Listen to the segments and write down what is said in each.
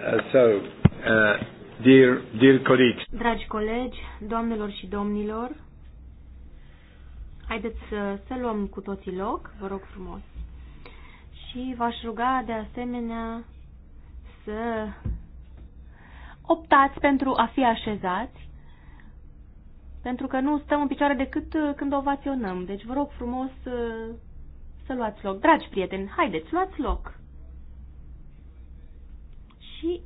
Uh, so, uh, dear, dear colleagues. Dragi colegi, doamnelor și domnilor, haideți să, să luăm cu toții loc, vă rog frumos. Și v-aș ruga de asemenea să optați pentru a fi așezați, pentru că nu stăm în picioare decât uh, când ovaționăm. Deci vă rog frumos uh, să luați loc. Dragi prieteni, haideți, luați loc! și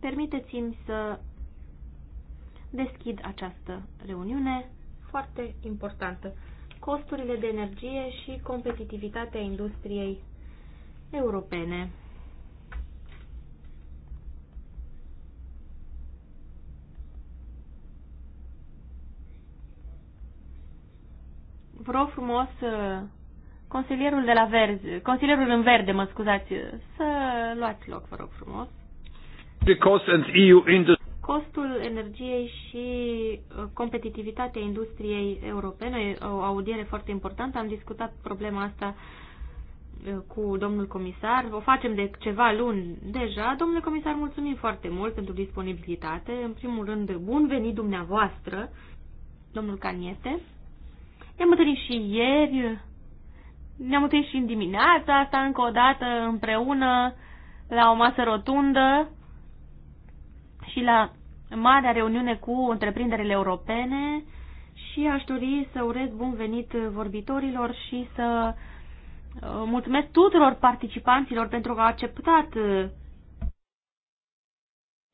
permiteți-mi să deschid această reuniune foarte importantă. Costurile de energie și competitivitatea industriei europene. Vă rog frumos, uh, consilierul de la verzi, consilierul în verde, mă scuzați, să luați loc, vă rog frumos. Costul energiei și uh, competitivitatea industriei europene, o audiere foarte importantă. Am discutat problema asta uh, cu domnul comisar. O facem de ceva luni deja. Domnule comisar, mulțumim foarte mult pentru disponibilitate. În primul rând, bun venit dumneavoastră, domnul Caniete. Ne-am întâlnit și ieri, ne-am întâlnit și în dimineața asta, încă o dată, împreună, la o masă rotundă și la marea reuniune cu întreprinderile europene și aș dori să urez bun venit vorbitorilor și să uh, mulțumesc tuturor participanților pentru că au acceptat uh,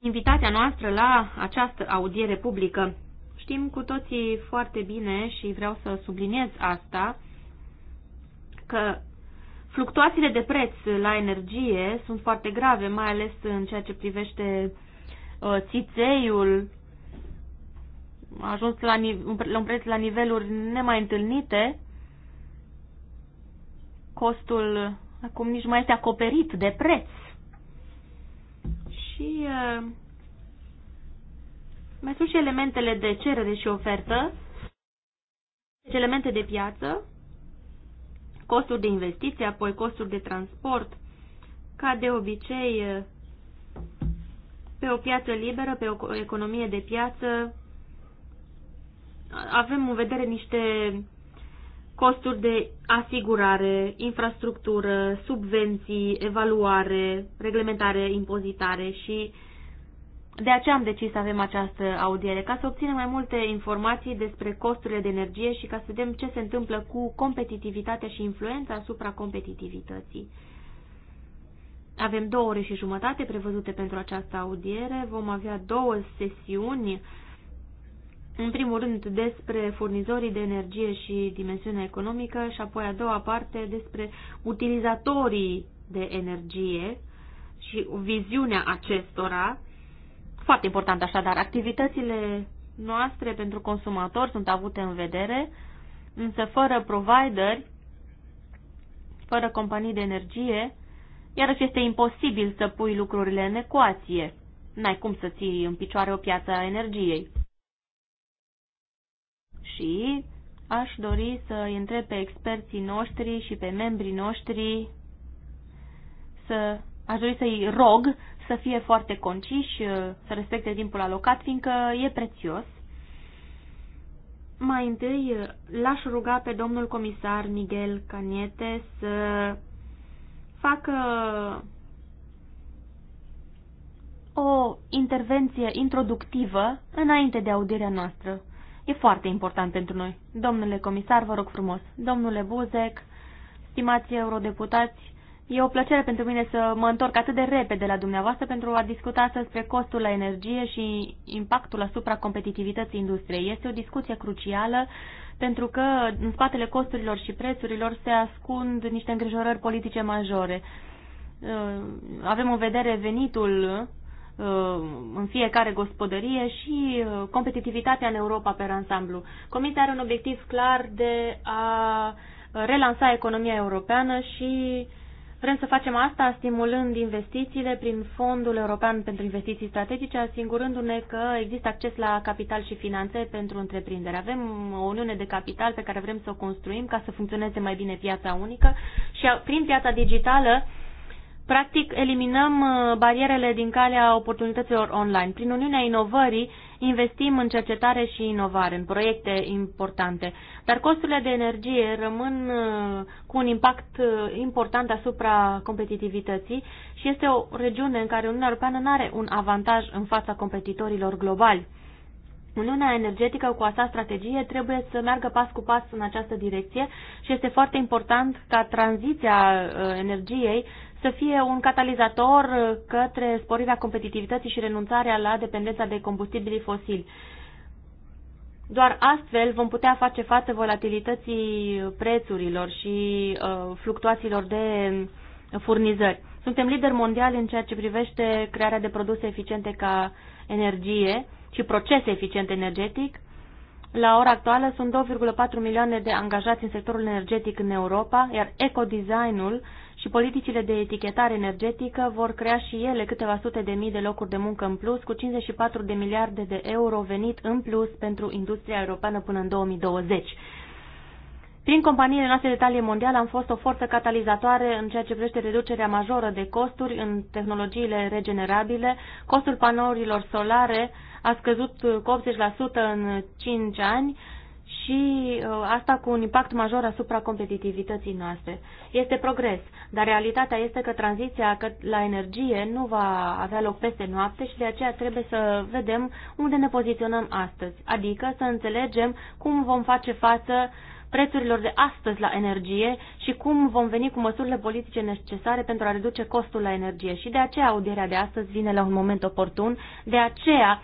invitația noastră la această audiere publică. Știm cu toții foarte bine și vreau să subliniez asta că fluctuațiile de preț la energie sunt foarte grave, mai ales în ceea ce privește uh, Uh, țițeiul a ajuns la, la un preț la niveluri nemai întâlnite, costul acum nici mai este acoperit de preț. Și uh, mai sunt și elementele de cerere și ofertă, deci elemente de piață, costuri de investiție, apoi costuri de transport. Ca de obicei, uh, pe o piață liberă, pe o economie de piață, avem în vedere niște costuri de asigurare, infrastructură, subvenții, evaluare, reglementare, impozitare și de aceea am decis să avem această audiere, ca să obținem mai multe informații despre costurile de energie și ca să vedem ce se întâmplă cu competitivitatea și influența asupra competitivității. Avem două ore și jumătate prevăzute pentru această audiere. Vom avea două sesiuni. În primul rând despre furnizorii de energie și dimensiunea economică și apoi a doua parte despre utilizatorii de energie și viziunea acestora. Foarte important așadar, activitățile noastre pentru consumatori sunt avute în vedere, însă fără provideri, fără companii de energie, Iarăși este imposibil să pui lucrurile în ecuație. N-ai cum să ții în picioare o piață a energiei. Și aș dori să întreb pe experții noștri și pe membrii noștri să aș dori să-i rog să fie foarte conciși, să respecte timpul alocat, fiindcă e prețios. Mai întâi l-aș ruga pe domnul comisar Miguel Caniete să facă o intervenție introductivă înainte de audierea noastră. E foarte important pentru noi. Domnule comisar, vă rog frumos, domnule Buzec, stimați eurodeputați, e o plăcere pentru mine să mă întorc atât de repede la dumneavoastră pentru a discuta despre costul la energie și impactul asupra competitivității industriei. Este o discuție crucială pentru că în spatele costurilor și prețurilor se ascund niște îngrijorări politice majore. Uh, avem în vedere venitul uh, în fiecare gospodărie și uh, competitivitatea în Europa pe ansamblu. Comisia are un obiectiv clar de a relansa economia europeană și uh, Vrem să facem asta stimulând investițiile prin Fondul European pentru Investiții Strategice, asigurându-ne că există acces la capital și finanțe pentru întreprindere. Avem o uniune de capital pe care vrem să o construim ca să funcționeze mai bine piața unică și prin piața digitală Practic, eliminăm uh, barierele din calea oportunităților online. Prin Uniunea Inovării investim în cercetare și inovare, în proiecte importante, dar costurile de energie rămân uh, cu un impact uh, important asupra competitivității și este o regiune în care Uniunea Europeană nu are un avantaj în fața competitorilor globali. Uniunea energetică cu asta strategie trebuie să meargă pas cu pas în această direcție și este foarte important ca tranziția energiei să fie un catalizator uh, către sporirea competitivității și renunțarea la dependența de combustibilii fosili. Doar astfel vom putea face față volatilității prețurilor și uh, fluctuațiilor de furnizări. Suntem lideri mondiali în ceea ce privește crearea de produse eficiente ca energie și procese eficiente energetic. La ora actuală sunt 2,4 milioane de angajați în sectorul energetic în Europa, iar ecodesignul și politicile de etichetare energetică vor crea și ele câteva sute de mii de locuri de muncă în plus, cu 54 de miliarde de euro venit în plus pentru industria europeană până în 2020. Prin companiile noastre de talie mondială am fost o forță catalizatoare în ceea ce privește reducerea majoră de costuri în tehnologiile regenerabile. Costul panourilor solare a scăzut cu 80% în 5 ani și uh, asta cu un impact major asupra competitivității noastre. Este progres, dar realitatea este că tranziția la energie nu va avea loc peste noapte și de aceea trebuie să vedem unde ne poziționăm astăzi, adică să înțelegem cum vom face față prețurilor de astăzi la energie și cum vom veni cu măsurile politice necesare pentru a reduce costul la energie. Și de aceea audierea de astăzi vine la un moment oportun, de aceea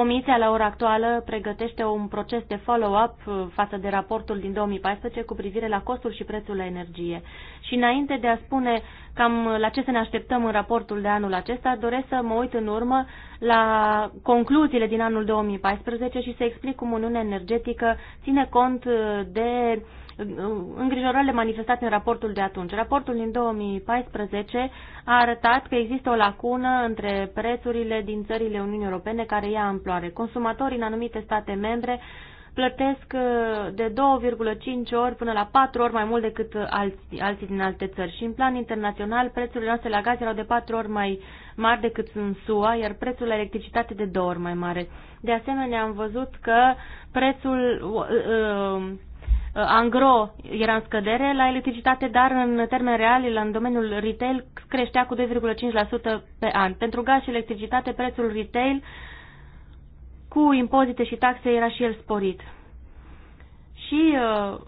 Comisia la ora actuală pregătește un proces de follow-up uh, față de raportul din 2014 cu privire la costul și prețul la energie. Și înainte de a spune cam la ce să ne așteptăm în raportul de anul acesta, doresc să mă uit în urmă la concluziile din anul 2014 și să explic cum Uniunea Energetică ține cont uh, de uh, îngrijorările manifestate în raportul de atunci. Raportul din 2014 a arătat că există o lacună între prețurile din țările Uniunii Europene care ia amploare. Consumatorii în anumite state membre plătesc uh, de 2,5 ori până la 4 ori mai mult decât alții, alții din alte țări. Și în plan internațional, prețurile noastre la gaz erau de 4 ori mai mari decât în SUA, iar prețul la electricitate de 2 ori mai mare. De asemenea, am văzut că prețul uh, uh, Uh, angro era în scădere la electricitate, dar în termen real, în domeniul retail, creștea cu 2,5% pe an. Pentru gaz și electricitate, prețul retail cu impozite și taxe era și el sporit. Și uh,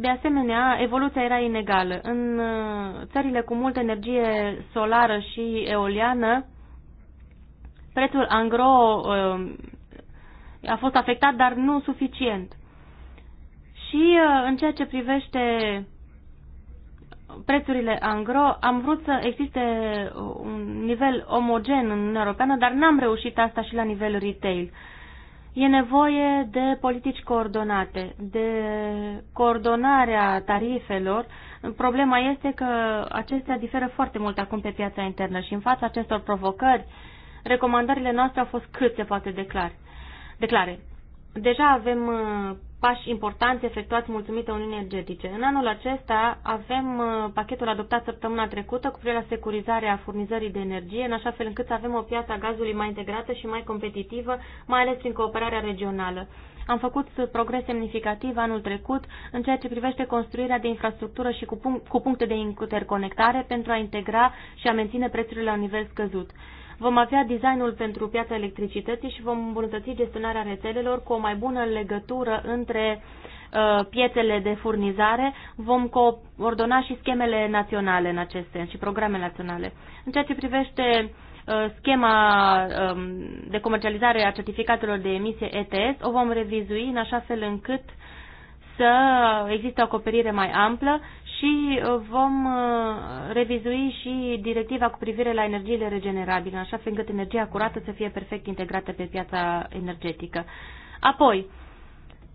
de asemenea, evoluția era inegală. În uh, țările cu multă energie solară și eoliană, prețul angro a fost afectat, dar nu suficient. Și uh, în ceea ce privește prețurile angro, am vrut să existe uh, un nivel omogen în Uniunea Europeană, dar n-am reușit asta și la nivel retail. E nevoie de politici coordonate, de coordonarea tarifelor. Problema este că acestea diferă foarte mult acum pe piața internă și în fața acestor provocări, recomandările noastre au fost cât se poate declare. Deja avem uh, pași importanți efectuați mulțumită Uniunii Energetice. În anul acesta avem uh, pachetul adoptat săptămâna trecută cu privire la securizarea furnizării de energie, în așa fel încât să avem o piață a gazului mai integrată și mai competitivă, mai ales prin cooperarea regională. Am făcut progres semnificativ anul trecut în ceea ce privește construirea de infrastructură și cu, punct, cu puncte de interconectare pentru a integra și a menține prețurile la un nivel scăzut. Vom avea designul pentru piața electricității și vom îmbunătăți gestionarea rețelelor cu o mai bună legătură între uh, piețele de furnizare, vom coordona și schemele naționale în acest sens și programe naționale. În ceea ce privește uh, schema um, de comercializare a certificatelor de emisie ETS, o vom revizui în așa fel încât să existe o acoperire mai amplă și uh, vom uh, revizui și directiva cu privire la energiile regenerabile, așa fel încât energia curată să fie perfect integrată pe piața energetică. Apoi,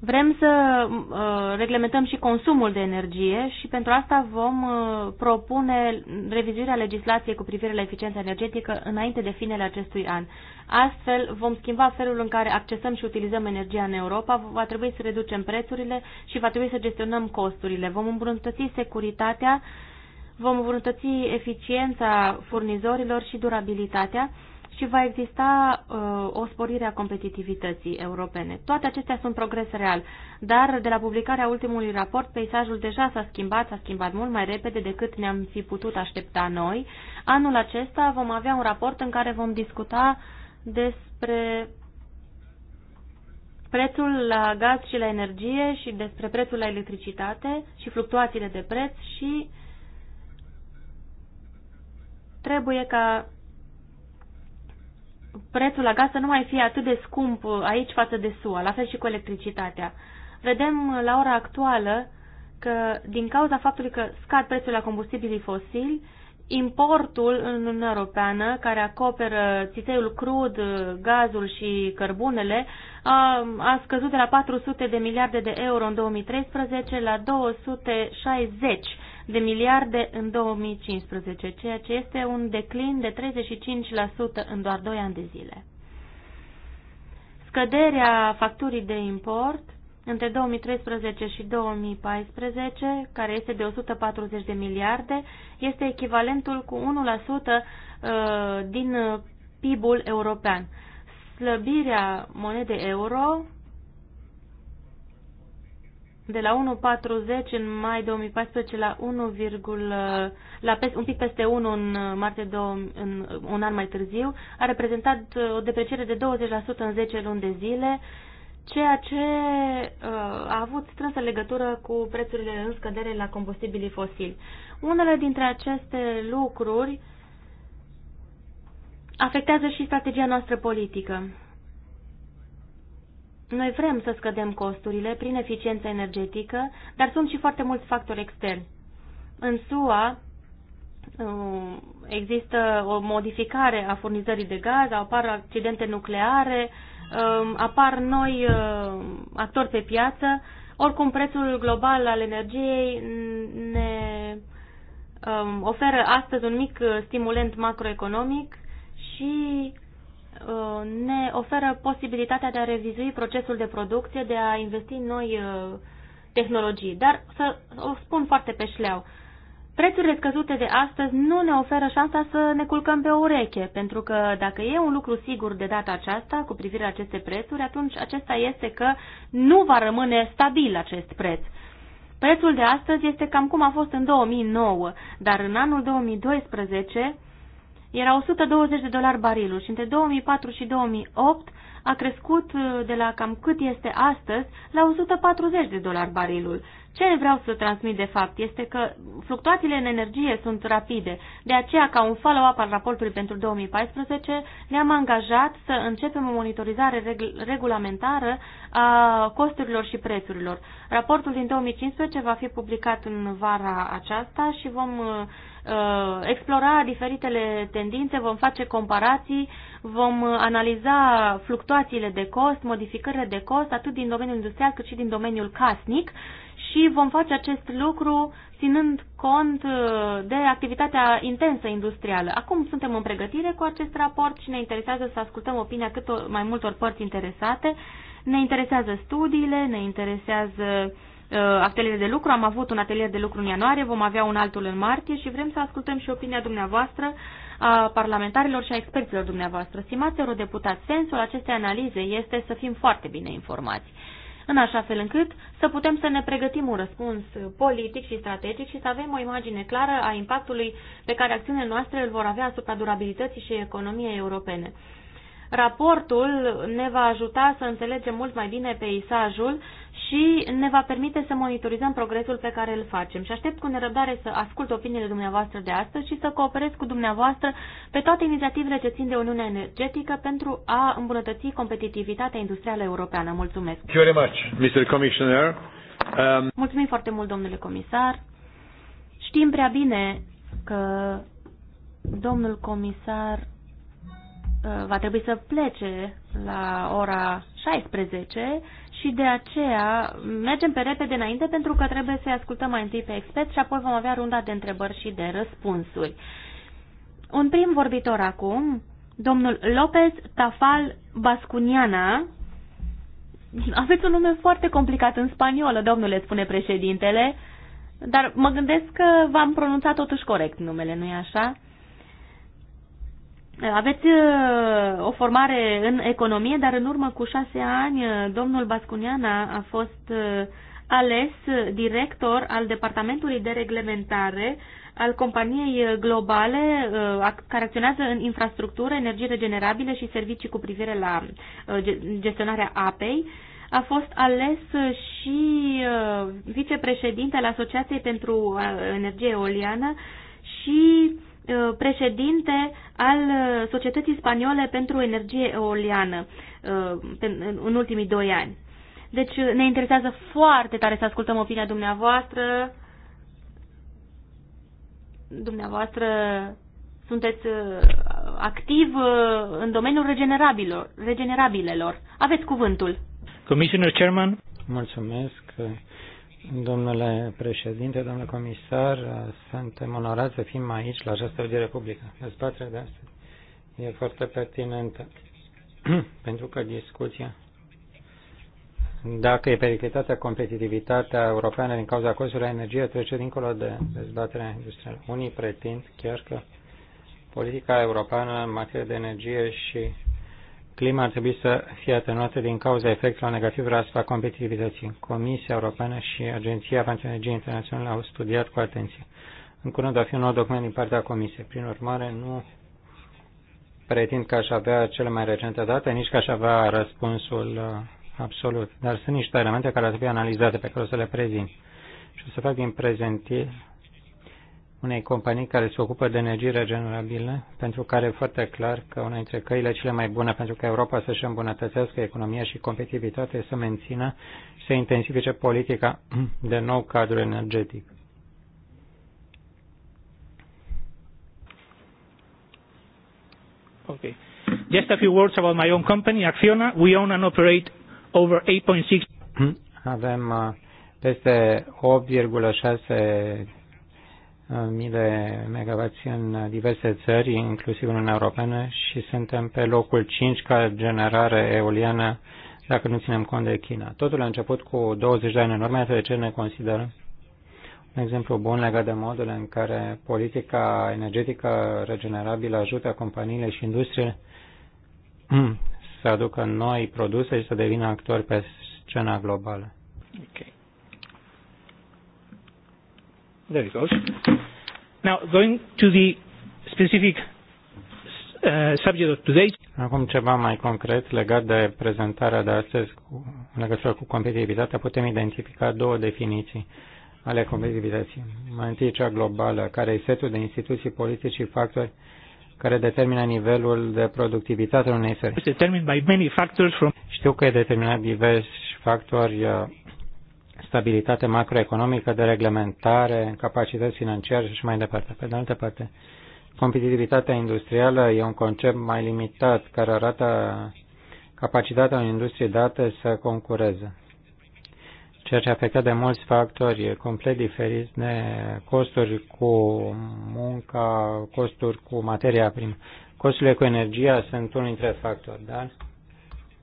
Vrem să uh, reglementăm și consumul de energie și pentru asta vom uh, propune revizuirea legislației cu privire la eficiența energetică înainte de finele acestui an. Astfel vom schimba felul în care accesăm și utilizăm energia în Europa, va trebui să reducem prețurile și va trebui să gestionăm costurile. Vom îmbunătăți securitatea, vom îmbunătăți eficiența furnizorilor și durabilitatea și va exista uh, o sporire a competitivității europene. Toate acestea sunt progres real, dar de la publicarea ultimului raport, peisajul deja s-a schimbat, s-a schimbat mult mai repede decât ne-am fi putut aștepta noi. Anul acesta vom avea un raport în care vom discuta despre prețul la gaz și la energie și despre prețul la electricitate și fluctuațiile de preț și trebuie ca prețul la gaz să nu mai fie atât de scump uh, aici față de SUA, la fel și cu electricitatea. Vedem uh, la ora actuală că din cauza faptului că scad prețul la combustibilii fosili, importul în Uniunea Europeană, care acoperă țițeiul crud, uh, gazul și cărbunele, a, a scăzut de la 400 de miliarde de euro în 2013 la 260 de miliarde în 2015, ceea ce este un declin de 35% în doar 2 ani de zile. Scăderea facturii de import între 2013 și 2014, care este de 140 de miliarde, este echivalentul cu 1% uh, din uh, PIB-ul european. Slăbirea monedei euro de la 1,40 în mai 2014 la 1, la pes, un pic peste 1 în martie 2, în un an mai târziu, a reprezentat uh, o depreciere de 20% în 10 luni de zile, ceea ce uh, a avut strânsă legătură cu prețurile în scădere la combustibilii fosili. Unele dintre aceste lucruri afectează și strategia noastră politică. Noi vrem să scădem costurile prin eficiență energetică, dar sunt și foarte mulți factori externi. În SUA uh, există o modificare a furnizării de gaz, apar accidente nucleare, um, apar noi uh, actori pe piață, oricum prețul global al energiei ne um, oferă astăzi un mic uh, stimulent macroeconomic și Uh, ne oferă posibilitatea de a revizui procesul de producție, de a investi în noi uh, tehnologii. Dar să o spun foarte pe șleau, prețurile scăzute de astăzi nu ne oferă șansa să ne culcăm pe ureche, pentru că dacă e un lucru sigur de data aceasta cu privire la aceste prețuri, atunci acesta este că nu va rămâne stabil acest preț. Prețul de astăzi este cam cum a fost în 2009, dar în anul 2012 era 120 de dolari barilul și între 2004 și 2008 a crescut uh, de la cam cât este astăzi la 140 de dolari barilul. Ce vreau să transmit de fapt este că fluctuațiile în energie sunt rapide. De aceea, ca un follow-up al raportului pentru 2014, ne-am angajat să începem o monitorizare reg regulamentară a costurilor și prețurilor. Raportul din 2015 va fi publicat în vara aceasta și vom uh, Uh, explora diferitele tendințe, vom face comparații, vom uh, analiza fluctuațiile de cost, modificările de cost, atât din domeniul industrial cât și din domeniul casnic și vom face acest lucru ținând cont uh, de activitatea intensă industrială. Acum suntem în pregătire cu acest raport și ne interesează să ascultăm opinia cât mai multor părți interesate. Ne interesează studiile, ne interesează uh, Uh, atelier de lucru. Am avut un atelier de lucru în ianuarie, vom avea un altul în martie și vrem să ascultăm și opinia dumneavoastră a parlamentarilor și a experților dumneavoastră. Stimați eurodeputați, sensul acestei analize este să fim foarte bine informați, în așa fel încât să putem să ne pregătim un răspuns politic și strategic și să avem o imagine clară a impactului pe care acțiunile noastre îl vor avea asupra durabilității și economiei europene. Raportul ne va ajuta să înțelegem mult mai bine peisajul și ne va permite să monitorizăm progresul pe care îl facem. Și aștept cu nerăbdare să ascult opiniile dumneavoastră de astăzi și să cooperez cu dumneavoastră pe toate inițiativele ce țin de Uniunea Energetică pentru a îmbunătăți competitivitatea industrială europeană. Mulțumesc! Thank you very much, Mr. Commissioner. Um... Mulțumim foarte mult, domnule comisar. Știm prea bine că domnul comisar Uh, va trebui să plece la ora 16 și de aceea mergem pe repede înainte pentru că trebuie să-i ascultăm mai întâi pe expert și apoi vom avea runda de întrebări și de răspunsuri. Un prim vorbitor acum, domnul Lopez Tafal Bascuniana. Aveți un nume foarte complicat în spaniolă, domnule, spune președintele, dar mă gândesc că v-am pronunțat totuși corect numele, nu-i așa? Aveți uh, o formare în economie, dar în urmă cu șase ani uh, domnul Bascuniana a fost uh, ales director al Departamentului de Reglementare al companiei globale care acționează în infrastructură, energie regenerabile și servicii cu privire la gestionarea apei. A fost ales și vicepreședinte al Asociației pentru Energie Eoliană și Uh, președinte al uh, Societății Spaniole pentru Energie Eoliană uh, în ultimii doi ani. Deci ne interesează foarte tare să ascultăm opinia dumneavoastră. Dumneavoastră sunteți activ în domeniul regenerabilor, regenerabilelor. Aveți cuvântul. Commissioner Chairman. Mulțumesc. Domnule președinte, domnule comisar, suntem onorați să fim aici la această audiere publică. Dezbaterea de astăzi e foarte pertinentă, pentru că discuția dacă e periclitată competitivitatea europeană din cauza costurilor energiei trece dincolo de dezbaterea industrială. Unii pretind chiar că politica europeană în materie de energie și clima ar trebui să fie atenuată din cauza efectelor negative asupra competitivității. Comisia Europeană și Agenția pentru Energie Internațională au studiat cu atenție. În curând va fi un nou document din partea Comisiei. Prin urmare, nu pretind că aș avea cele mai recente date, nici că aș avea răspunsul uh, absolut. Dar sunt niște elemente care ar trebui analizate pe care o să le prezint. Și o să fac din prezentare unei companii care se ocupă de energie regenerabile, pentru care e foarte clar că una dintre căile cele mai bune pentru ca Europa să-și îmbunătățească economia și competitivitatea este să mențină și să intensifice politica de nou cadru energetic. Okay. Just a few words about my own company, Acciona. We own and operate over 8.6 avem uh, peste 8,6 mii de în diverse țări, inclusiv în Uniunea Europeană, și suntem pe locul 5 ca generare eoliană, dacă nu ținem cont de China. Totul a început cu 20 de ani în urmă, de ce ne considerăm un exemplu bun legat de modul în care politica energetică regenerabilă ajută companiile și industriile să aducă noi produse și să devină actori pe scena globală. Okay. There it goes. Now, going to the specific uh, subject of today. Acum ceva mai concret legat de prezentarea de astăzi cu, în legătură cu competitivitatea, putem identifica două definiții ale competitivității. Mai întâi cea globală, care e setul de instituții, politici și factori care determină nivelul de productivitate al unei țări. Știu că e determinat diversi factori uh, stabilitate macroeconomică, de reglementare, capacități financiare și mai departe. Pe de altă parte, competitivitatea industrială e un concept mai limitat care arată capacitatea unei industrie date să concureze, ceea ce afectat de mulți factori complet diferiți de costuri cu munca, costuri cu materia primă. Costurile cu energia sunt unul dintre factori, dar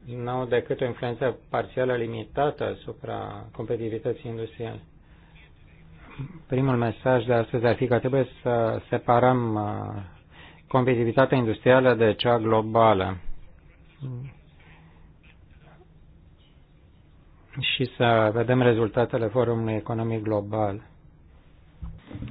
n-au decât o influență parțială limitată asupra competitivității industriale. Primul mesaj de astăzi ar fi că trebuie să separăm uh, competitivitatea industrială de cea globală și să vedem rezultatele Forumului Economic Global.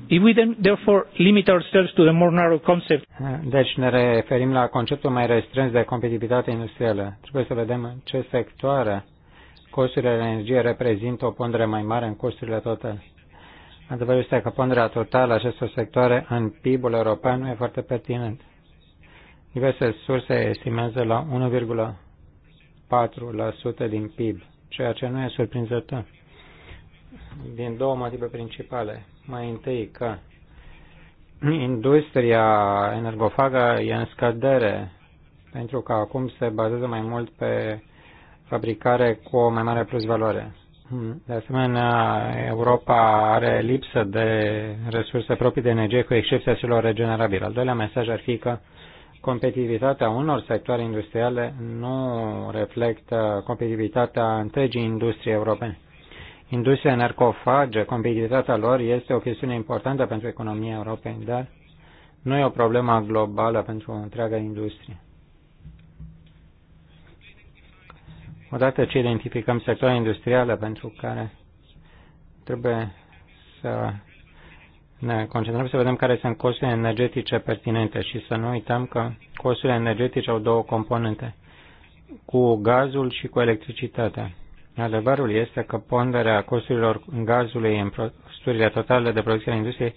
If we then therefore limit ourselves to the more narrow concept. Deci ne referim la conceptul mai restrâns de competitivitate industrială. Trebuie să vedem în ce sectoare costurile de energie reprezintă o pondere mai mare în costurile totale. Adevărul este că ponderea totală a acestor sectoare în PIB-ul european nu e foarte pertinent. Diverse surse estimează la 1,4% din PIB, ceea ce nu e surprinzător. Din două motive principale. Mai întâi că industria energofagă e în scădere, pentru că acum se bazează mai mult pe fabricare cu o mai mare plus valoare. De asemenea, Europa are lipsă de resurse proprii de energie, cu excepția celor regenerabile. Al doilea mesaj ar fi că competitivitatea unor sectoare industriale nu reflectă competitivitatea întregii industriei europene. Industria narcofagă. competitivitatea lor este o chestiune importantă pentru economia Europei, dar nu e o problemă globală pentru întreaga industrie. Odată ce identificăm sectorul industrială pentru care trebuie să ne concentrăm să vedem care sunt costurile energetice pertinente și să nu uităm că costurile energetice au două componente, cu gazul și cu electricitatea. Adevărul este că ponderea costurilor gazului în costurile totale de producție a industriei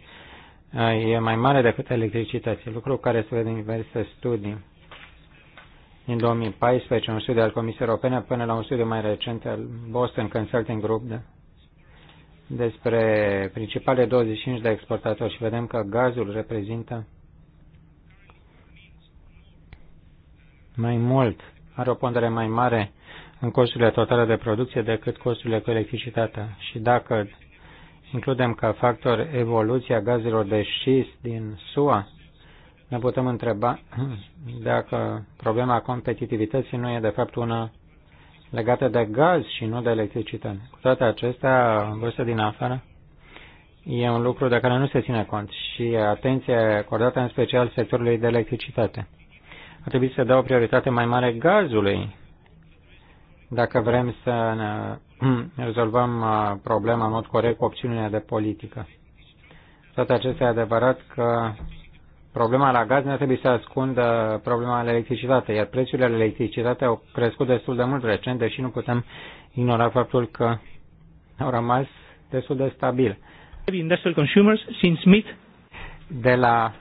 uh, e mai mare decât electricității, lucru care se vede în diverse studii. Din 2014, un studiu al Comisiei Europene, până la un studiu mai recent al Boston Consulting Group de, da, despre principale 25 de exportatori și vedem că gazul reprezintă mai mult, are o pondere mai mare în costurile totale de producție decât costurile cu electricitatea. Și dacă includem ca factor evoluția gazelor de șist din SUA, ne putem întreba dacă problema competitivității nu e de fapt una legată de gaz și nu de electricitate. Cu toate acestea, vărsă din afară e un lucru de care nu se ține cont și atenție acordată în special sectorului de electricitate. Ar trebui să dea o prioritate mai mare gazului dacă vrem să ne rezolvăm uh, problema în mod corect cu opțiunea de politică. Toate acestea e adevărat că problema la gaz nu trebuie să ascundă problema la electricitate, iar prețurile la electricitate au crescut destul de mult recent, deși nu putem ignora faptul că au rămas destul de stabil. de la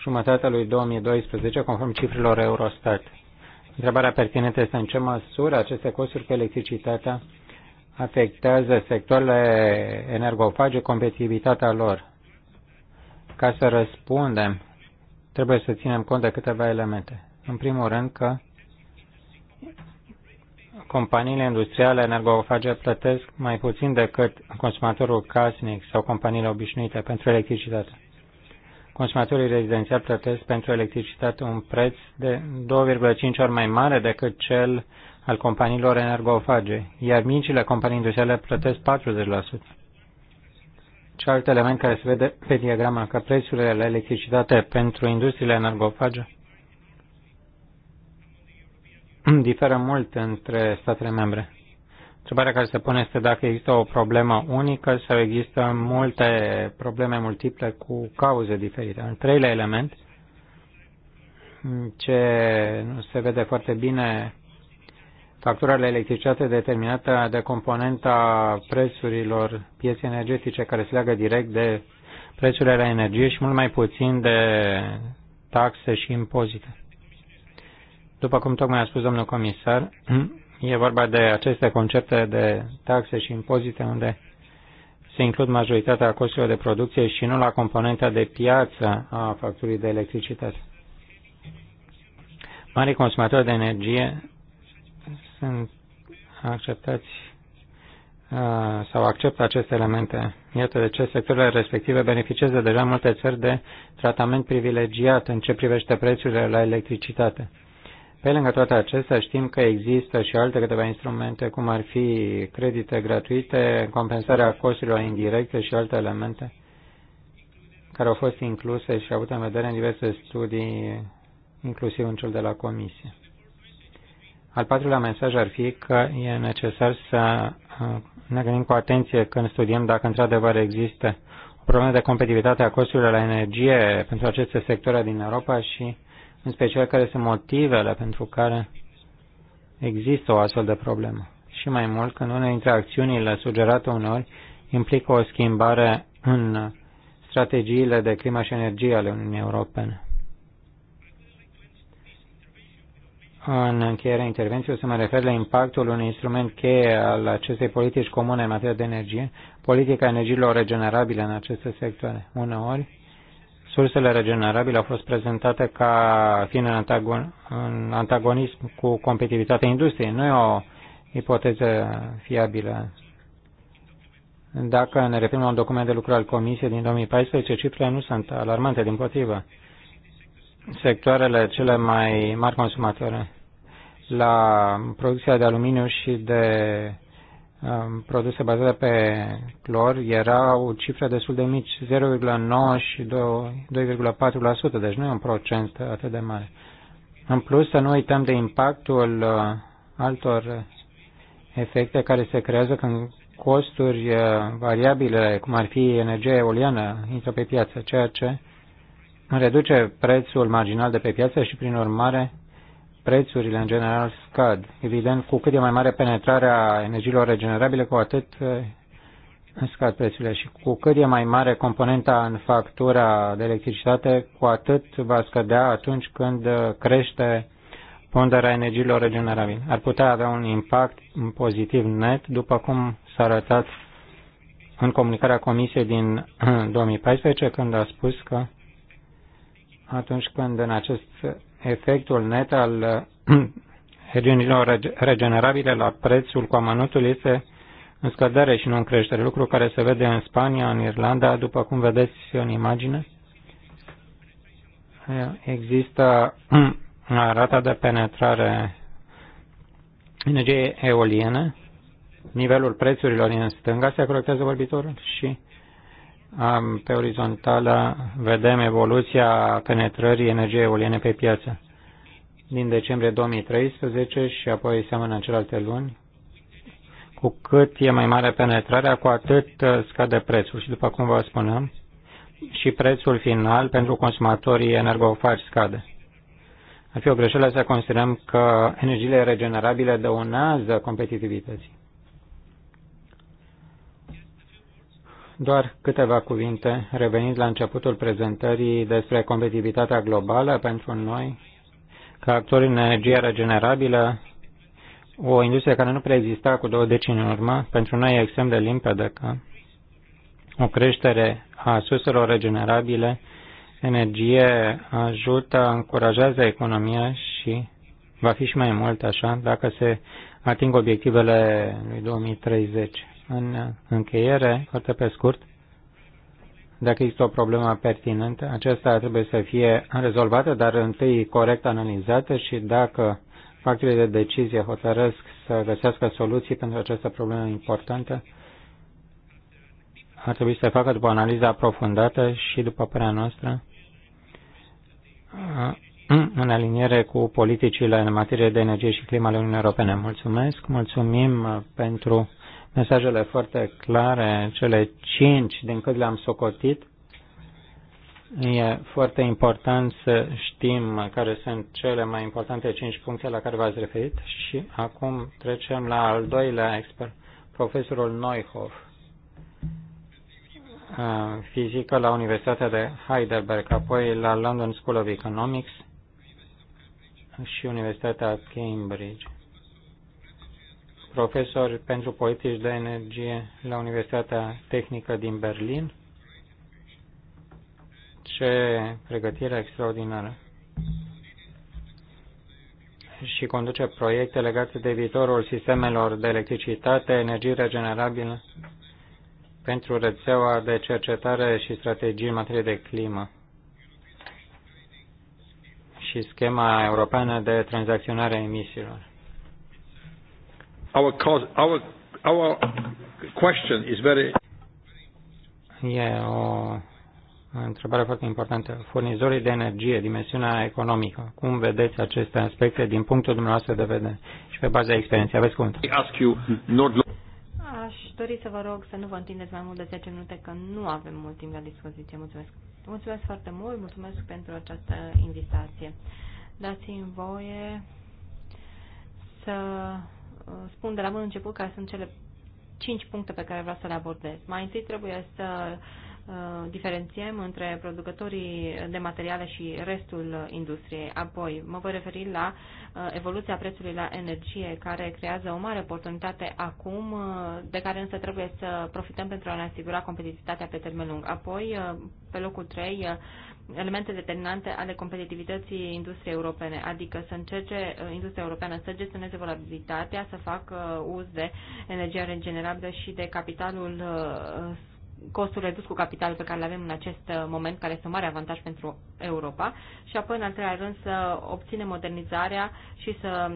jumătatea lui 2012, conform cifrelor Eurostat. Întrebarea pertinentă este în ce măsură aceste costuri cu electricitatea afectează sectoarele energofage, competitivitatea lor. Ca să răspundem, trebuie să ținem cont de câteva elemente. În primul rând că companiile industriale energofage plătesc mai puțin decât consumatorul casnic sau companiile obișnuite pentru electricitate consumatorii rezidențiali plătesc pentru electricitate un preț de 2,5 ori mai mare decât cel al companiilor energofage, iar micile companii industriale plătesc 40%. alt element care se vede pe diagrama că prețurile la electricitate pentru industriile energofage diferă mult între statele membre. Întrebarea care se pune este dacă există o problemă unică sau există multe probleme multiple cu cauze diferite. În treilea element, ce nu se vede foarte bine, factura de electricitate determinată de componenta prețurilor pieței energetice care se leagă direct de prețurile la energie și mult mai puțin de taxe și impozite. După cum tocmai a spus domnul comisar, E vorba de aceste concepte de taxe și impozite unde se includ majoritatea costurilor de producție și nu la componenta de piață a facturii de electricitate. Mari consumatori de energie sunt acceptați uh, sau acceptă aceste elemente. Iată de ce sectorile respective beneficiază deja multe țări de tratament privilegiat în ce privește prețurile la electricitate. Pe lângă toate acestea, știm că există și alte câteva instrumente, cum ar fi credite gratuite, compensarea costurilor indirecte și alte elemente care au fost incluse și avute în vedere în diverse studii, inclusiv în cel de la Comisie. Al patrulea mesaj ar fi că e necesar să uh, ne gândim cu atenție când studiem dacă într-adevăr există o problemă de competitivitate a costurilor la energie pentru aceste sectoare din Europa și în special care sunt motivele pentru care există o astfel de problemă. Și mai mult, când una dintre acțiunile sugerate uneori implică o schimbare în strategiile de climă și energie ale Uniunii Europene. În încheierea intervenției o să mă refer la impactul unui instrument cheie al acestei politici comune în materie de energie, politica energiilor regenerabile în aceste sectoare. Uneori, Sursele regenerabile au fost prezentate ca fiind în, antagon, în antagonism cu competitivitatea industriei. Nu e o ipoteză fiabilă. Dacă ne referim la un document de lucru al Comisiei din 2014, cifrele nu sunt alarmante, din potrivă. Sectoarele cele mai mari consumatoare la producția de aluminiu și de produse bazate pe clor erau cifre destul de mici, 0,9 și 2,4%, deci nu e un procent atât de mare. În plus, să nu uităm de impactul uh, altor efecte care se creează când costuri uh, variabile, cum ar fi energia eoliană, intră pe piață, ceea ce reduce prețul marginal de pe piață și, prin urmare, prețurile în general scad. Evident, cu cât e mai mare penetrarea energiilor regenerabile, cu atât uh, scad prețurile și cu cât e mai mare componenta în factura de electricitate, cu atât va scădea atunci când uh, crește ponderea energiilor regenerabile. Ar putea avea un impact pozitiv net, după cum s-a arătat în comunicarea Comisiei din 2014, uh, când a spus că atunci când în acest efectul net al regiunilor regenerabile la prețul cu amănuntul este în scădere și nu în creștere, lucru care se vede în Spania, în Irlanda, după cum vedeți în imagine. Există rata de penetrare energiei eoliene, nivelul prețurilor în stânga, se corectează vorbitorul, și pe orizontală vedem evoluția penetrării energiei eoliene pe piață din decembrie 2013 și apoi seamănă în celelalte luni. Cu cât e mai mare penetrarea, cu atât uh, scade prețul și, după cum vă spuneam, și prețul final pentru consumatorii energofagi scade. Ar fi o greșeală să considerăm că energiile regenerabile dăunează competitivității. Doar câteva cuvinte, revenind la începutul prezentării despre competitivitatea globală pentru noi, ca actori în energia regenerabilă, o industrie care nu preexista cu două decenii în urmă, pentru noi e extrem de limpede că o creștere a surselor regenerabile, energie ajută, încurajează economia și va fi și mai mult așa dacă se ating obiectivele lui 2030. În încheiere, foarte pe scurt, dacă există o problemă pertinentă, aceasta trebuie să fie rezolvată, dar întâi corect analizată și dacă factorii de decizie hotărăsc să găsească soluții pentru această problemă importantă, ar trebui să facă după analiza aprofundată și după părerea noastră în aliniere cu politicile în materie de energie și clima ale Uniunii Europene. Mulțumesc, mulțumim uh, pentru mesajele foarte clare, cele cinci din cât le-am socotit. E foarte important să știm care sunt cele mai importante cinci puncte la care v-ați referit și acum trecem la al doilea expert, profesorul Neuhoff, fizică la Universitatea de Heidelberg, apoi la London School of Economics și Universitatea Cambridge profesor pentru politici de energie la Universitatea Tehnică din Berlin. Ce pregătire extraordinară! Și conduce proiecte legate de viitorul sistemelor de electricitate, energie regenerabilă pentru rețeaua de cercetare și strategii în materie de climă și schema europeană de tranzacționare a emisiilor our, cause, our, our question is very... E o întrebare foarte importantă. Furnizorii de energie, dimensiunea economică, cum vedeți aceste aspecte din punctul dumneavoastră de vedere și pe baza experienței? Aveți cuvânt. Aș dori să vă rog să nu vă întindeți mai mult de 10 minute, că nu avem mult timp la dispoziție. Mulțumesc. Mulțumesc foarte mult, mulțumesc pentru această invitație. Dați-mi voie să spun de la bun început care sunt cele cinci puncte pe care vreau să le abordez. Mai întâi trebuie să uh, diferențiem între producătorii de materiale și restul industriei. Apoi mă voi referi la uh, evoluția prețului la energie, care creează o mare oportunitate acum, uh, de care însă trebuie să profităm pentru a ne asigura competitivitatea pe termen lung. Apoi, pe locul 3, elemente determinante ale competitivității industriei europene, adică să încerce uh, industria europeană să gestioneze volabilitatea, să facă uh, uz de energia regenerabilă și de capitalul uh, costul redus cu capitalul pe care le avem în acest moment, care este un mare avantaj pentru Europa, și apoi, în al treilea rând, să obținem modernizarea și să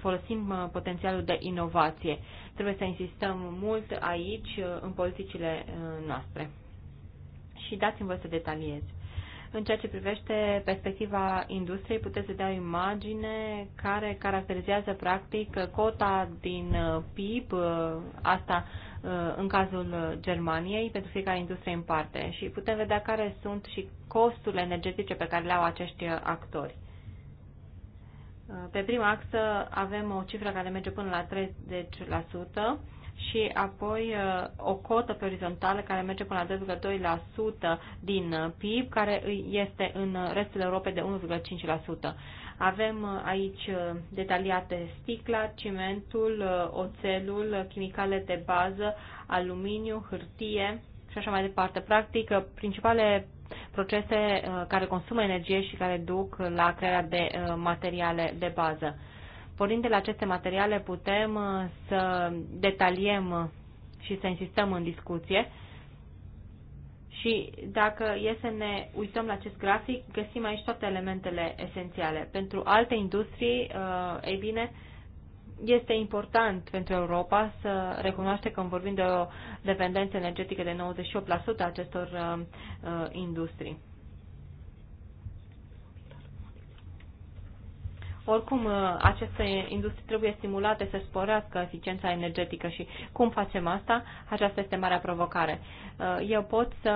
folosim potențialul de inovație. Trebuie să insistăm mult aici, în politicile noastre. Și dați-mi voi să detaliez. În ceea ce privește perspectiva industriei, puteți vedea o imagine care caracterizează practic cota din uh, PIB, uh, asta uh, în cazul Germaniei, pentru fiecare industrie în parte. Și putem vedea care sunt și costurile energetice pe care le au acești actori. Pe prima axă avem o cifră care merge până la 30%, și apoi uh, o cotă pe orizontală care merge până la 2,2% din uh, PIB, care este în uh, restul Europei de 1,5%. Avem aici detaliate sticla, cimentul, oțelul, chimicale de bază, aluminiu, hârtie și așa mai departe. Practic, principale procese care consumă energie și care duc la crearea de materiale de bază. Pornind de la aceste materiale, putem uh, să detaliem uh, și să insistăm în discuție. Și dacă e să ne uităm la acest grafic, găsim aici toate elementele esențiale. Pentru alte industrii, uh, ei bine, este important pentru Europa să recunoaște că vorbim de o dependență energetică de 98% a acestor industrii. Oricum, uh, aceste industrie trebuie stimulate să sporească eficiența energetică și cum facem asta? Aceasta este marea provocare. Uh, eu pot să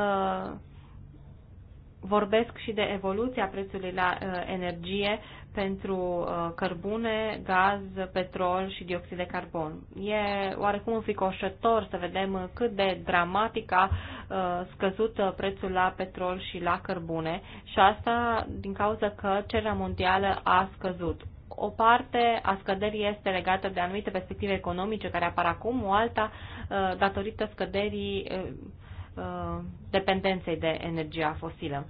vorbesc și de evoluția prețului la uh, energie pentru uh, cărbune, gaz, petrol și dioxid de carbon. E oarecum înfricoșător să vedem cât de dramatic a uh, scăzut uh, prețul la petrol și la cărbune și asta din cauza că cererea mondială a scăzut. O parte a scăderii este legată de anumite perspective economice care apar acum, o alta datorită scăderii dependenței de energia fosilă.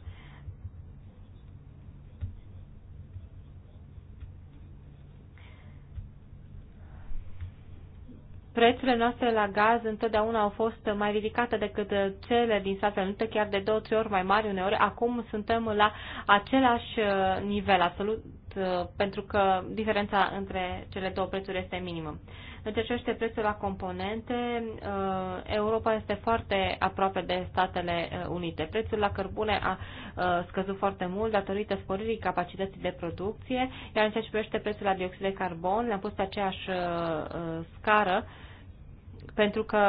Prețurile noastre la gaz întotdeauna au fost mai ridicate decât cele din Statele Unite, chiar de două, trei ori mai mari uneori. Acum suntem la același uh, nivel absolut, uh, pentru că diferența între cele două prețuri este minimă. În ceea ce privește prețul la componente, uh, Europa este foarte aproape de Statele Unite. Prețul la cărbune a scăzut foarte mult datorită sporirii capacității de producție, iar în ceea ce privește prețul la dioxid de carbon, l-am pus pe aceeași scară pentru că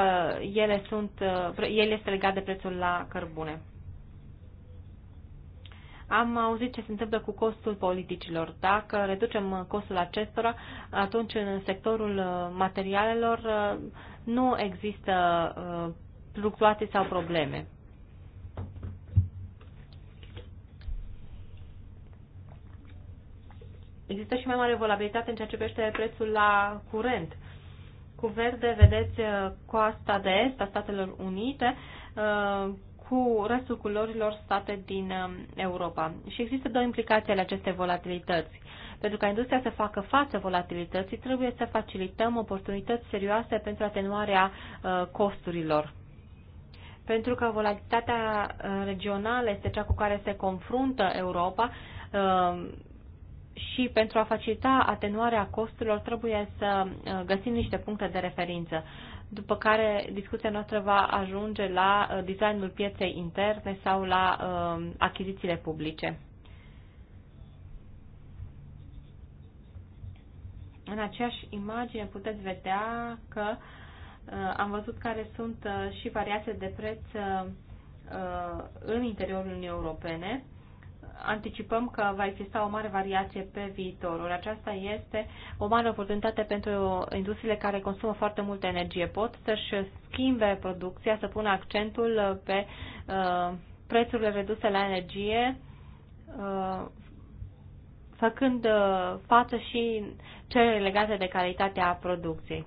ele sunt, uh, el este legat de prețul la cărbune. Am auzit ce se întâmplă cu costul politicilor. Dacă reducem costul acestora, atunci în sectorul uh, materialelor uh, nu există fluctuații sau probleme. Există și mai mare volabilitate în ceea ce privește prețul la curent. Cu verde vedeți uh, coasta de est a Statelor Unite uh, cu restul culorilor state din um, Europa. Și există două implicații ale acestei volatilități. Pentru ca industria să facă față volatilității, trebuie să facilităm oportunități serioase pentru atenuarea uh, costurilor pentru că volatilitatea regională este cea cu care se confruntă Europa, și pentru a facilita atenuarea costurilor trebuie să uh, găsim niște puncte de referință, după care discuția noastră va ajunge la uh, designul pieței interne sau la uh, achizițiile publice. În aceeași imagine puteți vedea că am văzut care sunt și variații de preț în interiorul Uniunii Europene anticipăm că va exista o mare variație pe viitorul. Aceasta este o mare oportunitate pentru industriile care consumă foarte multă energie. Pot să-și schimbe producția, să pună accentul pe uh, prețurile reduse la energie, uh, făcând uh, față și cele legate de calitatea producției.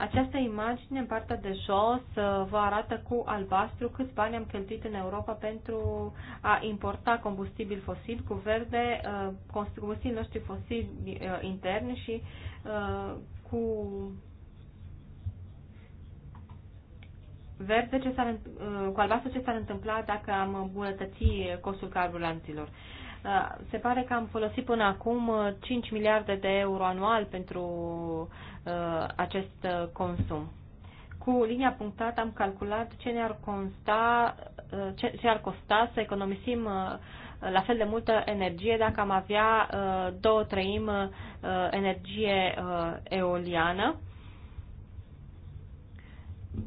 Această imagine, în partea de jos, uh, vă arată cu albastru câți bani am cheltuit în Europa pentru a importa combustibil fosil, cu verde uh, combustibil noștri fosil uh, intern și cu verde ce s-ar, cu albastru ce s-ar întâmpla dacă am îmbunătăți costul carburanților. Se pare că am folosit până acum 5 miliarde de euro anual pentru uh, Uh, acest uh, consum. Cu linia punctată am calculat ce ne-ar consta, uh, ce, ce ar costa să economisim la fel de multă energie dacă am avea două treimi energie eoliană.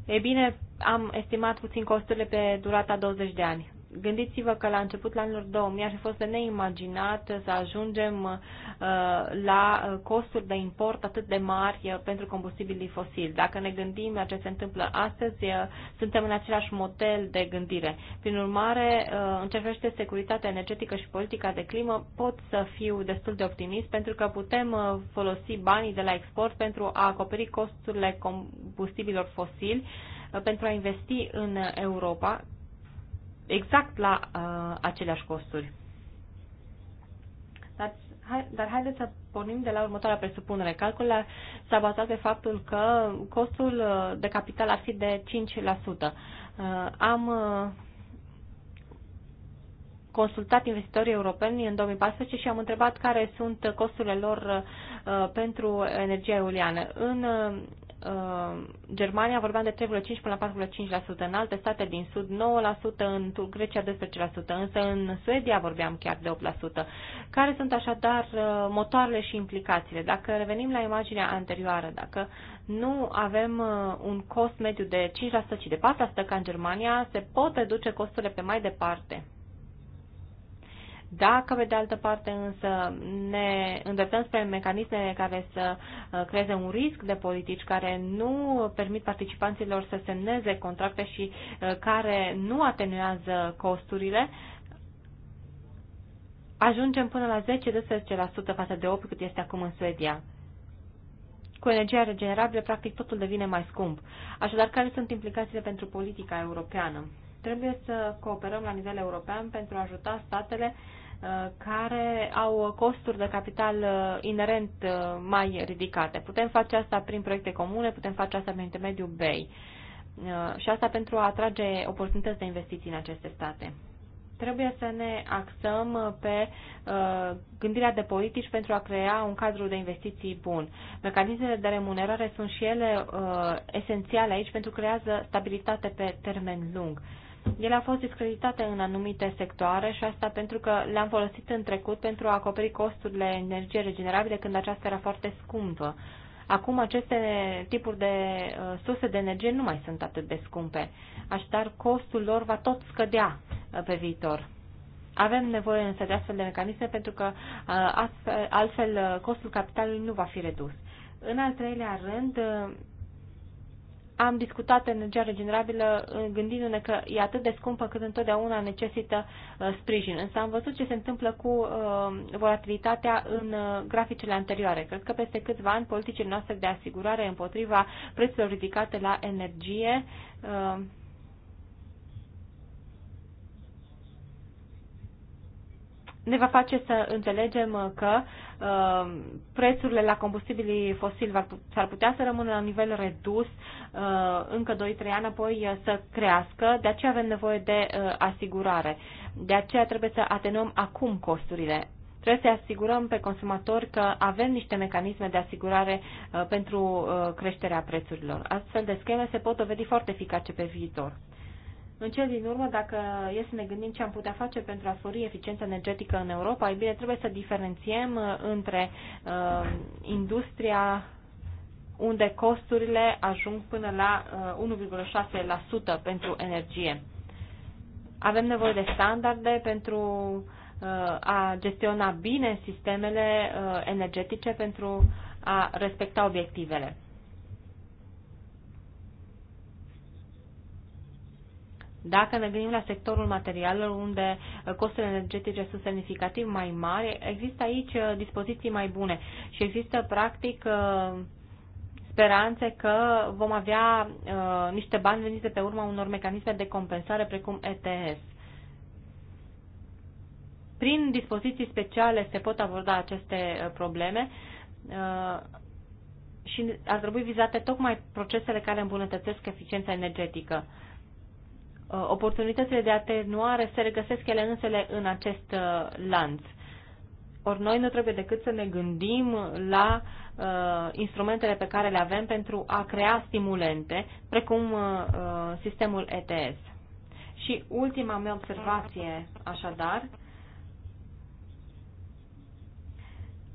E bine, am estimat puțin costurile pe durata 20 de ani. Gândiți-vă că la începutul anilor 2000 ar fi fost de neimaginat să ajungem uh, la costuri de import atât de mari uh, pentru combustibilii fosili. Dacă ne gândim la ce se întâmplă astăzi, uh, suntem în același model de gândire. Prin urmare, în ce privește securitatea energetică și politica de climă, pot să fiu destul de optimist pentru că putem folosi banii de la export pentru a acoperi costurile combustibilor fosili pentru a investi în Europa, exact la uh, aceleași costuri. Dar, hai, dar haideți să pornim de la următoarea presupunere. Calculul s-a bazat pe faptul că costul uh, de capital ar fi de 5%. Uh, am uh, consultat investitorii europeni în 2014 și am întrebat care sunt costurile lor pentru energia eoliană. În Uh, Germania vorbeam de 3,5 până la 4,5%, în alte state din Sud 9%, în Grecia 12%, însă în Suedia vorbeam chiar de 8%. Care sunt așadar uh, motoarele și implicațiile? Dacă revenim la imaginea anterioară, dacă nu avem uh, un cost mediu de 5%, ci de 4% ca în Germania, se pot reduce costurile pe mai departe dacă, pe de altă parte, însă ne îndreptăm spre mecanisme care să uh, creeze un risc de politici, care nu permit participanților să semneze contracte și uh, care nu atenuează costurile, ajungem până la 10-12% față de 8% cât este acum în Suedia. Cu energia regenerabilă, practic, totul devine mai scump. Așadar, care sunt implicațiile pentru politica europeană? Trebuie să cooperăm la nivel european pentru a ajuta statele uh, care au costuri de capital uh, inerent uh, mai ridicate. Putem face asta prin proiecte comune, putem face asta prin intermediul BEI uh, și asta pentru a atrage oportunități de investiții în aceste state. Trebuie să ne axăm pe gândirea de politici pentru a crea un cadru de investiții bun. Mecanismele de remunerare sunt și ele esențiale aici pentru că creează stabilitate pe termen lung. Ele au fost discreditate în anumite sectoare și asta pentru că le-am folosit în trecut pentru a acoperi costurile energiei regenerabile când aceasta era foarte scumpă. Acum aceste tipuri de uh, surse de energie nu mai sunt atât de scumpe, așadar costul lor va tot scădea uh, pe viitor. Avem nevoie însă de astfel de mecanisme pentru că uh, astfel, altfel uh, costul capitalului nu va fi redus. În al treilea rând, uh, am discutat energia regenerabilă uh, gândindu-ne că e atât de scumpă cât întotdeauna necesită uh, sprijin. Însă am văzut ce se întâmplă cu uh, volatilitatea în graficele anterioare. Cred că peste câțiva ani politicile noastre de asigurare împotriva prețurilor ridicate la energie ne va face să înțelegem că Um, prețurile la combustibilii fosili s-ar putea să rămână la nivel redus uh, încă 2-3 ani, apoi uh, să crească. De aceea avem nevoie de uh, asigurare. De aceea trebuie să atenuăm acum costurile. Trebuie să asigurăm pe consumatori că avem niște mecanisme de asigurare pentru creșterea prețurilor. Astfel de scheme se pot dovedi foarte eficace pe viitor. În cel din urmă, dacă e să ne gândim ce am putea face pentru a spori eficiența energetică în Europa, e bine, trebuie să diferențiem uh, între uh, industria unde costurile ajung până la uh, 1,6% pentru energie. Avem nevoie de standarde pentru uh, a gestiona bine sistemele uh, energetice, pentru a respecta obiectivele. Dacă ne gândim la sectorul materialelor, unde uh, costurile energetice sunt semnificativ mai mari, există aici uh, dispoziții mai bune și există, practic, uh, speranțe că vom avea niște bani veniți de pe urma unor mecanisme de compensare precum ETS. Prin dispoziții speciale se pot aborda aceste probleme și ar trebui vizate tocmai procesele care îmbunătățesc eficiența energetică. Uh, oportunitățile de atenuare se regăsesc ele însele în acest uh, lanț. Ori noi nu trebuie decât să ne gândim la uh, instrumentele pe care le avem pentru a crea stimulente, precum uh, uh sistemul ETS. Și ultima mea observație, așadar,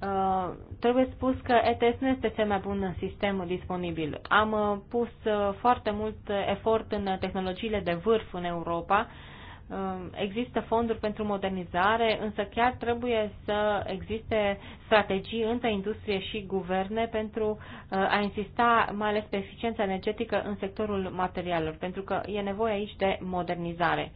Uh, trebuie spus că ETS nu este cel mai bun sistem disponibil. Am uh, pus uh, foarte mult efort în tehnologiile de vârf în Europa. Există fonduri pentru modernizare, însă chiar trebuie să existe strategii între industrie și guverne pentru a insista mai ales pe eficiența energetică în sectorul materialelor, pentru că e nevoie aici de modernizare.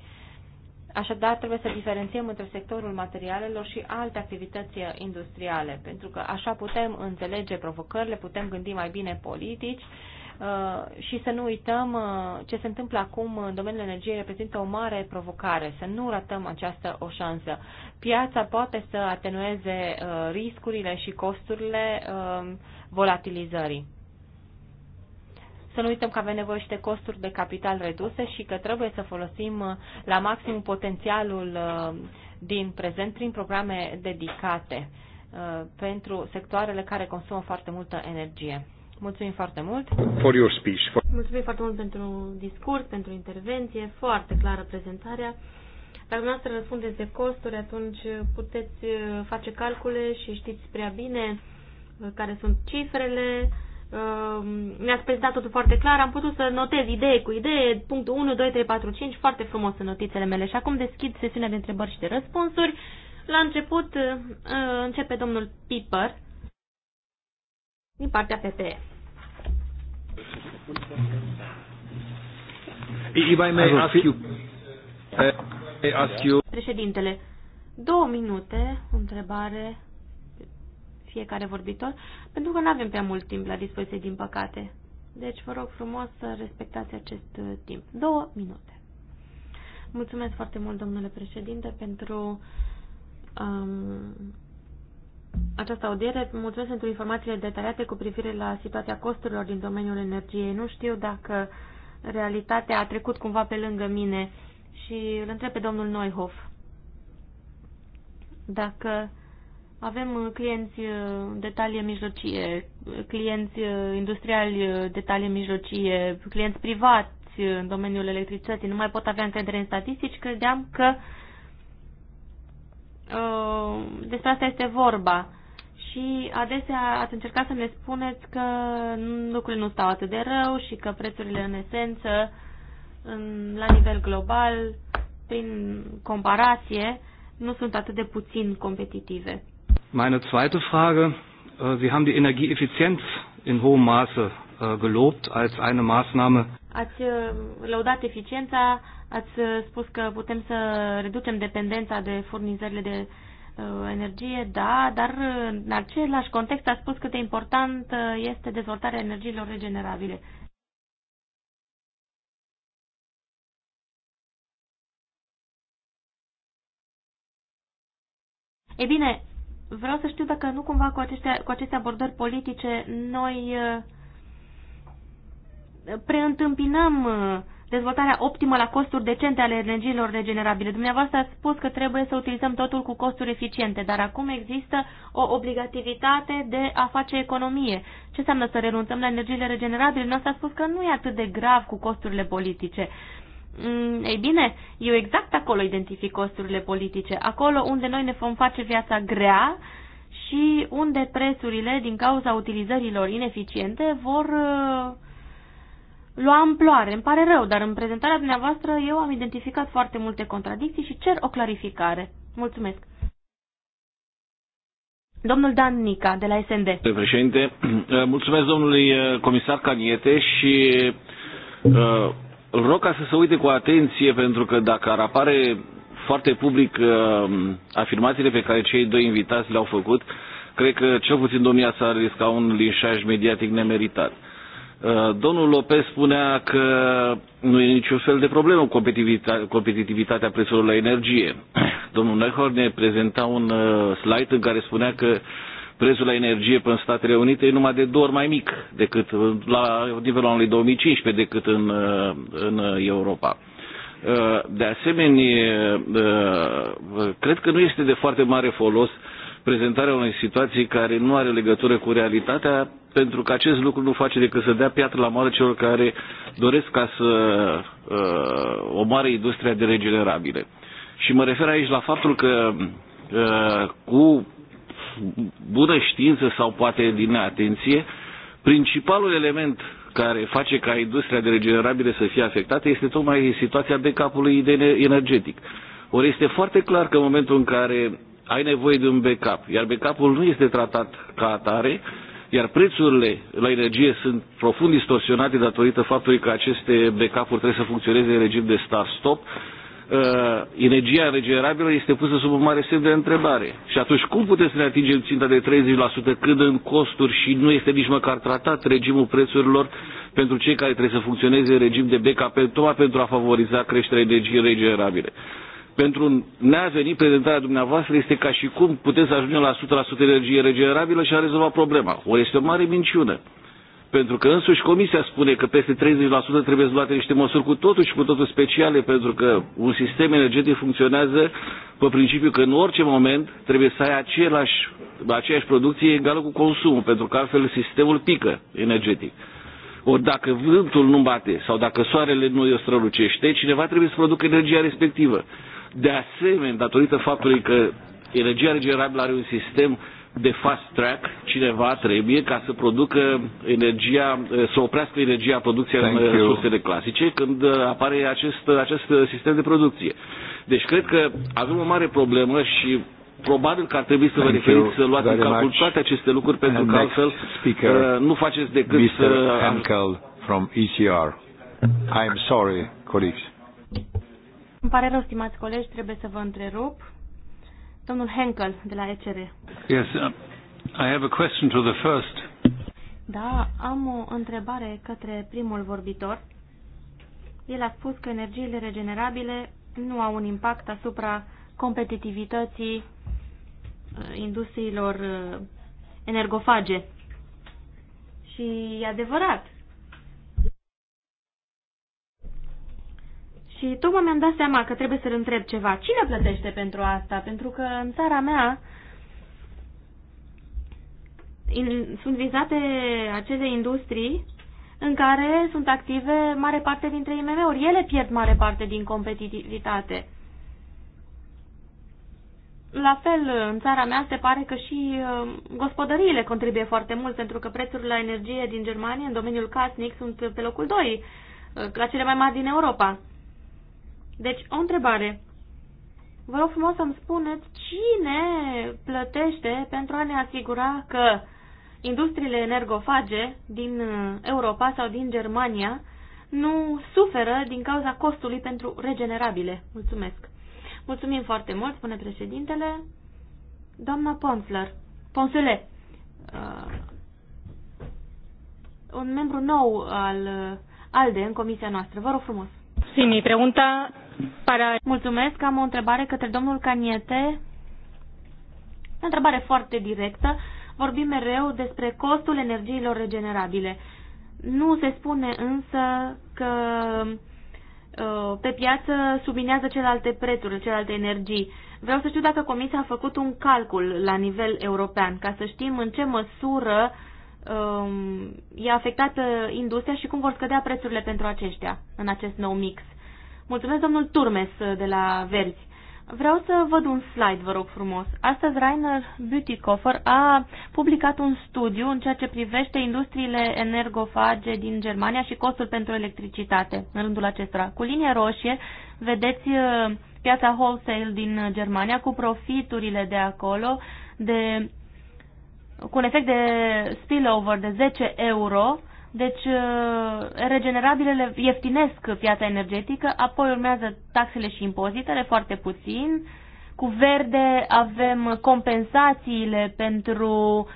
Așadar, trebuie să diferențiem între sectorul materialelor și alte activități industriale, pentru că așa putem înțelege provocările, putem gândi mai bine politici uh, și să nu uităm uh, ce se întâmplă acum în domeniul energiei reprezintă o mare provocare, să nu ratăm această o șansă. Piața poate să atenueze uh, riscurile și costurile volatilizării să nu uităm că avem nevoie și de costuri de capital reduse și că trebuie să folosim uh, la maxim potențialul uh, din prezent prin programe dedicate uh, pentru sectoarele care consumă foarte multă energie. Mulțumim foarte mult. For your speech. For... Mulțumim foarte mult pentru discurs, pentru intervenție, foarte clară prezentarea. Dacă dumneavoastră răspundeți de costuri, atunci puteți face calcule și știți prea bine care sunt cifrele. Um, mi ați prezentat totul foarte clar, am putut să notez idee cu idee, punctul 1, 2, 3, 4, 5, foarte frumos în notițele mele. Și acum deschid sesiunea de întrebări și de răspunsuri. La început uh, începe domnul Piper din partea PPE. If I may ask you, uh, I ask you... Președintele, două minute, întrebare fiecare vorbitor, pentru că nu avem prea mult timp la dispoziție, din păcate. Deci vă rog frumos să respectați acest uh, timp. Două minute. Mulțumesc foarte mult, domnule președinte, pentru um, această audiere. Mulțumesc pentru informațiile detaliate cu privire la situația costurilor din domeniul energiei. Nu știu dacă realitatea a trecut cumva pe lângă mine și îl întreb pe domnul Neuhoff dacă avem uh, clienți uh, de talie mijlocie, clienți uh, industriali de talie mijlocie, clienți privați în domeniul electricității. Nu mai pot avea încredere în statistici. Credeam că uh, despre asta este vorba. Și adesea ați încercat să ne spuneți că lucrurile nu stau atât de rău și că prețurile în esență, în, la nivel global, prin comparație, nu sunt atât de puțin competitive. Meine zweite Frage. Äh, Sie haben die Energieeffizienz in hohem Maße äh, gelobt als eine Maßnahme. Ați äh, lăudat eficiența, ați spus că putem să reducem dependența de furnizările de uh, energie, da, dar în același context a spus cât de important uh, este dezvoltarea energiilor regenerabile. E bine, Vreau să știu dacă nu cumva cu aceste, cu aceste abordări politice noi uh, preîntâmpinăm uh, dezvoltarea optimă la costuri decente ale energiilor regenerabile. Dumneavoastră a spus că trebuie să utilizăm totul cu costuri eficiente, dar acum există o obligativitate de a face economie. Ce înseamnă să renunțăm la energiile regenerabile? Noi a spus că nu e atât de grav cu costurile politice. Mm, ei bine, eu exact acolo identific costurile politice, acolo unde noi ne vom face viața grea și unde prețurile, din cauza utilizărilor ineficiente, vor uh, lua amploare. Îmi pare rău, dar în prezentarea dumneavoastră eu am identificat foarte multe contradicții și cer o clarificare. Mulțumesc. Domnul Dan Nica, de la SND. Președinte, mulțumesc domnului uh, comisar Caniete și uh, îl rog ca să se uite cu atenție, pentru că dacă ar apare foarte public uh, afirmațiile pe care cei doi invitați le-au făcut, cred că cel puțin domnia s-ar risca un linșaj mediatic nemeritat. Uh, domnul Lopez spunea că nu e niciun fel de problemă competitivitatea prețurilor la energie. Domnul Nehor ne prezenta un uh, slide în care spunea că Prețul la energie în Statele Unite e numai de două ori mai mic decât la nivelul anului 2015 decât în, în Europa. Uh, de asemenea, uh, cred că nu este de foarte mare folos prezentarea unei situații care nu are legătură cu realitatea, pentru că acest lucru nu face decât să dea piatră la moară celor care doresc ca să uh, omoare industria de regenerabile. Și mă refer aici la faptul că uh, cu bună știință sau poate din atenție, principalul element care face ca industria de regenerabile să fie afectată este tocmai situația backup-ului energetic. Ori este foarte clar că în momentul în care ai nevoie de un backup, iar backup-ul nu este tratat ca atare, iar prețurile la energie sunt profund distorsionate datorită faptului că aceste backup-uri trebuie să funcționeze în regim de start-stop, Uh, energia regenerabilă este pusă sub un mare semn de întrebare. Și atunci cum putem să ne atingem ținta de 30% când în costuri și nu este nici măcar tratat regimul prețurilor pentru cei care trebuie să funcționeze în regim de BKP, tocmai pentru a favoriza creșterea energiei regenerabile pentru ne-a venit prezentarea dumneavoastră este ca și cum putem să ajungem la 100% energie regenerabilă și a rezolvat problema. O este o mare minciună. Pentru că însuși Comisia spune că peste 30% trebuie să luate niște măsuri cu totul și cu totul speciale, pentru că un sistem energetic funcționează pe principiu că în orice moment trebuie să ai același, aceeași producție egală cu consumul, pentru că altfel sistemul pică energetic. Ori dacă vântul nu bate sau dacă soarele nu îi strălucește, cineva trebuie să producă energia respectivă. De asemenea, datorită faptului că energia regenerabilă are un sistem uh, de fast track cineva trebuie ca să producă energia, să oprească energia producției în uh, sursele clasice când uh, apare acest, uh, acest sistem de producție. Deci cred că avem o mare problemă și probabil că ar trebui să Thank vă referiți să luați în calcul toate aceste lucruri pentru And că altfel speaker, nu faceți decât Mr. să... Hankel from ECR. I'm sorry, colleagues. Îmi pare rău, stimați colegi, trebuie să vă întrerup. Domnul Henkel de la ECR. Yes, uh, I have a question to the first. Da, am o întrebare către primul vorbitor. El a spus că energiile regenerabile nu au un impact asupra competitivității uh, industriilor uh, energofage. Și e adevărat. Și tocmai mi-am dat seama că trebuie să-l întreb ceva. Cine plătește pentru asta? Pentru că în țara mea in, sunt vizate acele industrii în care sunt active mare parte dintre IMM-uri. Ele pierd mare parte din competitivitate. La fel, în țara mea se pare că și uh, gospodăriile contribuie foarte mult, pentru că prețurile la energie din Germania, în domeniul casnic, sunt pe locul 2, uh, la cele mai mari din Europa. Deci, o întrebare. Vă rog frumos să-mi spuneți cine plătește pentru a ne asigura că industriile energofage din uh, Europa sau din Germania nu suferă din cauza costului pentru regenerabile. Mulțumesc. Mulțumim foarte mult, spune președintele. Doamna Ponsler, Ponsele, uh, un membru nou al uh, ALDE în comisia noastră. Vă rog frumos. Sí, mi pregunta Para... Mulțumesc. Am o întrebare către domnul Caniete. O întrebare foarte directă. Vorbim mereu despre costul energiilor regenerabile. Nu se spune însă că uh, pe piață subminează celelalte prețuri, celelalte energii. Vreau să știu dacă Comisia a făcut un calcul la nivel european, ca să știm în ce măsură um, e afectată industria și cum vor scădea prețurile pentru aceștia în acest nou mix. Mulțumesc, domnul Turmes, de la Verzi. Vreau să văd un slide, vă rog frumos. Astăzi Rainer Bütikofer a publicat un studiu în ceea ce privește industriile energofage din Germania și costul pentru electricitate în rândul acestora. Cu linie roșie vedeți uh, piața wholesale din Germania cu profiturile de acolo de, cu un efect de spillover de 10 euro deci, uh, regenerabilele ieftinesc piața energetică, apoi urmează taxele și impozitele, foarte puțin. Cu verde avem compensațiile pentru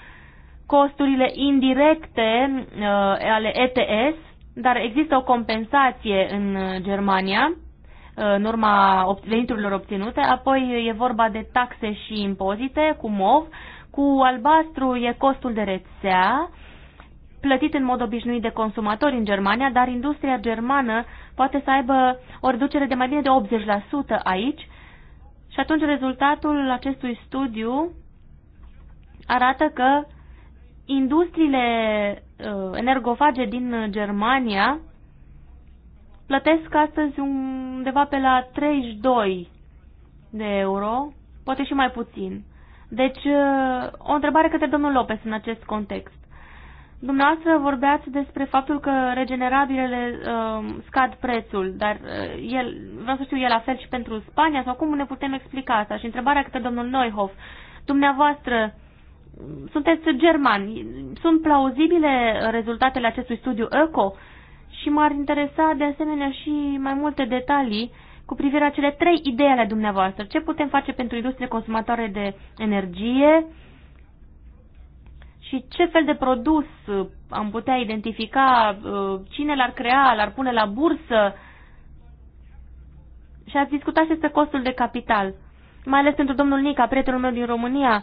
costurile indirecte uh, ale ETS, dar există o compensație în Germania uh, în urma veniturilor obținute, apoi e vorba de taxe și impozite cu MOV, cu albastru e costul de rețea, plătit în mod obișnuit de consumatori în Germania, dar industria germană poate să aibă o reducere de mai bine de 80% aici și atunci rezultatul acestui studiu arată că industriile uh, energofage din Germania plătesc astăzi undeva pe la 32 de euro, poate și mai puțin. Deci, uh, o întrebare către domnul Lopez în acest context. Dumneavoastră vorbeați despre faptul că regenerabilele uh, scad prețul, dar uh, el, vreau să știu, e la fel și pentru Spania sau cum ne putem explica asta? Și întrebarea către domnul Neuhoff, dumneavoastră, sunteți germani, sunt plauzibile rezultatele acestui studiu ECO? Și m-ar interesa de asemenea și mai multe detalii cu privire la cele trei idei ale dumneavoastră. Ce putem face pentru industrie consumatoare de energie, uh, și ce fel de produs uh, am putea identifica, uh, cine l-ar crea, l-ar pune la bursă. Și ați discutat și despre costul de capital, mai ales pentru domnul Nica, prietenul meu din România.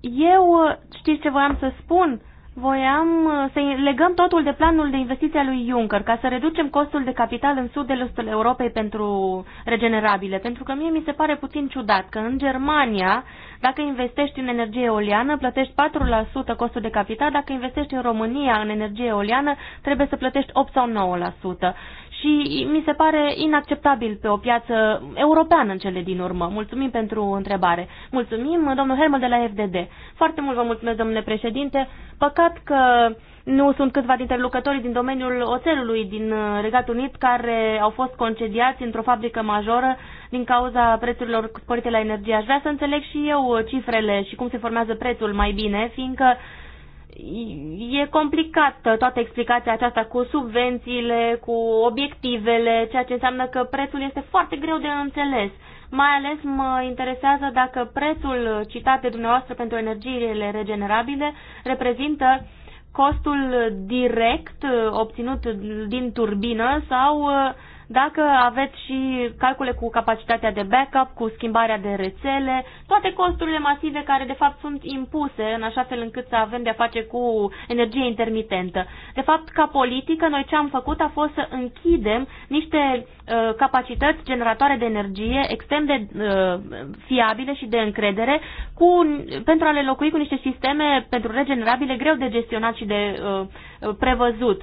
Eu uh, știți ce voiam să spun? voiam uh, să legăm totul de planul de investiție al lui Juncker, ca să reducem costul de capital în sudul estul Europei pentru regenerabile. Pentru că mie mi se pare puțin ciudat că în Germania, dacă investești în energie eoliană, plătești 4% costul de capital, dacă investești în România în energie eoliană, trebuie să plătești 8 sau 9% și mi se pare inacceptabil pe o piață europeană în cele din urmă. Mulțumim pentru întrebare. Mulțumim, domnul Hermel de la FDD. Foarte mult vă mulțumesc, domnule președinte. Păcat că nu sunt câțiva dintre lucrătorii din domeniul oțelului din uh, Regatul Unit care au fost concediați într-o fabrică majoră din cauza prețurilor sporite la energie. Aș vrea să înțeleg și eu uh, cifrele și cum se formează prețul mai bine, fiindcă e complicat toată explicația aceasta cu subvențiile, cu obiectivele, ceea ce înseamnă că prețul este foarte greu de înțeles. Mai ales mă interesează dacă prețul citat de dumneavoastră pentru energiile regenerabile reprezintă costul direct uh, obținut din turbină sau uh, dacă aveți și calcule cu capacitatea de backup, cu schimbarea de rețele, toate costurile masive care de fapt sunt impuse în așa fel încât să avem de-a face cu energie intermitentă. De fapt, ca politică, noi ce am făcut a fost să închidem niște uh, capacități generatoare de energie extrem de uh, fiabile și de încredere cu, pentru a le locui cu niște sisteme pentru regenerabile greu de gestionat și de uh, prevăzut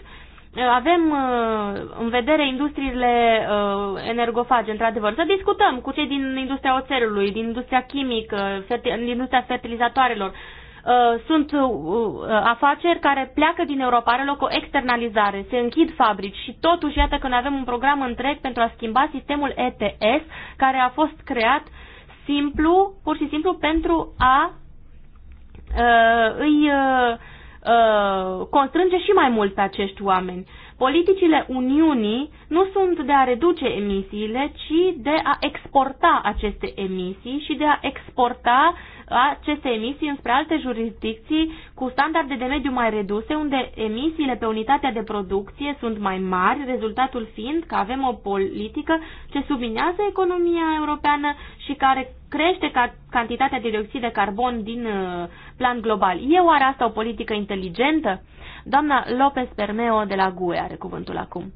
avem uh, în vedere industriile uh, energofage, într-adevăr. Să discutăm cu cei din industria oțelului, din industria chimică, din industria fertilizatoarelor. Uh, sunt afaceri care pleacă din Europa, are loc o externalizare, se închid fabrici și totuși iată că noi avem un program întreg pentru a schimba sistemul ETS care a fost creat simplu, pur și simplu pentru a uh, îi uh, Uh, constrânge și mai mult pe acești oameni. Politicile Uniunii nu sunt de a reduce emisiile, ci de a exporta aceste emisii și de a exporta aceste emisii înspre alte jurisdicții cu standarde de mediu mai reduse, unde emisiile pe unitatea de producție sunt mai mari, rezultatul fiind că avem o politică ce subminează economia europeană și care crește ca cantitatea de dioxid de carbon din uh, plan global. E oare asta o politică inteligentă? Doamna Lopez Permeo de la GUE are cuvântul acum.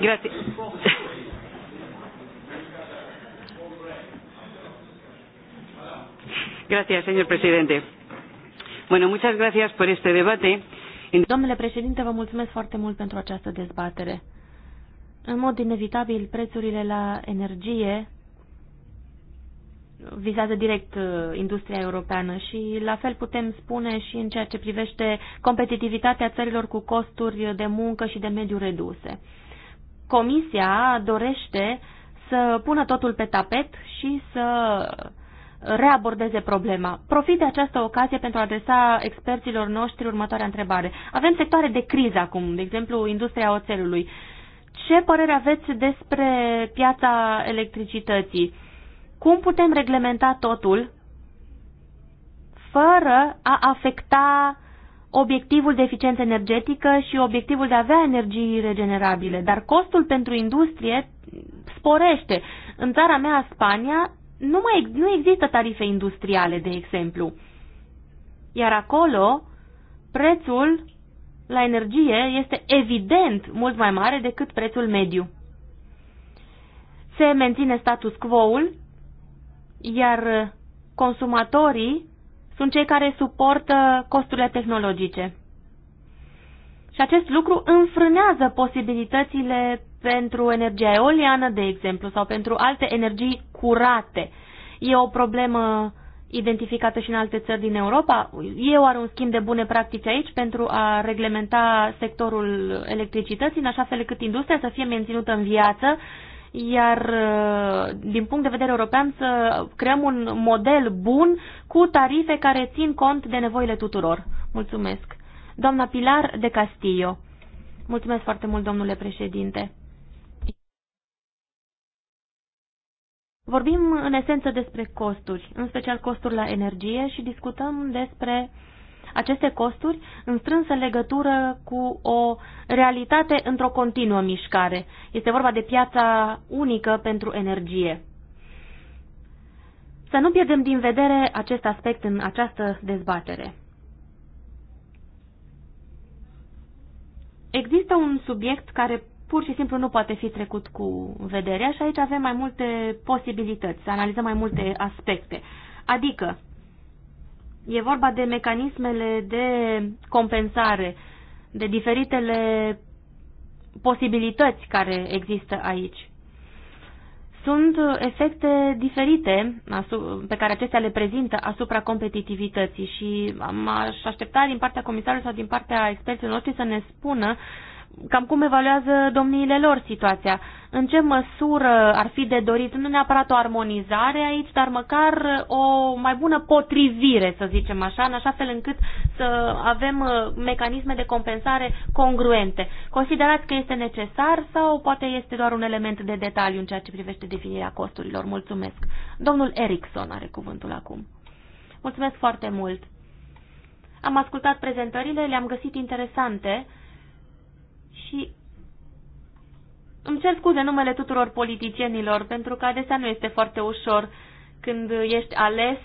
Grazie. Gracias, señor presidente. Bueno, muchas gracias por este debate. Domnule președinte, vă mulțumesc foarte mult pentru această dezbatere. În mod inevitabil, prețurile la energie vizează direct uh, industria europeană și la fel putem spune și în ceea ce privește competitivitatea țărilor cu costuri de muncă și de mediu reduse. Comisia dorește să pună totul pe tapet și să reabordeze problema. Profit de această ocazie pentru a adresa experților noștri următoarea întrebare. Avem sectoare de criză acum, de exemplu industria oțelului. Ce părere aveți despre piața electricității? Cum putem reglementa totul fără a afecta obiectivul de eficiență energetică și obiectivul de a avea energii regenerabile, dar costul pentru industrie sporește. În țara mea, Spania, nu, mai, nu există tarife industriale, de exemplu. Iar acolo, prețul la energie este evident mult mai mare decât prețul mediu. Se menține status quo-ul, iar consumatorii sunt cei care suportă costurile tehnologice. Și acest lucru înfrânează posibilitățile pentru energia eoliană, de exemplu, sau pentru alte energii curate. E o problemă identificată și în alte țări din Europa. Eu are un schimb de bune practici aici pentru a reglementa sectorul electricității, în așa fel cât industria să fie menținută în viață, iar uh, din punct de vedere european să creăm un model bun cu tarife care țin cont de nevoile tuturor. Mulțumesc. Doamna Pilar de Castillo. Mulțumesc foarte mult, domnule președinte. Vorbim în esență despre costuri, în special costuri la energie și discutăm despre aceste costuri în strânsă legătură cu o realitate într-o continuă mișcare. Este vorba de piața unică pentru energie. Să nu pierdem din vedere acest aspect în această dezbatere. Există un subiect care pur și simplu nu poate fi trecut cu vederea și aici avem mai multe posibilități, să analizăm mai multe aspecte. Adică, e vorba de mecanismele de compensare, de diferitele posibilități care există aici. Sunt efecte diferite pe care acestea le prezintă asupra competitivității și m-aș aștepta din partea comisarului sau din partea experților noștri să ne spună uh, cam cum evaluează domniile lor situația. În ce măsură ar fi de dorit nu neapărat o armonizare aici, dar măcar o mai bună potrivire, să zicem așa, în așa fel încât să avem uh, mecanisme de compensare congruente. Considerați că este necesar sau poate este doar un element de detaliu în ceea ce privește definirea costurilor? Mulțumesc. Domnul Erickson are cuvântul acum. Mulțumesc foarte mult. Am ascultat prezentările, le-am găsit interesante. Și îmi cer scuze numele tuturor politicienilor, pentru că adesea nu este foarte ușor când ești ales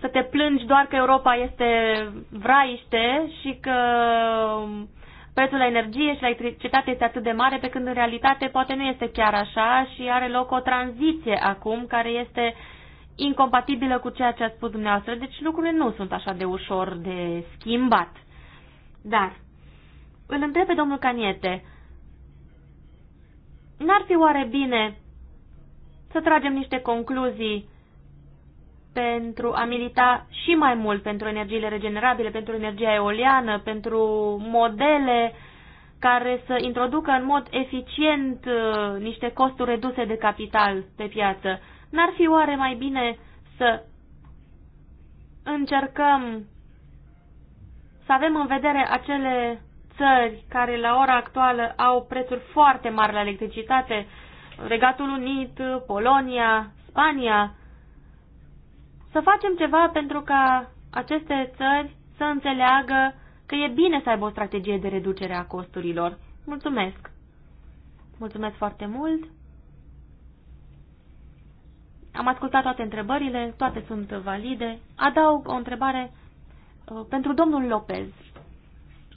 să te plângi doar că Europa este vraiște și că prețul la energie și la electricitate este atât de mare, pe când în realitate poate nu este chiar așa și are loc o tranziție acum care este incompatibilă cu ceea ce a spus dumneavoastră. Deci lucrurile nu sunt așa de ușor de schimbat. Dar îl întreb pe domnul Caniete, n-ar fi oare bine să tragem niște concluzii pentru a milita și mai mult pentru energiile regenerabile, pentru energia eoliană, pentru modele care să introducă în mod eficient uh, niște costuri reduse de capital pe piață. N-ar fi oare mai bine să încercăm să avem în vedere acele țări care la ora actuală au prețuri foarte mari la electricitate, Regatul Unit, Polonia, Spania, să facem ceva pentru ca aceste țări să înțeleagă că e bine să aibă o strategie de reducere a costurilor. Mulțumesc! Mulțumesc foarte mult! Am ascultat toate întrebările, toate sunt valide. Adaug o întrebare uh, pentru domnul Lopez.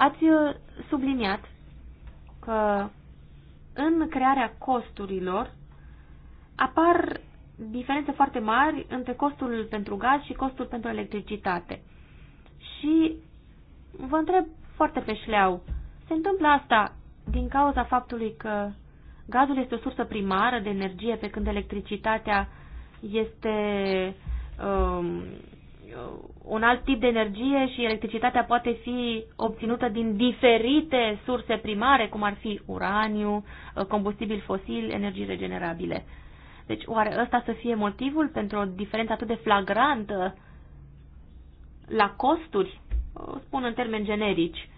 Ați uh, subliniat că în crearea costurilor apar diferențe foarte mari între costul pentru gaz și costul pentru electricitate. Și vă întreb foarte pe șleau, se întâmplă asta din cauza faptului că gazul este o sursă primară de energie, pe când electricitatea este um, Uh, un alt tip de energie și electricitatea poate fi obținută din diferite surse primare, cum ar fi uraniu, uh, combustibil fosil, energii regenerabile. Deci, oare ăsta să fie motivul pentru o diferență atât de flagrantă la costuri? O uh, spun în termeni generici.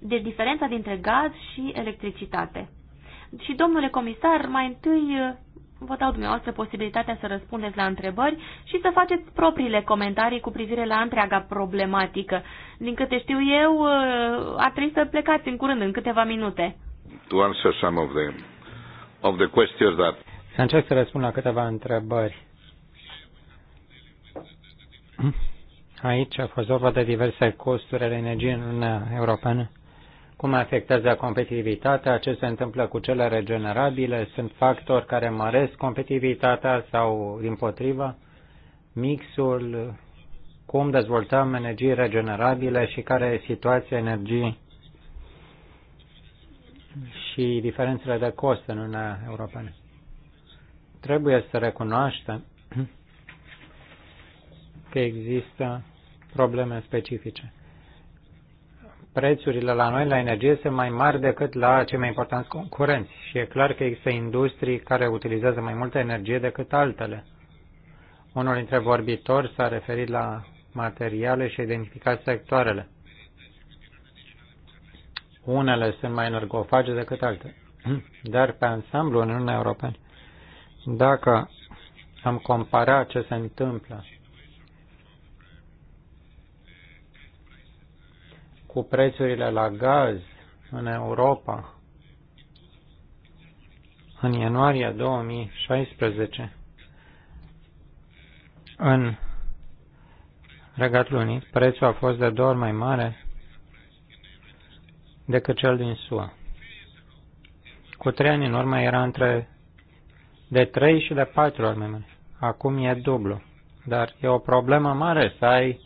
Deci, diferența dintre gaz și electricitate. Și, domnule comisar, mai întâi vă dau dumneavoastră posibilitatea să răspundeți la întrebări și să faceți propriile comentarii cu privire la întreaga problematică. Din câte știu eu, uh, ar trebui să plecați în curând, în câteva minute. To answer some of the, of the questions that... Să încerc să răspund la câteva întrebări. Aici a fost vorba de diverse costuri ale energiei în Uniunea Europeană cum afectează competitivitatea, ce se întâmplă cu cele regenerabile, sunt factori care măresc competitivitatea sau, din potrivă, mixul, cum dezvoltăm energii regenerabile și care e situația energiei și diferențele de cost în Uniunea Europeană. Trebuie să recunoaștem că există probleme specifice prețurile la noi la energie sunt mai mari decât la cei mai importanți concurenți și e clar că există industrii care utilizează mai multă energie decât altele. Unul dintre vorbitori s-a referit la materiale și a identificat sectoarele. Unele sunt mai energofage decât altele, dar pe ansamblu în Uniunea Europeană, dacă am compara ce se întâmplă cu prețurile la gaz în Europa în ianuarie 2016 în Regatul Unit, prețul a fost de două ori mai mare decât cel din SUA. Cu trei ani în urmă era între de trei și de patru ori mai mare. Acum e dublu. Dar e o problemă mare să ai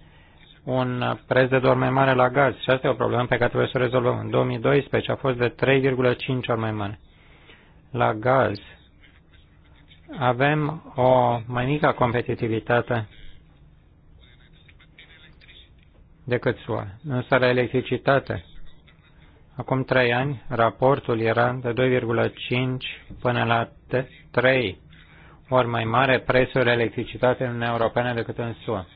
un preț de doar mai mare la gaz și asta e o problemă pe care trebuie să o rezolvăm. În 2012 a fost de 3,5 ori mai mare la gaz. Avem o mai mică competitivitate decât SUA. Însă la electricitate, acum trei ani, raportul era de 2,5 până la 3 ori mai mare prețul electricitate în Uniunea Europeană decât în SUA.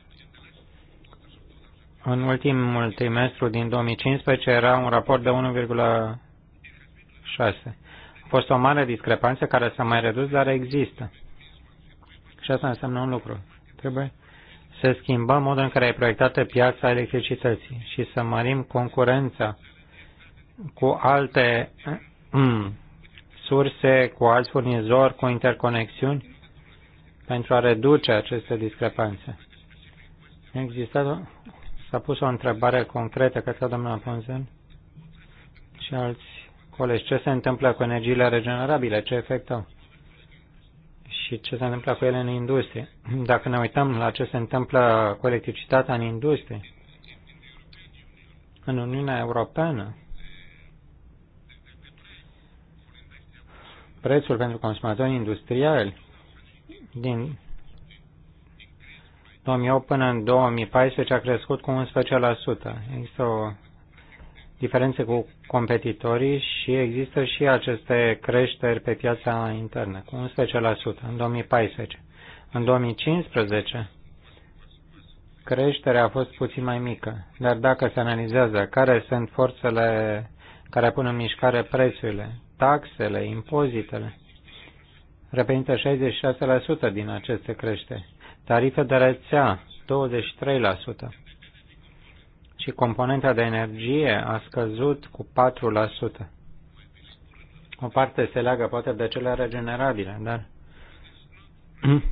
În ultimul trimestru din 2015 era un raport de 1,6. A fost o mare discrepanță care s-a mai redus, dar există. Și asta înseamnă un lucru. Trebuie să schimbăm modul în care e proiectată piața electricității și să mărim concurența cu alte mm, surse, cu alți furnizori, cu interconexiuni, pentru a reduce aceste discrepanțe. Există. S-a pus o întrebare concretă către domnul Ponzen și alți colegi. Ce se întâmplă cu energiile regenerabile? Ce efect au? Și ce se întâmplă cu ele în industrie? Dacă ne uităm la ce se întâmplă cu electricitatea în industrie, în Uniunea Europeană, prețul pentru consumatori industriali din 2008 până în 2014 a crescut cu 11%. Există o diferență cu competitorii și există și aceste creșteri pe piața internă, cu 11% în 2014. În 2015, creșterea a fost puțin mai mică, dar dacă se analizează care sunt forțele care pun în mișcare prețurile, taxele, impozitele, reprezintă 66% din aceste creșteri. Tarife de rețea, 23%. Și componenta de energie a scăzut cu 4%. O parte se leagă poate de cele regenerabile, dar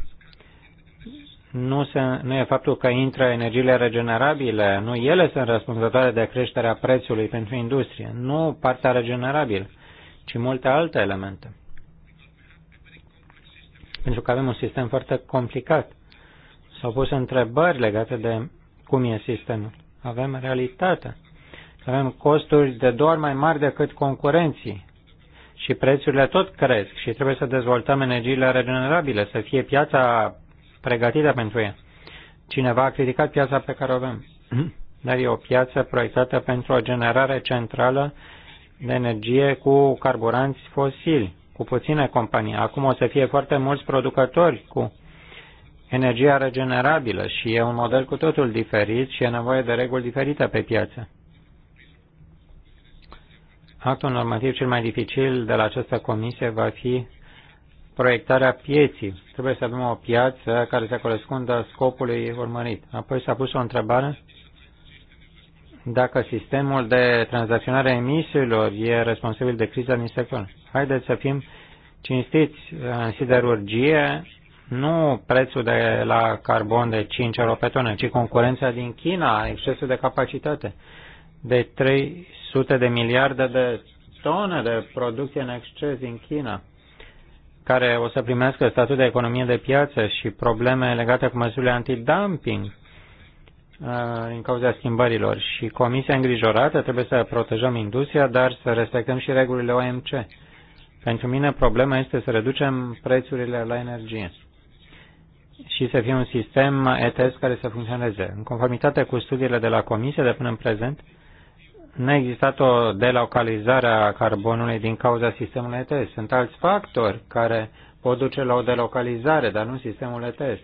nu, se, nu e faptul că intră energiile regenerabile, nu ele sunt răspunzătoare de creșterea prețului pentru industrie, nu partea regenerabilă, ci multe alte elemente. Pentru că avem un sistem foarte complicat S-au pus întrebări legate de cum e sistemul. Avem realitatea. Avem costuri de doar mai mari decât concurenții și prețurile tot cresc și trebuie să dezvoltăm energiile regenerabile, să fie piața pregătită pentru ea. Cineva a criticat piața pe care o avem, dar e o piață proiectată pentru o generare centrală de energie cu carburanți fosili, cu puține companii. Acum o să fie foarte mulți producători cu energia regenerabilă și e un model cu totul diferit și e nevoie de reguli diferite pe piață. Actul normativ cel mai dificil de la această comisie va fi proiectarea pieții. Trebuie să avem o piață care să corespundă scopului urmărit. Apoi s-a pus o întrebare dacă sistemul de tranzacționare a emisiilor e responsabil de criza din sector. Haideți să fim cinstiți în siderurgie, nu prețul de la carbon de 5 euro pe tonă, ci concurența din China, excesul de capacitate de 300 de miliarde de tone de producție în exces din China, care o să primească statut de economie de piață și probleme legate cu măsurile antidumping uh, din cauza schimbărilor și comisia îngrijorată trebuie să protejăm industria, dar să respectăm și regulile OMC. Pentru mine problema este să reducem prețurile la energie și să fie un sistem ETS care să funcționeze. În conformitate cu studiile de la Comisie de până în prezent, n-a existat o delocalizare a carbonului din cauza sistemului ETS. Sunt alți factori care pot duce la o delocalizare, dar nu sistemul ETS.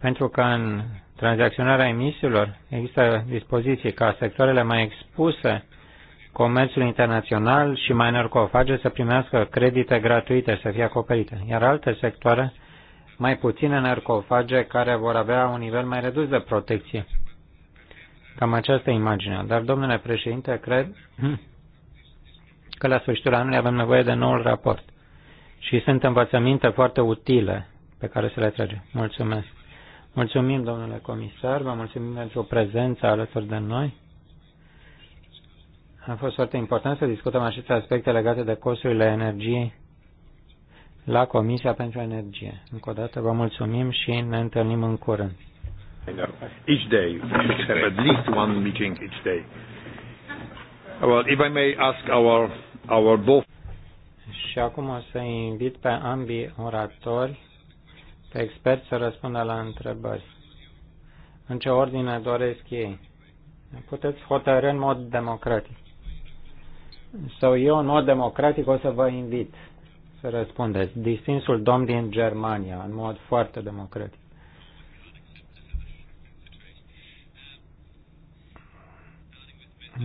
Pentru că în tranzacționarea emisiilor există dispoziții ca sectoarele mai expuse comerțul internațional și mai narcofage să primească credite gratuite, să fie acoperite, iar alte sectoare mai puține narcofage care vor avea un nivel mai redus de protecție. Cam această imagine. Dar, domnule președinte, cred că la sfârșitul anului avem nevoie de noul raport și sunt învățăminte foarte utile pe care să le tragem. Mulțumesc! Mulțumim, domnule comisar, vă mulțumim pentru prezența alături de noi. A fost foarte important să discutăm aceste aspecte legate de costurile energiei la Comisia pentru Energie. Încă o dată vă mulțumim și ne întâlnim în curând. Each day, at least one meeting each day. Well, if I may ask our, our both... Și acum o să invit pe ambii oratori, pe experți să răspundă la întrebări. În ce ordine doresc ei? Puteți hotărâ în mod democratic. Sau eu, în mod democratic, o să vă invit să răspundeți. Distinsul domn din Germania, în mod foarte democratic.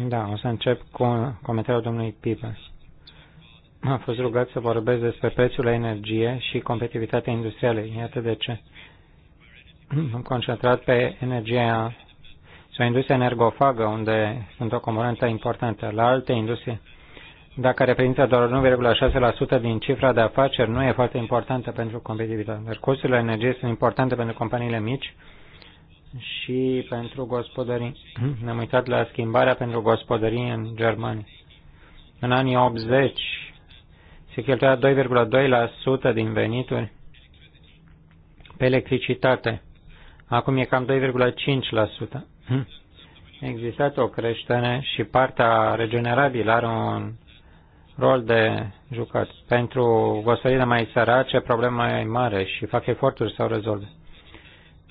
Da, o să încep cu comentariul domnului Piper. Am fost rugat să vorbesc despre prețul la energie și competitivitatea industrială. Iată de ce. Am concentrat pe energia sau industria energofagă, unde sunt o componentă importantă. La alte industrie dacă reprezintă doar 1,6% din cifra de afaceri, nu e foarte importantă pentru competitivitate. Dar deci costurile energiei sunt importante pentru companiile mici și pentru gospodării. Ne-am uitat la schimbarea pentru gospodării în Germania. În anii 80 se cheltuia 2,2% din venituri pe electricitate. Acum e cam 2,5%. Există existat o creștere și partea regenerabilă are un rol de jucat. Pentru gospodine mai sărace, problema mai mare și fac eforturi să o rezolve.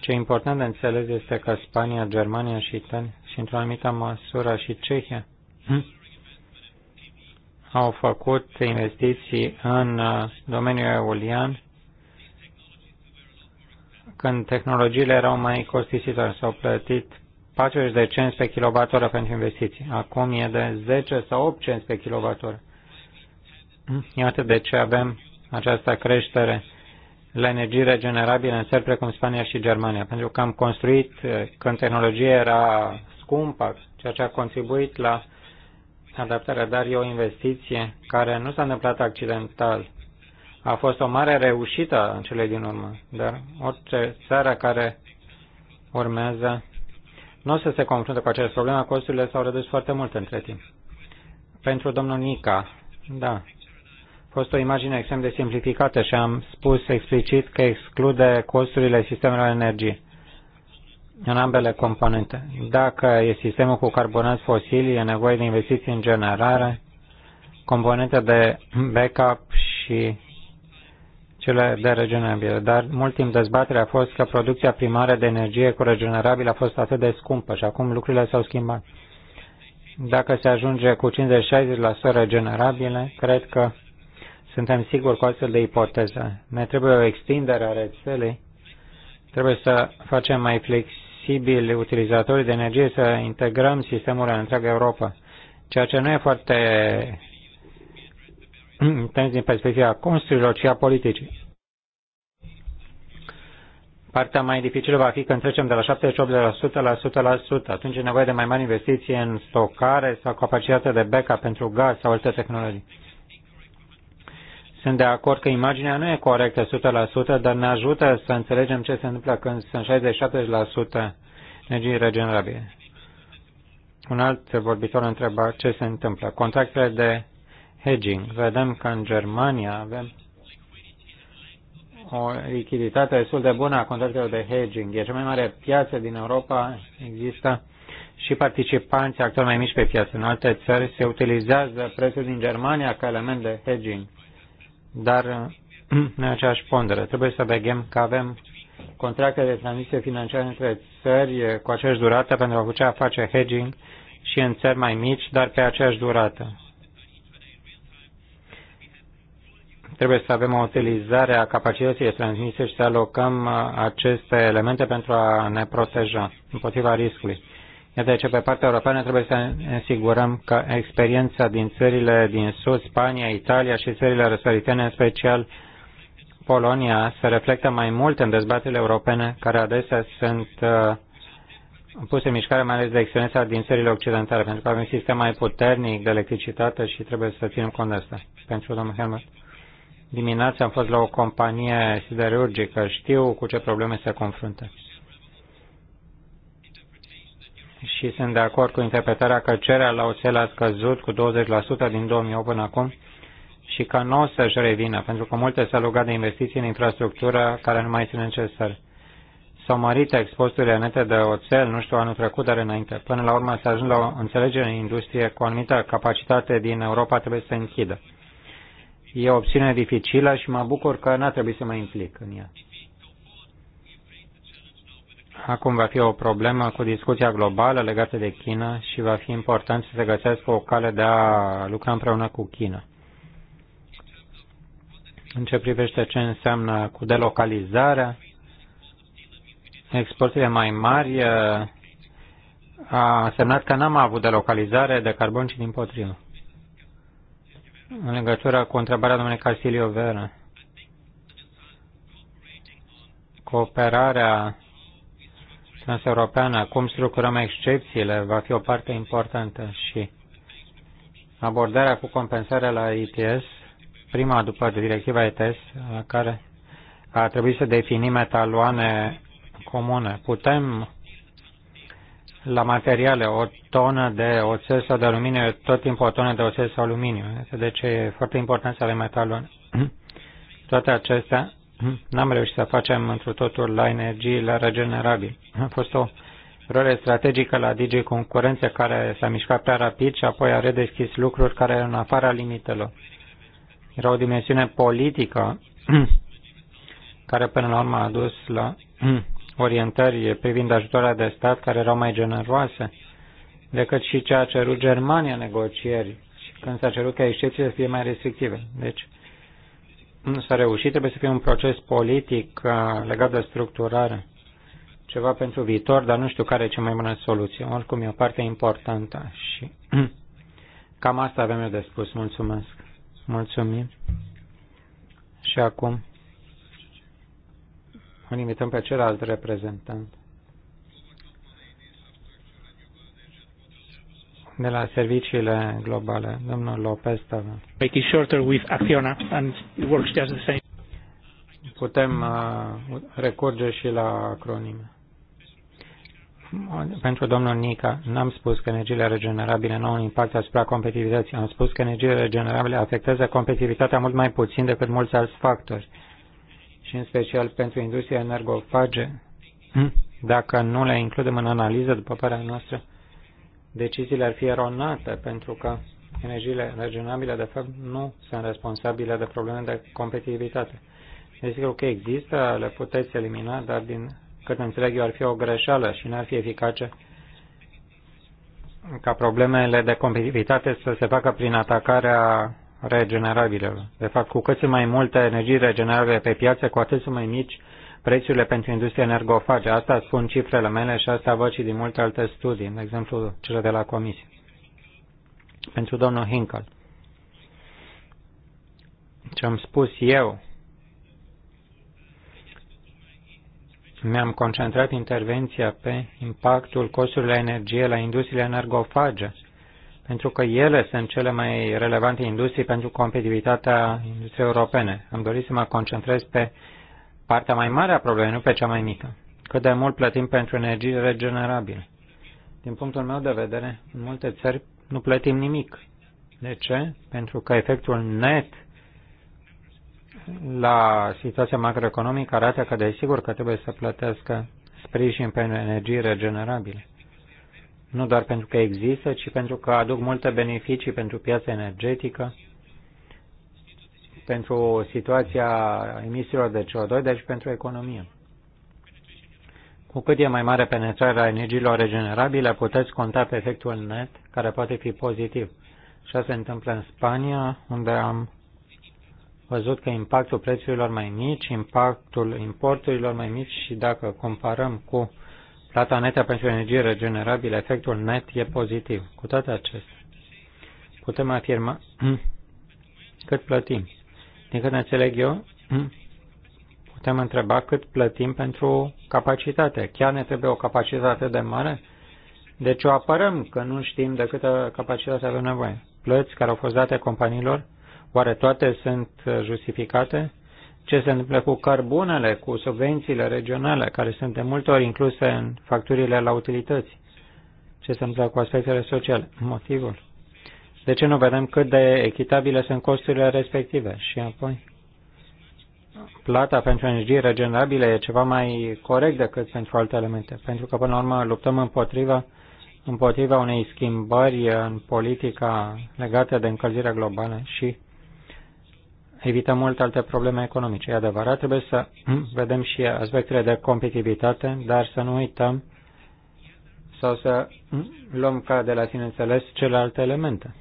Ce important de înțeles este că Spania, Germania și Italia și într-o anumită măsură și Cehia hm, au făcut investiții în uh, domeniul eolian când tehnologiile erau mai costisitoare. S-au plătit 40 de cenți pe kWh pentru investiții. Acum e de 10 sau 8 cenți pe kWh. Iată de ce avem această creștere la energii regenerabile în țări precum Spania și Germania, pentru că am construit uh, când tehnologia era scumpă, ceea ce a contribuit la adaptarea, dar e o investiție care nu s-a întâmplat accidental. A fost o mare reușită în cele din urmă, dar orice țară care urmează nu o să se confrunte cu această problemă, costurile s-au redus foarte mult între timp. Pentru domnul Nica, da, fost o imagine extrem de simplificată și am spus explicit că exclude costurile sistemelor energie în ambele componente. Dacă e sistemul cu carbonați fosili, e nevoie de investiții în generare, componente de backup și cele de regenerabile. Dar mult timp dezbaterea a fost că producția primară de energie cu regenerabil a fost atât de scumpă și acum lucrurile s-au schimbat. Dacă se ajunge cu 50-60% regenerabile, cred că suntem siguri cu astfel de ipoteză. Ne trebuie o extindere a rețelei. Trebuie să facem mai flexibili utilizatorii de energie, să integrăm sistemul în întreaga Europa, ceea ce nu e foarte intens din perspectiva costurilor, ci a politicii. Partea mai dificilă va fi când trecem de la 78% la 100%. Atunci e nevoie de mai mari investiții în stocare sau capacitate de backup pentru gaz sau alte tehnologii. Sunt de acord că imaginea nu e corectă 100%, dar ne ajută să înțelegem ce se întâmplă când sunt 67% energie regenerabile. Un alt vorbitor întreba ce se întâmplă. Contractele de hedging. Vedem că în Germania avem o lichiditate destul de bună a contractelor de hedging. E cea mai mare piață din Europa. Există și participanți actori mai mici pe piață. În alte țări se utilizează prețul din Germania ca element de hedging dar în aceeași pondere. Trebuie să vegem că avem contracte de transmisie financiare între țări cu aceeași durată pentru a putea face hedging și în țări mai mici, dar pe aceeași durată. Trebuie să avem o utilizare a capacității de transmisie și să alocăm uh, aceste elemente pentru a ne proteja împotriva riscului. Iată ce pe partea europeană trebuie să ne asigurăm că experiența din țările din Sud, Spania, Italia și țările răsăritene, în special Polonia, se reflectă mai mult în dezbaterile europene, care adesea sunt uh, puse în mișcare mai ales de experiența din țările occidentale, pentru că avem sistem mai puternic de electricitate și trebuie să ținem cont de asta. Pentru domnul Helmut. Dimineața am fost la o companie siderurgică, știu cu ce probleme se confruntă și sunt de acord cu interpretarea că cererea la oțel a scăzut cu 20% din 2008 până acum și că nu o să-și revină, pentru că multe s-au de investiții în infrastructură care nu mai sunt necesare. S-au mărit exposturile nete de oțel, nu știu, anul trecut, dar înainte. Până la urmă s-a ajuns la o înțelegere în industrie cu o anumită capacitate din Europa trebuie să se închidă. E o opțiune dificilă și mă bucur că n-a trebuit să mă implic în ea acum va fi o problemă cu discuția globală legată de China și va fi important să se găsească o cale de a lucra împreună cu China. În ce privește ce înseamnă cu delocalizarea, exporturile mai mari eh, a semnat că n-am avut delocalizare de carbon, ci din potrivă. În legătură cu întrebarea domnului Casilio Vera, cooperarea Finanța Europeană, cum structurăm excepțiile, va fi o parte importantă și abordarea cu compensarea la ITS, prima după directiva ITS, la care a trebuit să definim etaloane comune. Putem la materiale, o tonă de oțel sau de aluminiu, tot timpul o tonă de oțel sau aluminiu. Deci e foarte important să avem etalon. Toate acestea Mhm. N-am reușit să facem într totul la energie, la regenerabil. A fost o eroare strategică la digi Concurență care s-a mișcat prea rapid și apoi a redeschis lucruri care erau în afara limitelor. Era o dimensiune politică care până la urmă a dus la orientări privind ajutoarea de stat care erau mai generoase decât și ce a cerut Germania negocieri când s-a cerut ca excepțiile să fie mai restrictive. Deci, nu s-a reușit, trebuie să fie un proces politic uh, legat de structurare, ceva pentru viitor, dar nu știu care e cea mai bună soluție. Oricum e o parte importantă și cam asta avem eu de spus. Mulțumesc. Mulțumim. Și acum îl invităm pe celălalt reprezentant. de la serviciile globale. Domnul Lopez Tava. Make it shorter with Acciona and it works just the same. Putem uh, recurge și la acronime. Pentru domnul Nica, n-am spus că energiile regenerabile nu au un impact asupra competitivității. Am spus că energiile regenerabile afectează competitivitatea mult mai puțin decât mulți alți factori. Și în special pentru industria energofage, dacă nu le includem în analiză, după părerea noastră, deciziile ar fi eronate pentru că energiile regenerabile de fapt nu sunt responsabile de probleme de competitivitate. Desigur că există, le puteți elimina, dar din cât înțeleg eu ar fi o greșeală și n-ar fi eficace ca problemele de competitivitate să se facă prin atacarea regenerabilelor. De fapt, cu cât sunt mai multe energii regenerabile pe piață, cu atât sunt mai mici prețurile pentru industria energofage. Asta spun cifrele mele și asta văd și din multe alte studii, de exemplu cele de la comisie. Pentru domnul Hinkel. Ce am spus eu, mi-am concentrat intervenția pe impactul costurilor la energie la industriile energofage, pentru că ele sunt cele mai relevante industrii pentru competitivitatea industriei europene. Am dorit să mă concentrez pe uh, partea mai mare a problemei, nu pe cea mai mică. Cât de mult plătim pentru energie regenerabilă. Din punctul meu de vedere, în multe țări nu plătim nimic. De ce? Pentru că efectul net la situația macroeconomică arată că desigur că trebuie să plătească sprijin pentru energii regenerabile. Nu doar pentru că există, ci pentru că aduc multe beneficii pentru piața energetică, pentru situația emisiilor de CO2, deci pentru economie. Cu cât e mai mare penetrarea energiilor regenerabile, puteți conta pe efectul net, care poate fi pozitiv. Și se întâmplă în Spania, unde am văzut că impactul prețurilor mai mici, impactul importurilor mai mici și dacă comparăm cu plata netă pentru energie regenerabilă, efectul net e pozitiv. Cu toate acestea, putem afirma cât plătim. Din câte înțeleg eu, hmm, putem întreba cât plătim pentru capacitate. Chiar ne trebuie o capacitate de mare? Deci o apărăm că nu știm de câtă capacitate avem nevoie. Plăți care au fost date companiilor, oare toate sunt justificate? Ce se întâmplă cu cărbunele, cu subvențiile regionale, care sunt de multe ori incluse în facturile la utilități? Ce se întâmplă cu aspectele sociale? Motivul? De ce nu vedem cât de echitabile sunt costurile respective? Și apoi, plata pentru energie regenerabile e ceva mai corect decât pentru alte elemente, pentru că, până la urmă, luptăm împotriva, împotriva unei schimbări în politica legată de încălzirea globală și evităm multe alte probleme economice. E adevărat, trebuie să vedem și aspectele de competitivitate, dar să nu uităm sau să luăm ca de la sine înțeles celelalte elemente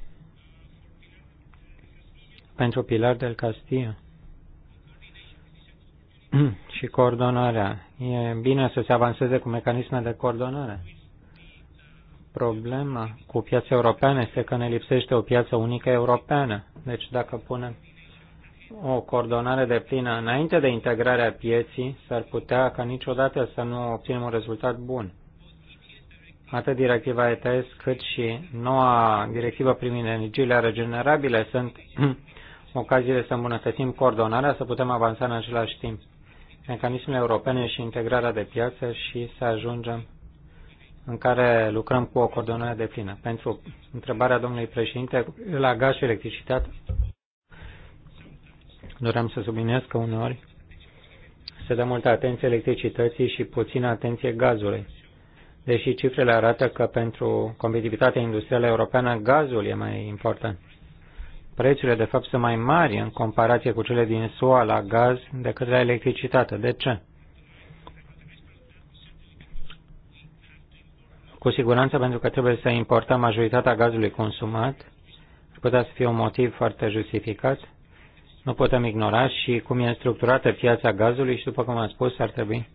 pentru Pilar del Castillo și coordonarea. E bine să se avanseze cu mecanisme de coordonare. Problema cu piața europeană este că ne lipsește o piață unică europeană. Deci dacă punem o coordonare de plină înainte de integrarea pieții, s-ar putea ca niciodată să nu obținem un rezultat bun. Atât directiva ETS cât și noua directivă privind energiile regenerabile sunt ocaziile să îmbunătățim coordonarea, să putem avansa în același timp mecanismele europene și integrarea de piață și să ajungem în care lucrăm cu o coordonare de plină. Pentru întrebarea domnului președinte, la gaz și electricitate, doream să subliniez că uneori se dă multă atenție electricității și puțină atenție gazului. Deși cifrele arată că pentru competitivitatea industrială europeană gazul e mai important prețurile de fapt sunt mai mari în comparație cu cele din SUA la gaz decât la electricitate. De ce? Cu siguranță pentru că trebuie să importăm majoritatea gazului consumat, ar putea să fie un motiv foarte justificat. Nu putem ignora și cum e structurată piața gazului și, după cum am spus, ar trebui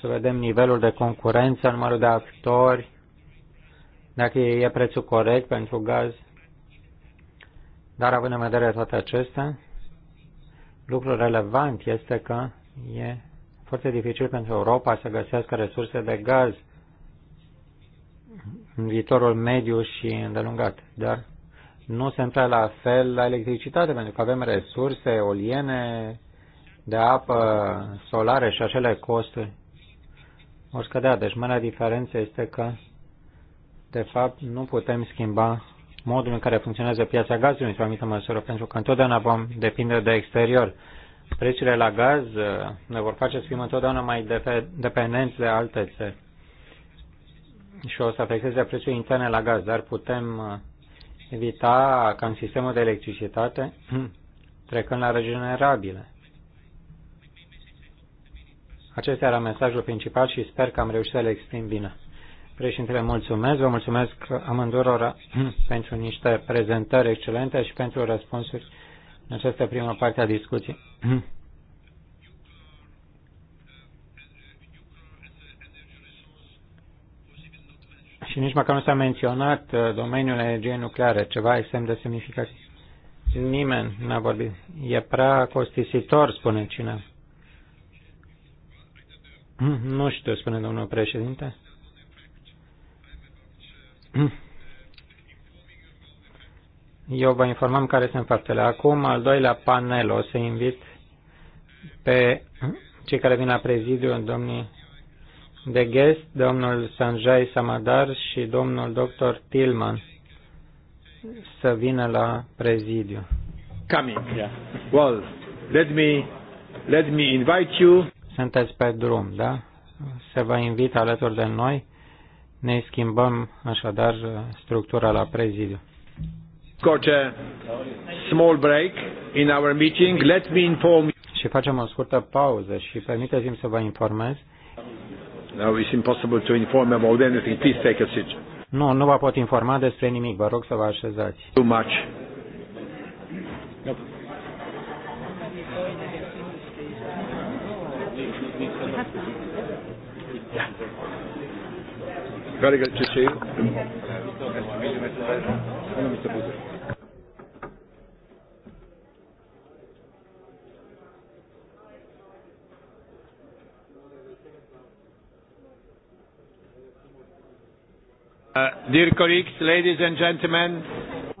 să vedem nivelul de concurență, numărul de actori, dacă e prețul corect pentru gaz dar având în vedere toate acestea, lucrul relevant este că e foarte dificil pentru Europa să găsească resurse de gaz în viitorul mediu și îndelungat. Dar nu se întâmplă la fel la electricitate, pentru că avem resurse oliene, de apă, solare și acele costuri vor scădea. Deci, marea diferență este că, de fapt, nu putem schimba modul în care funcționează piața gazului într-o anumită măsură, pentru că întotdeauna vom depinde de exterior. Prețurile la gaz uh, ne vor face să fim întotdeauna mai dependenți de alte țări și o să afecteze prețul interne la gaz, dar putem uh, evita ca în sistemul de electricitate trecând la regenerabile. Acesta era mesajul principal și sper că am reușit să le exprim bine. Președintele, mulțumesc. Vă mulțumesc amândurora pentru niște prezentări excelente și pentru răspunsuri în această primă parte a discuției. și nici măcar nu s-a menționat uh, domeniul energiei nucleare, ceva extrem de semnificativ. Nimeni n-a vorbit. E prea costisitor, spune cineva. Nu știu, spune domnul președinte. Eu vă informăm care sunt faptele. Acum, al doilea panel, o să invit pe cei care vin la prezidiu, domnii de guest, domnul Sanjay Samadar și domnul dr. Tilman să vină la prezidiu. Coming, yeah. Well, let me, let me invite you. Sunteți pe drum, da? Se va invita alături de noi ne schimbăm așadar structura la prezidiu. Got a small break in our meeting. Let me inform you. Și facem o scurtă pauză și permiteți-mi să vă informez. Now it's impossible to inform about anything. Please take a seat. Nu, nu vă pot informa despre nimic. Vă rog să vă așezați. Too much. Care good ce see you. Hello, Mr. Buzek. Dear colleagues, ladies and gentlemen.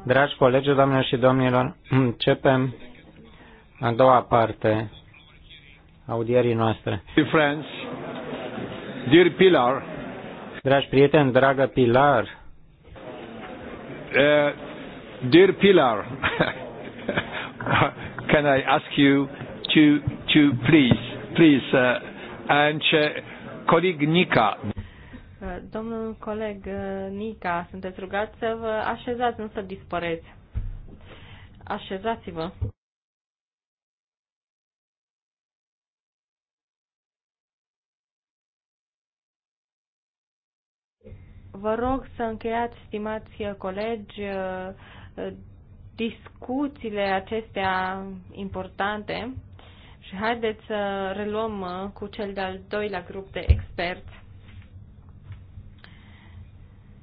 Dragi colegi, doamnelor și domnilor, începem a doua parte audierii noastre. Dear friends, dear Pilar, Dragi prieteni, dragă Pilar. Uh, dear Pilar, can I ask you to, to please, please, uh, and uh, colleague Nica. Uh, domnul coleg uh, Nica, sunteți rugați să vă așezați, nu să dispăreți. Așezați-vă. Vă rog să încheiați, stimați colegi, uh, discuțiile acestea importante și haideți să reluăm uh, cu cel de-al doilea grup de experți.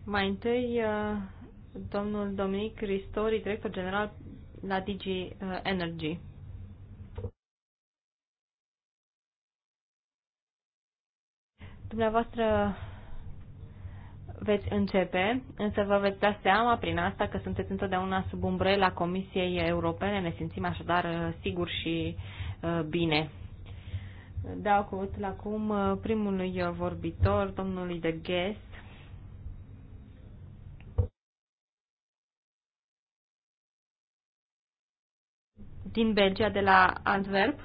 Mai întâi, uh, domnul Dominic Ristori, director general la Digi Energy. Dumneavoastră veți începe, însă vă veți da seama prin asta că sunteți întotdeauna sub umbrela Comisiei Europene, ne simțim așadar uh, sigur și uh, bine. Dau cuvântul acum uh, primului vorbitor, domnului de Guest, din Belgia, de la Antwerp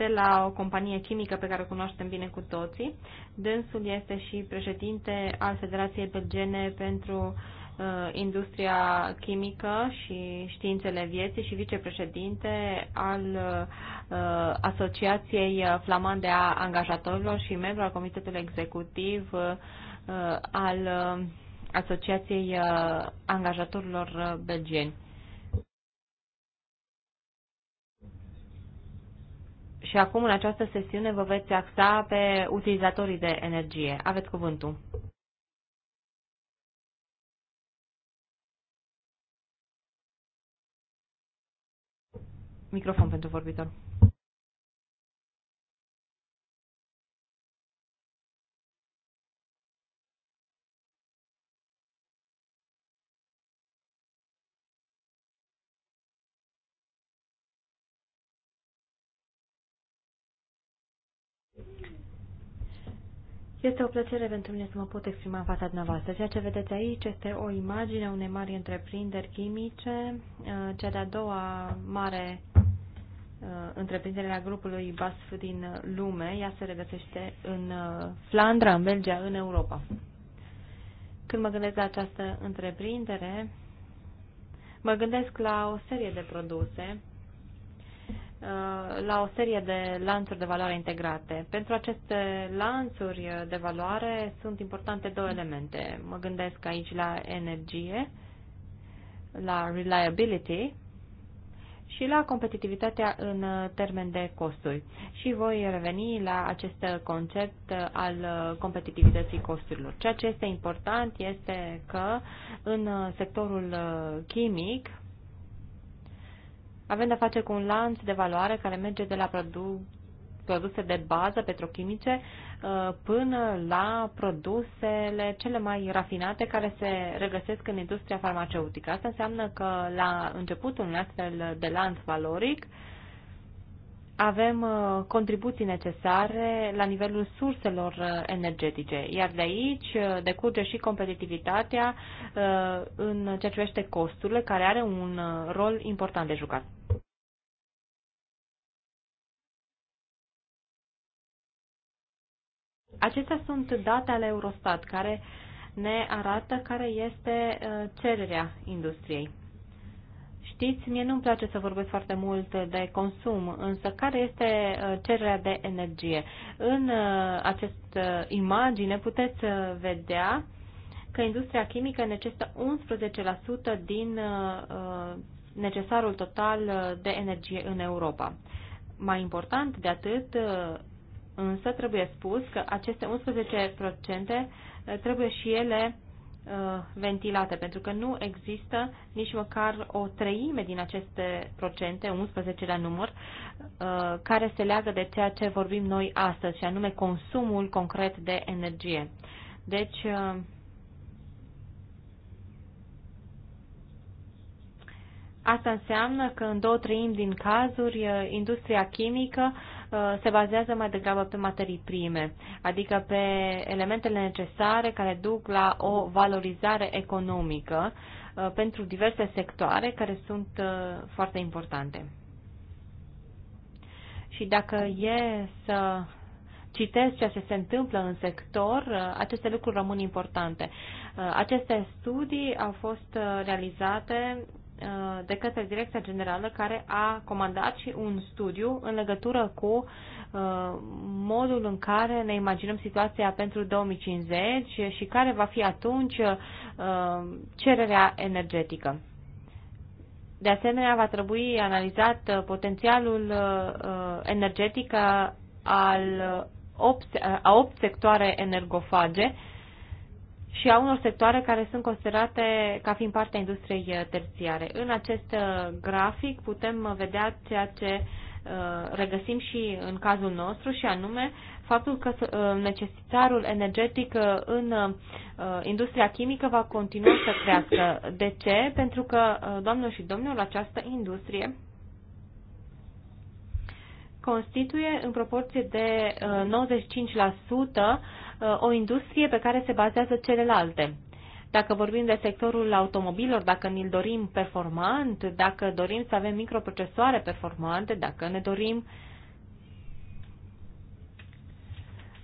de la o companie chimică pe care o cunoaștem bine cu toții. Dânsul este și președinte al Federației Belgene pentru uh, Industria Chimică și Științele Vieții și vicepreședinte al uh, Asociației Flamande a Angajatorilor și membru al Comitetului Executiv uh, al uh, Asociației uh, Angajatorilor uh, Belgeni. Și acum, în această sesiune, vă veți axa pe utilizatorii de energie. Aveți cuvântul. Microfon pentru vorbitor. Este o plăcere pentru mine să mă pot exprima în fața dumneavoastră. Ceea ce vedeți aici este o imagine a unei mari întreprinderi chimice, uh, cea de-a doua mare uh, întreprindere a grupului BASF din lume. Ea se regăsește în uh, Flandra, în Belgia, în Europa. Când mă gândesc la această întreprindere, mă gândesc la o serie de produse Uh, la o serie de lanțuri de valoare integrate. Pentru aceste lanțuri de valoare sunt importante două elemente. Mă gândesc aici la energie, la reliability și la competitivitatea în termen de costuri. Și voi reveni la acest concept al competitivității costurilor. Ceea ce este important este că în sectorul chimic avem de-a face cu un lanț de valoare care merge de la produ produse de bază petrochimice uh, până la produsele cele mai rafinate care se regăsesc în industria farmaceutică. Asta înseamnă că la începutul unui astfel de lanț valoric, avem uh, contribuții necesare la nivelul surselor uh, energetice, iar de aici uh, decurge și competitivitatea în ceea ce privește costurile, care are un rol important de jucat. Acestea sunt date ale Eurostat care ne arată care este cererea industriei știți, mie nu-mi place să vorbesc foarte mult de consum, însă care este uh, cererea de energie? În uh, această imagine puteți uh, vedea că industria chimică necesită 11% din necesarul total de energie în Europa. Mai important de atât, însă trebuie spus că aceste 11% trebuie și ele Uh, ventilate, pentru că nu există nici măcar o treime din aceste procente, 11 la număr, uh, care se leagă de ceea ce vorbim noi astăzi, și anume consumul concret de energie. Deci, uh, asta înseamnă că în două treimi din cazuri, industria chimică uh, Uh, se bazează mai degrabă pe materii prime, adică pe elementele necesare care duc la o valorizare economică uh, pentru diverse sectoare care sunt uh, foarte importante. Și dacă e să citesc ceea ce se întâmplă în sector, aceste lucruri rămân importante. Aceste studii au fost realizate Uh, de către Direcția Generală care a comandat și un studiu în legătură cu uh, modul în care ne imaginăm situația pentru 2050 și care va fi atunci uh, cererea energetică. De asemenea, va trebui analizat potențialul energetic al 8, a 8 sectoare energofage și a unor sectoare care sunt considerate ca fiind partea industriei uh, terțiare. În acest uh, grafic putem uh, vedea ceea ce regăsim și în cazul nostru și anume faptul că necesitarul energetic în industria chimică va continua să crească. De ce? Pentru că, doamnelor și domnilor, această industrie constituie în proporție de 95% Uh, o industrie pe care se bazează celelalte. Dacă vorbim de sectorul automobilor, dacă ni-l dorim performant, dacă dorim să avem microprocesoare performante, dacă ne dorim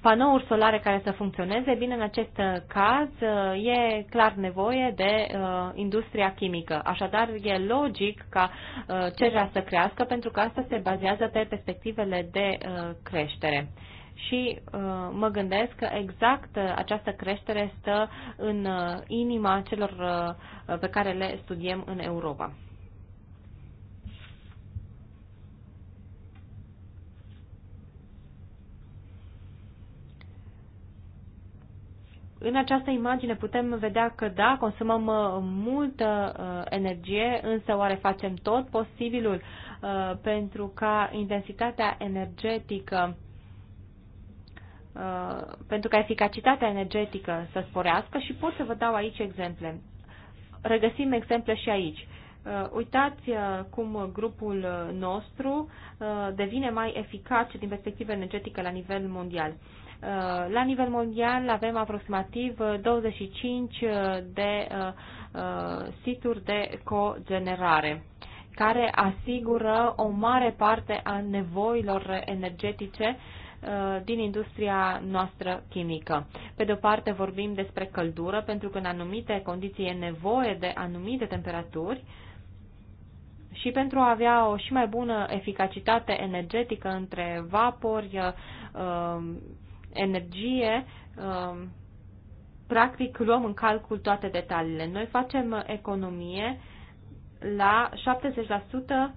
panouri solare care să funcționeze, bine, în acest caz uh, e clar nevoie de uh, industria chimică. Așadar, e logic ca uh, cererea să crească pentru că asta se bazează pe perspectivele de uh, creștere și uh, mă gândesc că exact uh, această creștere stă în uh, inima celor uh, pe care le studiem în Europa. În această imagine putem vedea că da, consumăm uh, multă uh, energie, însă oare facem tot posibilul uh, pentru ca intensitatea energetică Uh, pentru ca eficacitatea energetică să sporească și pot să vă dau aici exemple. Regăsim exemple și aici. Uh, uitați uh, cum grupul nostru devine mai eficace din perspectivă energetică la nivel mondial. La nivel mondial avem aproximativ 25 de situri de cogenerare care asigură o mare parte a nevoilor energetice uh, Uh, din industria noastră chimică. Pe de-o parte vorbim despre căldură, pentru că în anumite condiții e nevoie de anumite temperaturi și pentru a avea o și mai bună eficacitate energetică între vapori, uh, energie, uh, practic luăm în calcul toate detaliile. Noi facem economie la 70%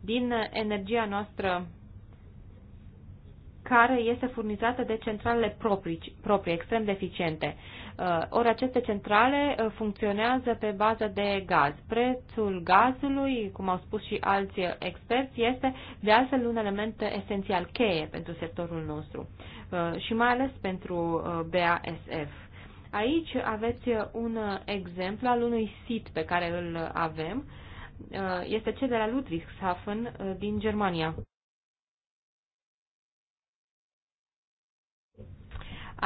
din energia noastră care este furnizată de centralele proprii, proprii extrem de eficiente. Uh, ori aceste centrale uh, funcționează pe bază de gaz. Prețul gazului, cum au spus și alți experți, este de altfel un element esențial cheie pentru sectorul nostru uh, și mai ales pentru BASF. Aici aveți un exemplu al unui sit pe care îl avem. Este cel de la Ludwigshafen din Germania.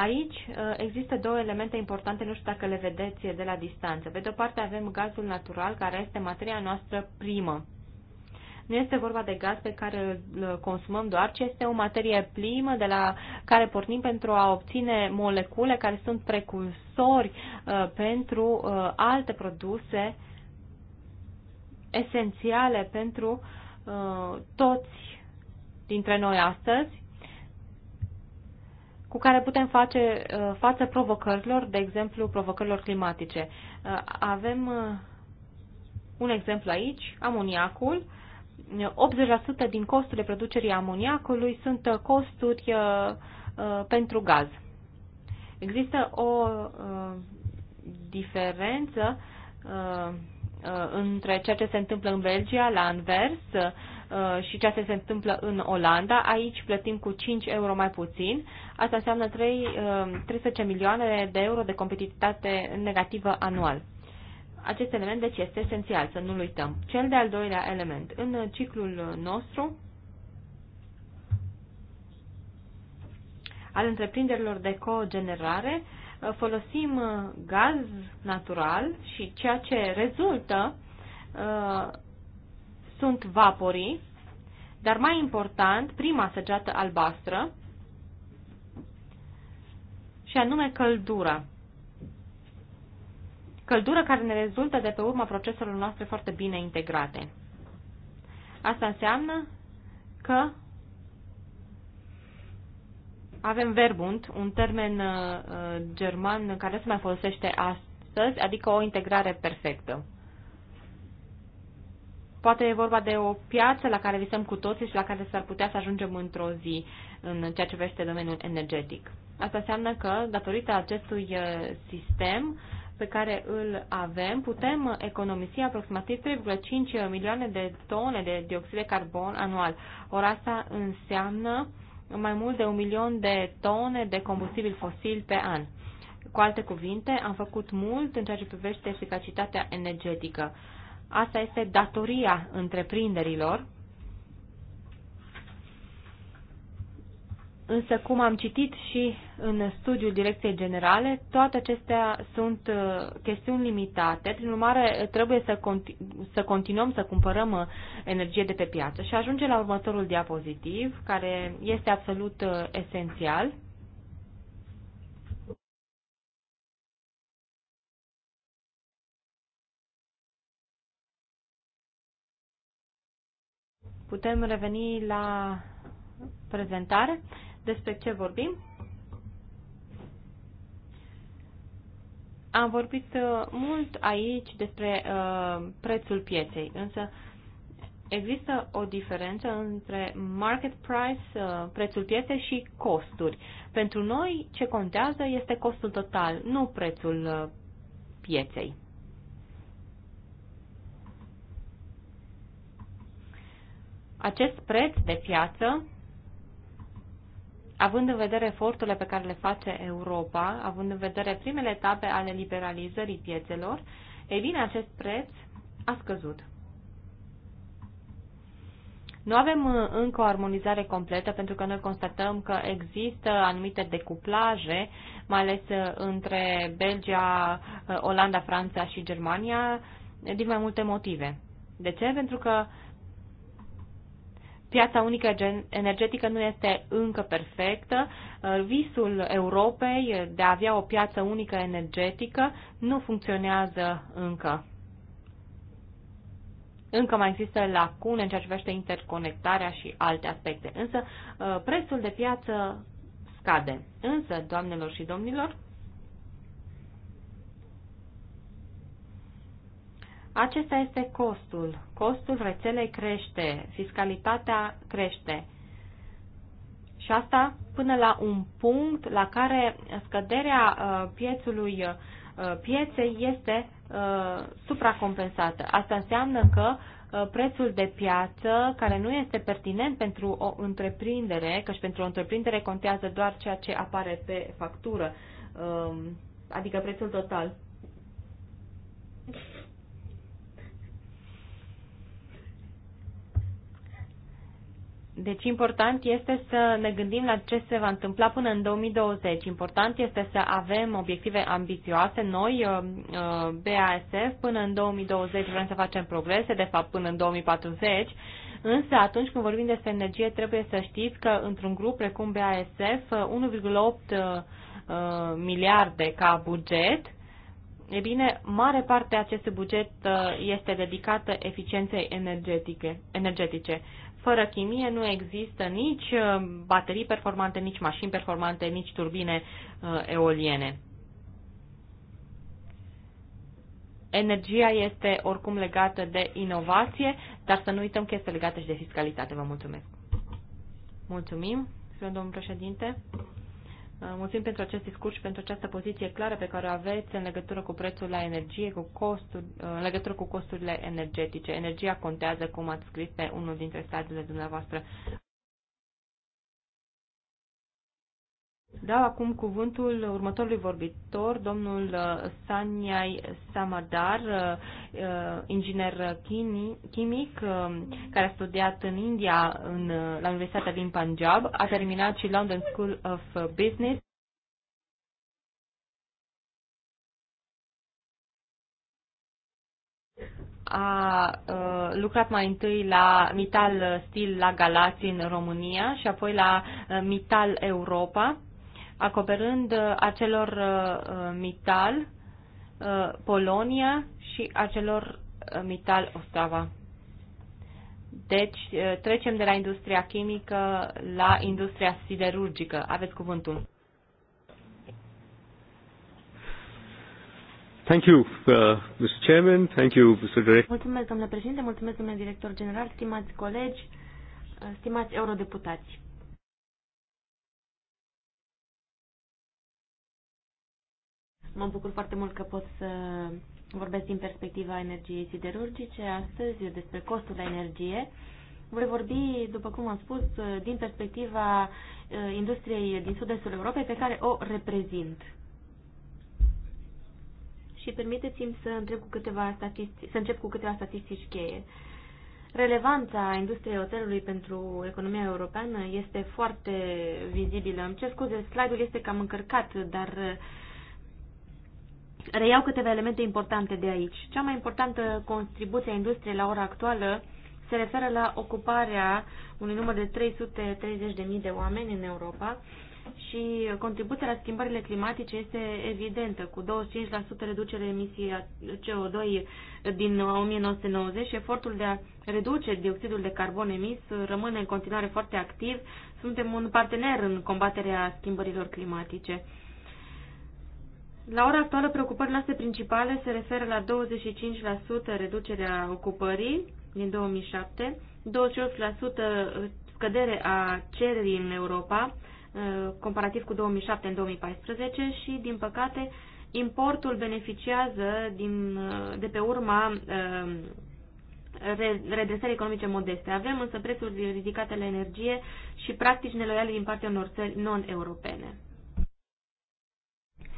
Aici uh, există două elemente importante, nu știu dacă le vedeți de la distanță. Pe de o parte avem gazul natural, care este materia noastră primă. Nu este vorba de gaz pe care îl consumăm doar, ci este o materie primă de la care pornim pentru a obține molecule care sunt precursori uh, pentru uh, alte produse esențiale pentru toți dintre noi astăzi cu care putem face uh, față provocărilor, de exemplu provocărilor climatice. Uh, avem uh, un exemplu aici, amoniacul. 80% din costurile producerii amoniacului sunt costuri pentru gaz. Există o diferență între ceea ce se întâmplă în Belgia, la Anvers, Uh, și ceea ce se întâmplă în Olanda. Aici plătim cu 5 euro mai puțin. Asta înseamnă 3, 13 uh, milioane de euro de competitivitate negativă anual. Acest element, deci, este esențial, să nu-l uităm. Cel de-al doilea element. În ciclul nostru, al întreprinderilor de cogenerare, uh, folosim gaz natural și ceea ce rezultă sunt vaporii, dar mai important, prima săgeată albastră, și anume căldura. Căldură care ne rezultă de pe urma proceselor noastre foarte bine integrate. Asta înseamnă că avem verbund, un termen uh, uh german care se mai folosește astăzi, adică o integrare perfectă. Poate e vorba de o piață la care visăm cu toții și la care s-ar putea să ajungem într-o zi în ceea ce vește domeniul energetic. Asta înseamnă că, datorită acestui uh, sistem pe care îl avem, putem economisi aproximativ 3,5 milioane de tone de dioxid de carbon anual. Ori asta înseamnă mai mult de un milion de tone de combustibil fosil pe an. Cu alte cuvinte, am făcut mult în ceea ce privește eficacitatea energetică. Asta este datoria întreprinderilor. Însă, cum am citit și în studiul Direcției Generale, toate acestea sunt uh, chestiuni limitate, prin urmare trebuie să, continu- să continuăm să cumpărăm uh, energie de pe piață. Și ajunge la următorul diapozitiv, care este absolut uh, esențial. Putem reveni la prezentare despre ce vorbim. Am vorbit uh, mult aici despre uh, prețul pieței, însă există o diferență între market price, uh, prețul pieței și costuri. Pentru noi, ce contează este costul total, nu prețul uh, pieței. Acest preț de piață, având în vedere eforturile pe care le face Europa, având în vedere primele etape ale liberalizării piețelor, ei bine, acest preț a scăzut. Nu avem uh, încă o armonizare completă pentru că noi constatăm că există anumite decuplaje, mai ales uh, între Belgia, uh, Olanda, Franța și Germania, din mai multe motive. De ce? Pentru că uh, piața unică energetică nu este încă perfectă. Uh, visul Europei de a avea o piață unică energetică nu funcționează încă. Încă mai există lacune în ceea ce privește interconectarea și alte aspecte, însă uh, prețul de piață scade. Însă, doamnelor și domnilor, Acesta este costul. Costul rețelei crește, fiscalitatea crește. Și asta până la un punct la care scăderea uh, piețului uh, pieței este uh, supracompensată. Asta înseamnă că prețul de piață, care nu este pertinent pentru o întreprindere, căci pentru o întreprindere contează doar ceea ce apare pe factură, um, adică prețul total Deci important este să ne gândim la ce se va întâmpla până în 2020. Important este să avem obiective ambițioase. Noi, uh, uh, BASF, până în 2020 vrem să facem progrese, de fapt până în 2040, însă atunci când vorbim despre energie trebuie să știți că într-un grup precum BASF, 1,8 uh, miliarde ca buget, e bine, mare parte a acestui buget este dedicată eficienței energetice. energetice. Fără chimie nu există nici uh, baterii performante, nici mașini performante, nici turbine uh, eoliene. Energia este oricum legată de inovație, dar să nu uităm că este legată și de fiscalitate. Vă mulțumesc. Mulțumim, domnul președinte. Uh, Mulțumim pentru acest discurs și pentru această poziție clară pe care o aveți în legătură cu prețul la energie, cu costul, uh, în legătură cu costurile energetice. Energia contează, cum ați scris pe unul dintre stadiile dumneavoastră. Dau acum cuvântul următorului vorbitor, domnul uh, Saniai Samadar, uh, uh, inginer chimic, care a studiat în India în, la Universitatea din Punjab, a terminat și London School of Business. a uh, lucrat mai întâi la Mital Steel la Galați în România și apoi la uh, Mital Europa acoperând uh, acelor uh, uh, Mital, Polonia și acelor Mital Ostrava. Deci, trecem de la industria chimică la industria siderurgică. Aveți cuvântul. Thank you, uh, Mr. Chairman. Thank you, Mr. Director. Mulțumesc, domnule președinte, mulțumesc, domnule director general, stimați colegi, stimați eurodeputați. Mă bucur foarte mult că pot să vorbesc din perspectiva energiei siderurgice. Astăzi, despre costul de energie. Voi vorbi, după cum am spus, din perspectiva uh, industriei din sud-estul Europei pe care o reprezint. Și permiteți-mi să, încep cu câteva statistici, să încep cu câteva statistici cheie. Relevanța industriei hotelului pentru economia europeană este foarte vizibilă. Îmi cer scuze, slide-ul este cam încărcat, dar uh, Reiau câteva elemente importante de aici. Cea mai importantă contribuție a industriei la ora actuală se referă la ocuparea unui număr de 330.000 de oameni în Europa și contribuția la schimbările climatice este evidentă, cu 25% reducere emisiei CO2 din 1990 și efortul de a reduce dioxidul de carbon emis rămâne în continuare foarte activ. Suntem un partener în combaterea schimbărilor climatice. La ora actuală, preocupările noastre principale se referă la 25% reducerea ocupării din 2007, 28% scădere a cererii în Europa, uh, comparativ cu 2007 în 2014 și, din păcate, importul beneficiază din, uh, de pe urma uh, redresări economice modeste. Avem însă prețuri ridicate la energie și practici neloiale din partea unor țări non-europene.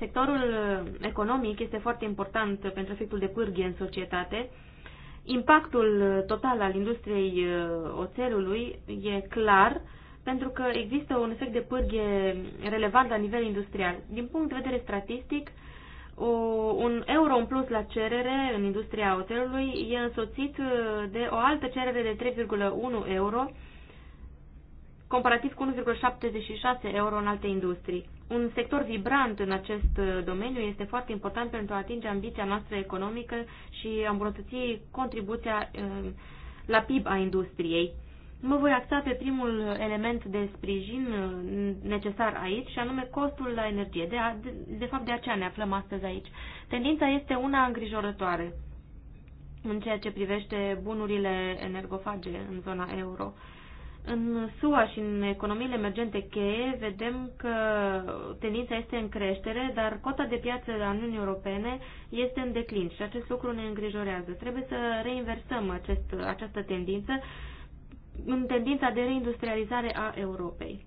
Sectorul uh, economic este foarte important pentru efectul de pârghie în societate. Impactul uh, total al industriei uh, oțelului e clar pentru că există un efect de pârghie relevant la nivel industrial. Din punct de vedere statistic, un euro în plus la cerere în industria oțelului e însoțit de o altă cerere de 3,1 euro comparativ cu 1,76 euro în alte industrii un sector vibrant în acest uh, domeniu este foarte important pentru a atinge ambiția noastră economică și a îmbunătăți contribuția uh, la PIB a industriei. Mă voi axa pe primul element de sprijin uh, necesar aici, și anume costul la energie. De, a, de, de fapt, de aceea ne aflăm astăzi aici. Tendința este una îngrijorătoare în ceea ce privește bunurile energofage în zona euro. Uh, în SUA și în economiile emergente cheie vedem că tendința este în creștere, dar cota de piață a Uniunii Europene este în declin și acest lucru ne îngrijorează. Trebuie să reinversăm acest, această tendință în tendința de reindustrializare a Europei.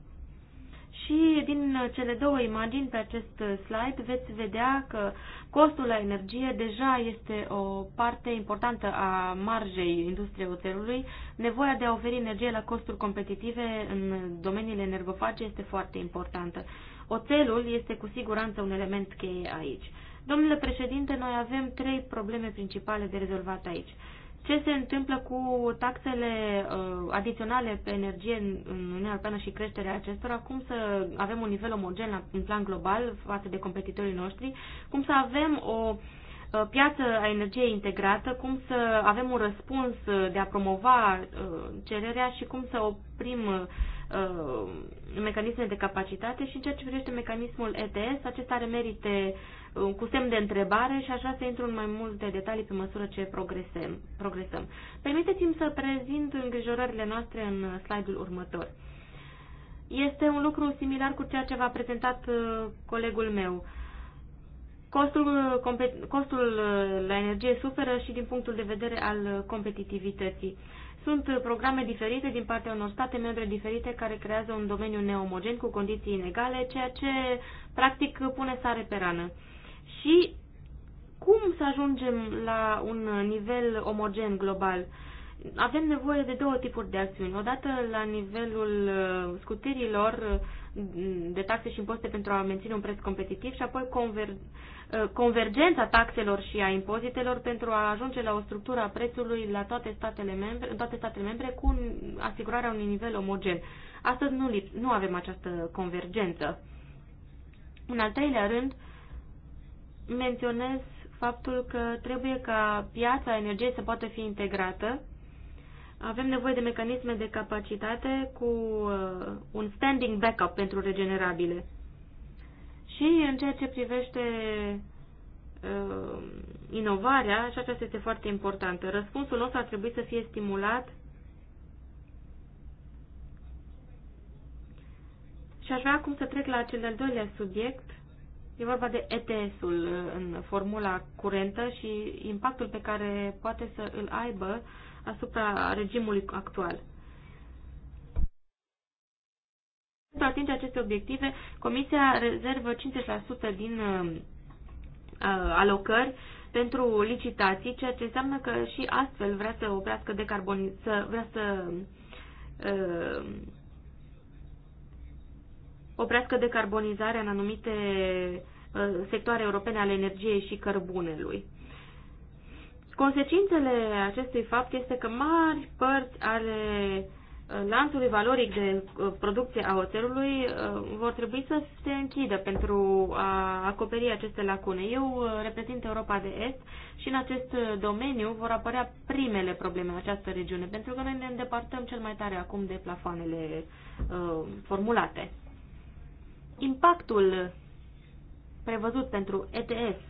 Și din cele două imagini pe acest slide veți vedea că costul la energie deja este o parte importantă a marjei industriei oțelului. Nevoia de a oferi energie la costuri competitive în domeniile energofage este foarte importantă. Oțelul este cu siguranță un element cheie aici. Domnule președinte, noi avem trei probleme principale de rezolvat aici ce se întâmplă cu taxele uh, adiționale pe energie în, Uniunea Europeană și creșterea acestora, cum să avem un nivel omogen la, în plan global față de competitorii noștri, cum să avem o uh, piață a energiei integrată, cum să avem un răspuns uh, de a promova uh, cererea și cum să oprim mecanisme de capacitate și în ceea ce privește mecanismul ETS, acesta are merite cu semn de întrebare și aș vrea să intru în mai multe detalii pe măsură ce progresem, progresăm. Permiteți-mi să prezint îngrijorările noastre în slide-ul următor. Este un lucru similar cu ceea ce v-a prezentat uh, colegul meu. Costul, uh, costul uh, la energie suferă și din punctul de vedere al competitivității. Sunt programe diferite din partea unor state membre diferite care creează un domeniu neomogen cu condiții inegale, ceea ce practic pune sare pe rană și cum să ajungem la un nivel omogen global. Avem nevoie de două tipuri de acțiuni. Odată la nivelul uh, scutirilor uh, de taxe și impozite pentru a menține un preț competitiv și apoi conver, uh, convergența taxelor și a impozitelor pentru a ajunge la o structură a prețului la toate statele membre, în toate statele membre cu asigurarea unui nivel omogen. Astăzi nu, nu avem această convergență. În al treilea rând, menționez faptul că trebuie ca piața energiei să poată fi integrată. Avem nevoie de mecanisme de capacitate cu uh, un standing backup pentru regenerabile. Și în ceea ce privește uh, inovarea, și aceasta este foarte importantă, răspunsul nostru ar trebui să fie stimulat și aș vrea acum să trec la cel de-al doilea subiect, E vorba de ETS-ul uh, în formula curentă și impactul pe care poate să îl aibă asupra regimului actual. Pentru a atinge aceste obiective, Comisia rezervă 50% din uh, uh, alocări pentru licitații, ceea ce înseamnă că și astfel vrea să oprească decarbonizarea, vrea să uh, oprească decarbonizarea în anumite uh, sectoare europene ale energiei și cărbunelui. Consecințele acestui fapt este că mari părți ale uh, lanțului valoric de uh, producție a oțelului vor trebui să se închidă pentru a acoperi aceste lacune. Eu reprezint Europa de Est și în acest domeniu vor apărea primele probleme în această regiune, pentru că noi ne îndepărtăm cel mai tare acum de plafoanele formulate. Impactul prevăzut pentru ETS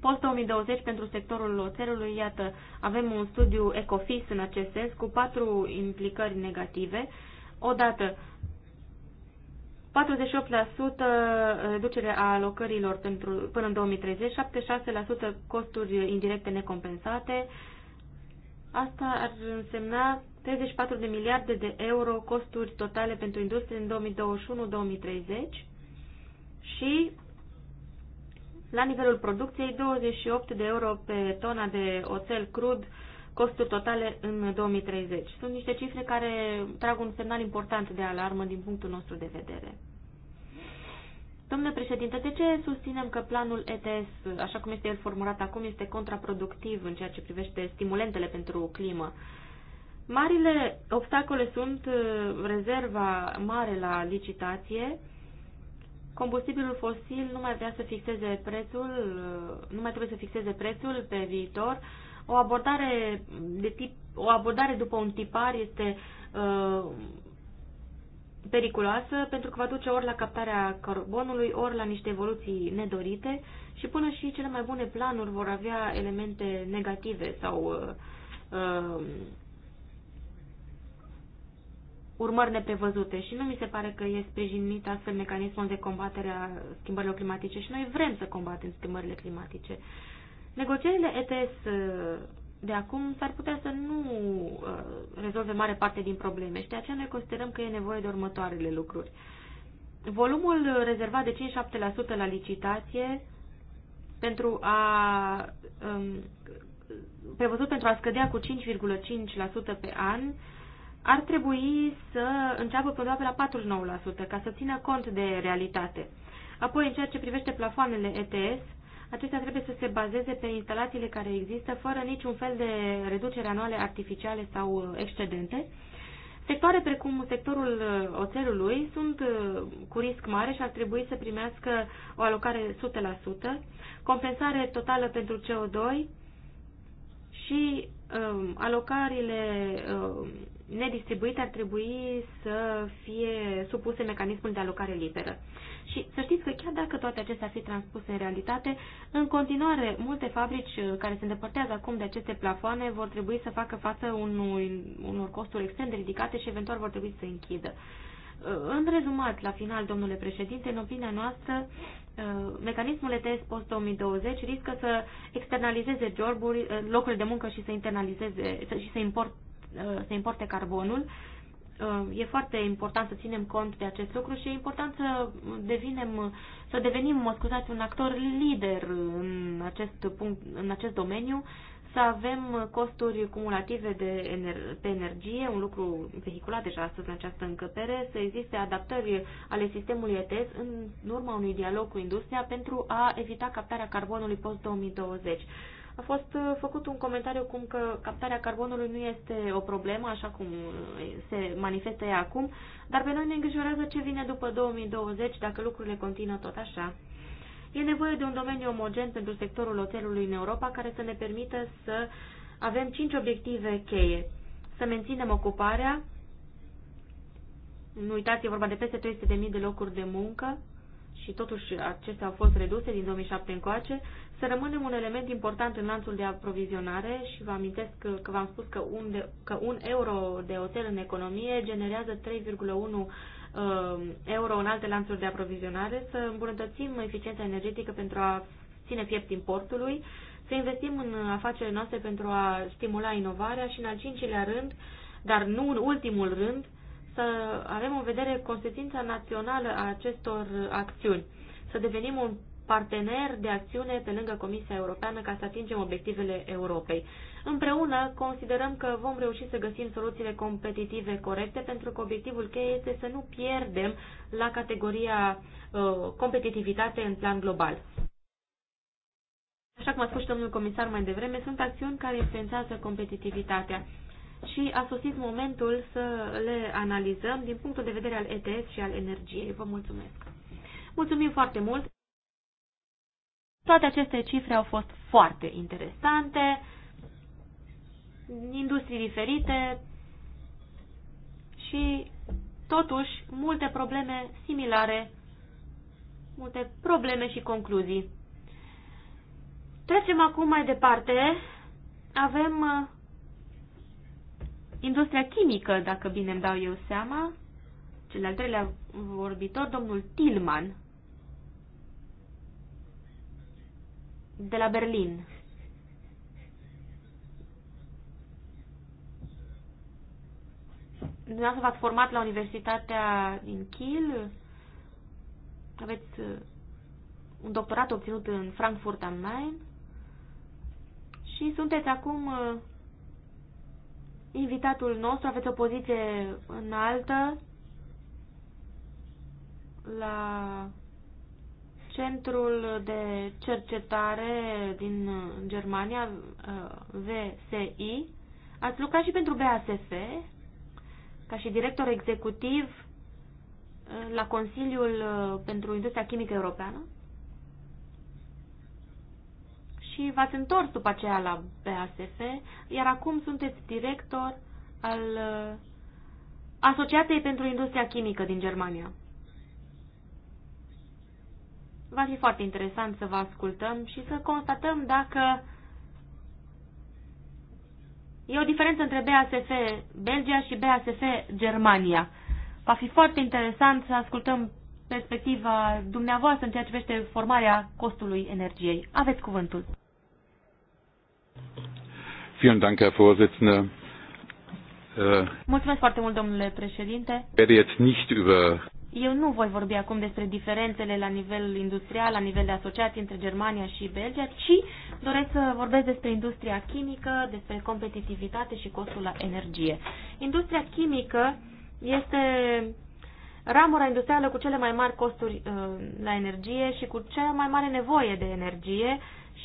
Post-2020 pentru sectorul oțelului, iată, avem un studiu Ecofis în acest sens cu patru implicări negative. Odată, 48% reducere a alocărilor pentru, până în 2030, 76% costuri indirecte necompensate. Asta ar însemna 34 de miliarde de euro costuri totale pentru industrie în 2021-2030 și la nivelul producției 28 de euro pe tona de oțel crud costuri totale în 2030. Sunt niște cifre care trag un semnal important de alarmă din punctul nostru de vedere. Domnule președinte, de ce susținem că planul ETS, așa cum este el formulat acum, este contraproductiv în ceea ce privește stimulentele pentru climă? Marile obstacole sunt uh, rezerva mare la licitație, combustibilul fosil nu mai vrea să fixeze prețul, uh, nu mai trebuie să fixeze prețul pe viitor. O abordare de tip o abordare după un tipar este uh, periculoasă pentru că va duce ori la captarea carbonului, ori la niște evoluții nedorite și până și cele mai bune planuri vor avea elemente negative sau uh, urmări neprevăzute și nu mi se pare că e sprijinit astfel mecanismul de combatere a schimbărilor climatice și noi vrem să combatem schimbările climatice. Negocierile ETS uh, de acum s-ar putea să nu uh, rezolve mare parte din probleme și de aceea noi considerăm că e nevoie de următoarele lucruri. Volumul rezervat de 5-7% la licitație pentru a um, prevăzut pentru a scădea cu 5,5% pe an ar trebui să înceapă până la 49% ca să țină cont de realitate. Apoi, în ceea ce privește plafoanele ETS, acestea trebuie să se bazeze pe instalațiile care există, fără niciun fel de reducere anuale artificiale sau uh, excedente. Sectoare precum sectorul uh, oțelului sunt uh, cu risc mare și ar trebui să primească o alocare 100%, compensare totală pentru CO2 și um, alocările um, nedistribuite ar trebui să fie supuse mecanismul de alocare liberă. Și să știți că chiar dacă toate acestea ar fi transpuse în realitate, în continuare multe fabrici uh, care se îndepărtează acum de aceste plafoane vor trebui să facă față unui, unor costuri extrem de ridicate și eventual vor trebui să închidă. Uh, în rezumat, la final, domnule președinte, în opinia noastră, uh, mecanismul ETS post-2020 riscă să externalizeze joburi, locurile de muncă și să internalizeze și să import, Uh, să importe carbonul. Uh, e foarte important să ținem cont de acest lucru și e important să devenim, să devenim, mă scuzați, un actor lider în acest, punct, în acest domeniu, să avem costuri cumulative de ener- pe energie, un lucru vehiculat deja astăzi în această încăpere, să existe adaptări ale sistemului ETS în urma unui dialog cu industria pentru a evita captarea carbonului post-2020. A fost uh, făcut un comentariu cum că captarea carbonului nu este o problemă, așa cum uh, se manifestă ea acum, dar pe noi ne îngrijorează ce vine după 2020 dacă lucrurile continuă tot așa. E nevoie de un domeniu omogen pentru sectorul oțelului în Europa care să ne permită să avem cinci obiective cheie. Să menținem ocuparea, nu uitați, e vorba de peste 300.000 de locuri de muncă și totuși acestea au fost reduse din 2007 încoace, să rămânem un element important în lanțul de aprovizionare și vă amintesc că, că v-am spus că un, de, că un euro de hotel în economie generează 3,1 uh, euro în alte lanțuri de aprovizionare, să îmbunătățim eficiența energetică pentru a ține piept importului, să investim în afacerile noastre pentru a stimula inovarea și în al cincilea rând, dar nu în ultimul rând, să avem în vedere consecința națională a acestor acțiuni, să devenim un partener de acțiune pe lângă Comisia Europeană ca să atingem obiectivele Europei. Împreună considerăm că vom reuși să găsim soluțiile competitive corecte pentru că obiectivul cheie este să nu pierdem la categoria uh, competitivitate în plan global. Așa cum a spus domnul comisar mai devreme, sunt acțiuni care influențează competitivitatea și a sosit momentul să le analizăm din punctul de vedere al ETS și al energiei. Vă mulțumesc! Mulțumim foarte mult! Toate aceste cifre au fost foarte interesante, industrii diferite și totuși multe probleme similare, multe probleme și concluzii. Trecem acum mai departe. Avem uh, industria chimică, dacă bine îmi dau eu seama. Cel al treilea vorbitor, domnul Tilman. de la Berlin. Dumneavoastră v-ați format la Universitatea din Kiel, aveți uh, un doctorat obținut în Frankfurt am Main și sunteți acum uh, invitatul nostru, aveți o poziție înaltă la Centrul de cercetare din Germania, uh, VCI, ați lucrat și pentru BASF, ca și director executiv uh, la Consiliul uh, pentru Industria Chimică Europeană și v-ați întors după aceea la BASF, iar acum sunteți director al Asociației pentru Industria Chimică din Germania. Va fi foarte interesant să vă ascultăm și să constatăm dacă e o diferență între BASF Belgia și BASF Germania. Va fi foarte interesant să ascultăm perspectiva dumneavoastră în ceea ce privește formarea costului energiei. Aveți cuvântul. Vielen Dank, Herr äh, Mulțumesc foarte mult, domnule președinte. jetzt nicht über eu nu voi vorbi acum despre diferențele la nivel industrial, la nivel de asociații între Germania și Belgia, ci doresc să vorbesc despre industria chimică, despre competitivitate și costul la energie. Industria chimică este ramura industrială cu cele mai mari costuri uh, la energie și cu cea mai mare nevoie de energie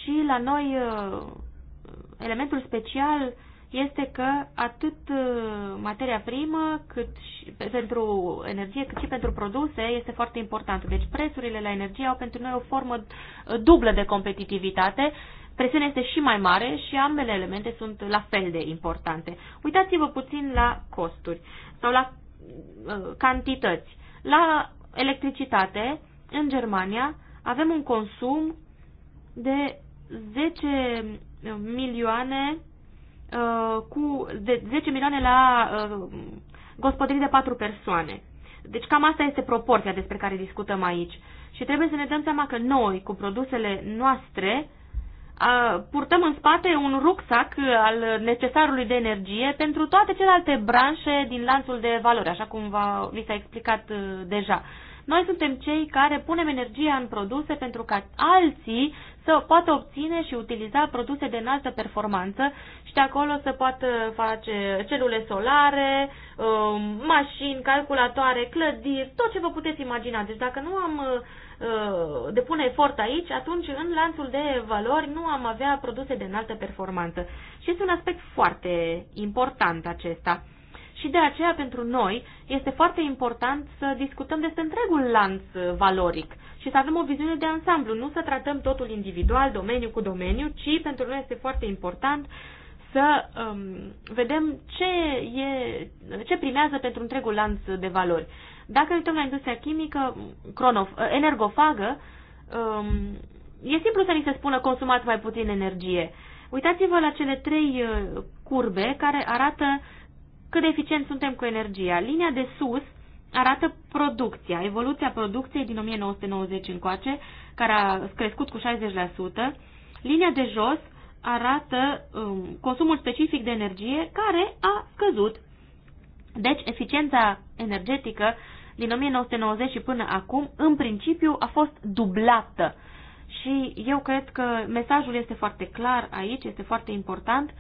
și la noi uh, elementul special este că atât uh, materia primă cât și pentru energie, cât și pentru produse este foarte important. Deci prețurile la energie au pentru noi o formă uh, dublă de competitivitate. Presiunea este și mai mare și ambele elemente sunt la fel de importante. Uitați-vă puțin la costuri sau la uh, cantități. La electricitate, în Germania, avem un consum de 10 milioane Uh, cu de 10 milioane la uh, gospodării de 4 persoane. Deci cam asta este proporția despre care discutăm aici. Și trebuie să ne dăm seama că noi, cu produsele noastre, uh, purtăm în spate un rucsac al necesarului de energie pentru toate celelalte branșe din lanțul de valori, așa cum va, vi s-a explicat uh, deja. Noi suntem cei care punem energia în produse pentru ca alții să poată obține și utiliza produse de înaltă performanță de acolo se poate face celule solare, um, mașini, calculatoare, clădiri, tot ce vă puteți imagina. Deci dacă nu am uh, depune efort aici, atunci în lanțul de valori nu am avea produse de înaltă performanță. Și este un aspect foarte important acesta. Și de aceea, pentru noi, este foarte important să discutăm despre întregul lanț valoric și să avem o viziune de ansamblu, nu să tratăm totul individual, domeniu cu domeniu, ci pentru noi este foarte important să um, vedem ce, e, ce primează pentru întregul lanț de valori. Dacă uităm la industria chimică, cronof, energofagă, um, e simplu să ni se spună consumați mai puțin energie. Uitați-vă la cele trei uh, curbe care arată cât de eficient suntem cu energia. Linia de sus arată producția, evoluția producției din 1990 încoace, care a crescut cu 60%. Linia de jos arată um, consumul specific de energie care a scăzut. Deci, eficiența energetică din 1990 și până acum, în principiu, a fost dublată. Și eu cred că mesajul este foarte clar aici, este foarte important.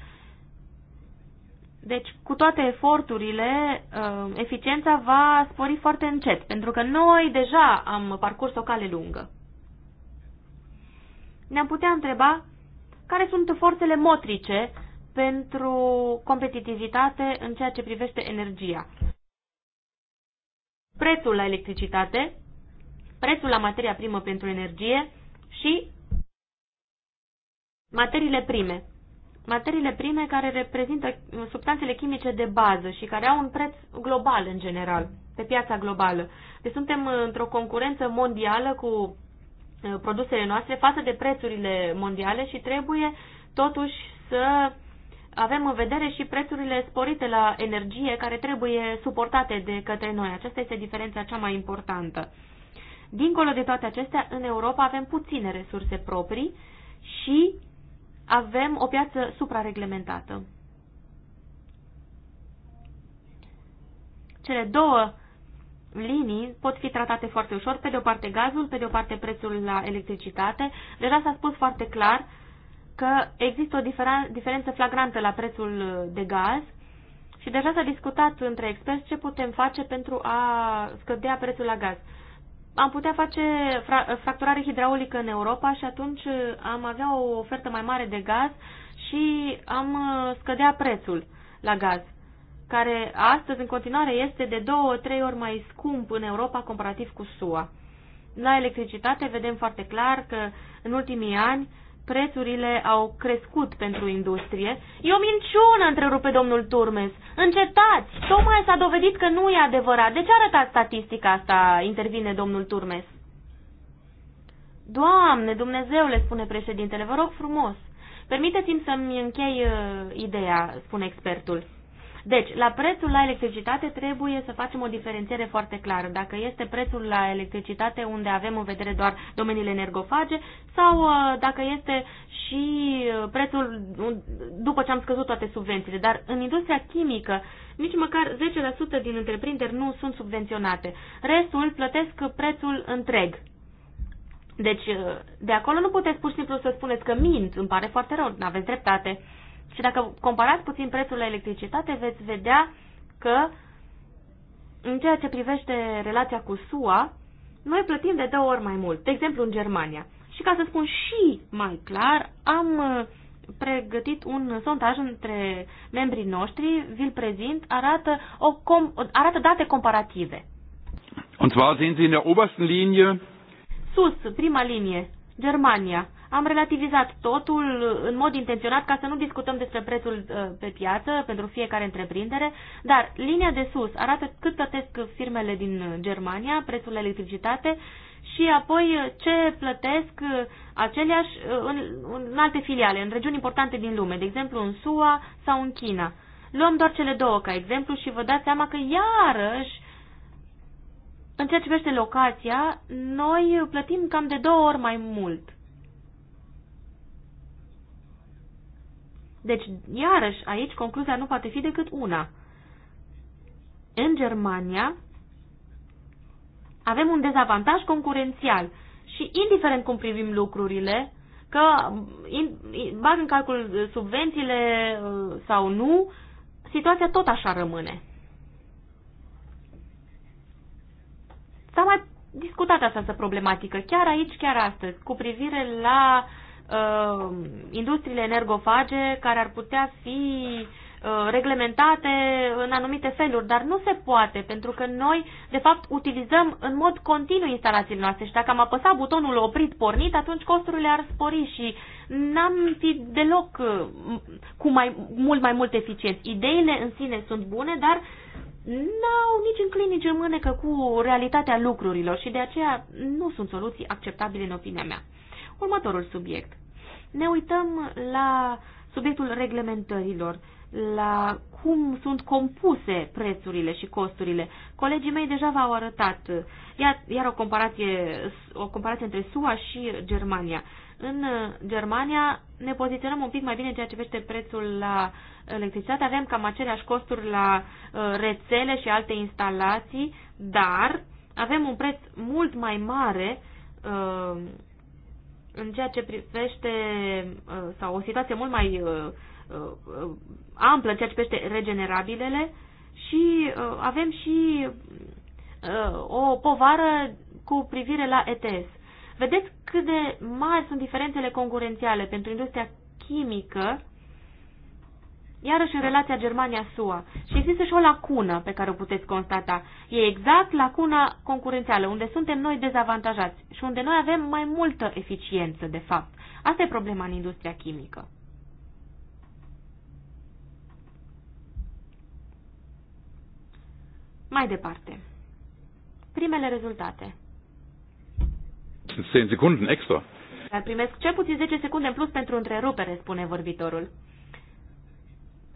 Deci, cu toate eforturile, um, eficiența va spori foarte încet, pentru că noi deja am parcurs o cale lungă. Ne-am putea întreba care sunt forțele motrice pentru competitivitate în ceea ce privește energia. Prețul la electricitate, prețul la materia primă pentru energie și materiile prime. Materiile prime care reprezintă substanțele chimice de bază și care au un preț global în general, pe piața globală. Deci suntem într-o concurență mondială cu Uh, produsele noastre față de prețurile mondiale și trebuie totuși să avem în vedere și prețurile sporite la energie care trebuie suportate de către noi. Aceasta este diferența cea mai importantă. Dincolo de toate acestea, în Europa avem puține resurse proprii și avem o piață suprareglementată. Cele două linii pot fi tratate foarte ușor, pe de o parte gazul, pe de o parte prețul la electricitate. Deja s-a spus foarte clar că există o diferență flagrantă la prețul de gaz și deja s-a discutat între experți ce putem face pentru a scădea prețul la gaz. Am putea face fra fracturare hidraulică în Europa și atunci uh, am avea o ofertă mai mare de gaz și am uh, scădea prețul la gaz care astăzi în continuare este de două, trei ori mai scump în Europa comparativ cu SUA. La electricitate vedem foarte clar că în ultimii ani prețurile au crescut pentru industrie. E o minciună, întrerupe domnul Turmes. Încetați! Tocmai s-a dovedit că nu e adevărat. De ce arătați statistica asta, intervine domnul Turmes? Doamne, le spune președintele, vă rog frumos. Permiteți-mi să-mi închei uh, ideea, spune expertul. Deci, la prețul la electricitate trebuie să facem o diferențiere foarte clară. Dacă este prețul la electricitate unde avem în vedere doar domeniile energofage sau uh, dacă este și uh, prețul după ce am scăzut toate subvențiile. Dar în industria chimică, nici măcar 10% din întreprinderi nu sunt subvenționate. Restul plătesc prețul întreg. Deci, uh, de acolo nu puteți pur și simplu să spuneți că mint, îmi pare foarte rău, nu aveți dreptate. Și dacă comparați puțin prețul la electricitate, veți vedea că în ceea ce privește relația cu SUA, noi plătim de două ori mai mult, de exemplu în Germania. Și ca să spun și mai clar, am uh, pregătit un sondaj între membrii noștri, vi-l prezint, arată, o com- arată date comparative. Und zwar sehen Sie in der obersten Linie Sus, prima linie, Germania. Am relativizat totul în mod intenționat ca să nu discutăm despre prețul uh, pe piață pentru fiecare întreprindere, dar linia de sus arată cât plătesc firmele din uh, Germania, prețul la electricitate și apoi uh, ce plătesc aceleași în, în alte filiale, în regiuni importante din lume, de exemplu în SUA sau în China. Luăm doar cele două ca exemplu și vă dați seama că iarăși în ceea ce privește locația, noi plătim cam de două ori mai mult. Deci, iarăși, aici concluzia nu poate fi decât una. În Germania avem un dezavantaj concurențial și indiferent cum privim lucrurile, că bag în calcul uh, subvențiile uh, sau nu, situația tot așa rămâne. S-a mai discutat această problematică chiar aici, chiar astăzi, cu privire la uh, uh, industriile energofage care ar putea fi uh, reglementate în anumite feluri, dar nu se poate, pentru că noi, de fapt, utilizăm în mod continuu instalațiile noastre și dacă am apăsat butonul oprit, pornit, atunci costurile ar spori și n-am fi deloc uh, cu mai, mult mai mult eficient. Ideile în sine sunt bune, dar n-au nici în clinici în mânecă cu realitatea lucrurilor și de aceea nu sunt soluții acceptabile în opinia mea următorul subiect. Ne uităm la subiectul reglementărilor, la cum sunt compuse prețurile și costurile. Colegii mei deja v-au arătat, iar, iar o, comparație, o comparație între SUA și Germania. În Germania ne poziționăm un pic mai bine în ceea ce vește prețul la electricitate. Avem cam aceleași costuri la uh, rețele și alte instalații, dar avem un preț mult mai mare uh, în ceea ce privește, uh, sau o situație mult mai uh, uh, amplă în ceea ce privește regenerabilele și avem și o povară cu privire la ETS. Vedeți cât de mari sunt diferențele concurențiale pentru industria chimică iarăși în relația Germania-SUA. Și există și o lacună pe care o puteți constata. E exact lacuna concurențială, unde suntem noi dezavantajați și unde noi avem mai multă eficiență, de fapt. Asta e problema în industria chimică. Mai departe. Primele rezultate. 10 secunde extra. Dar primesc cel puțin 10 secunde în plus pentru întrerupere, spune vorbitorul.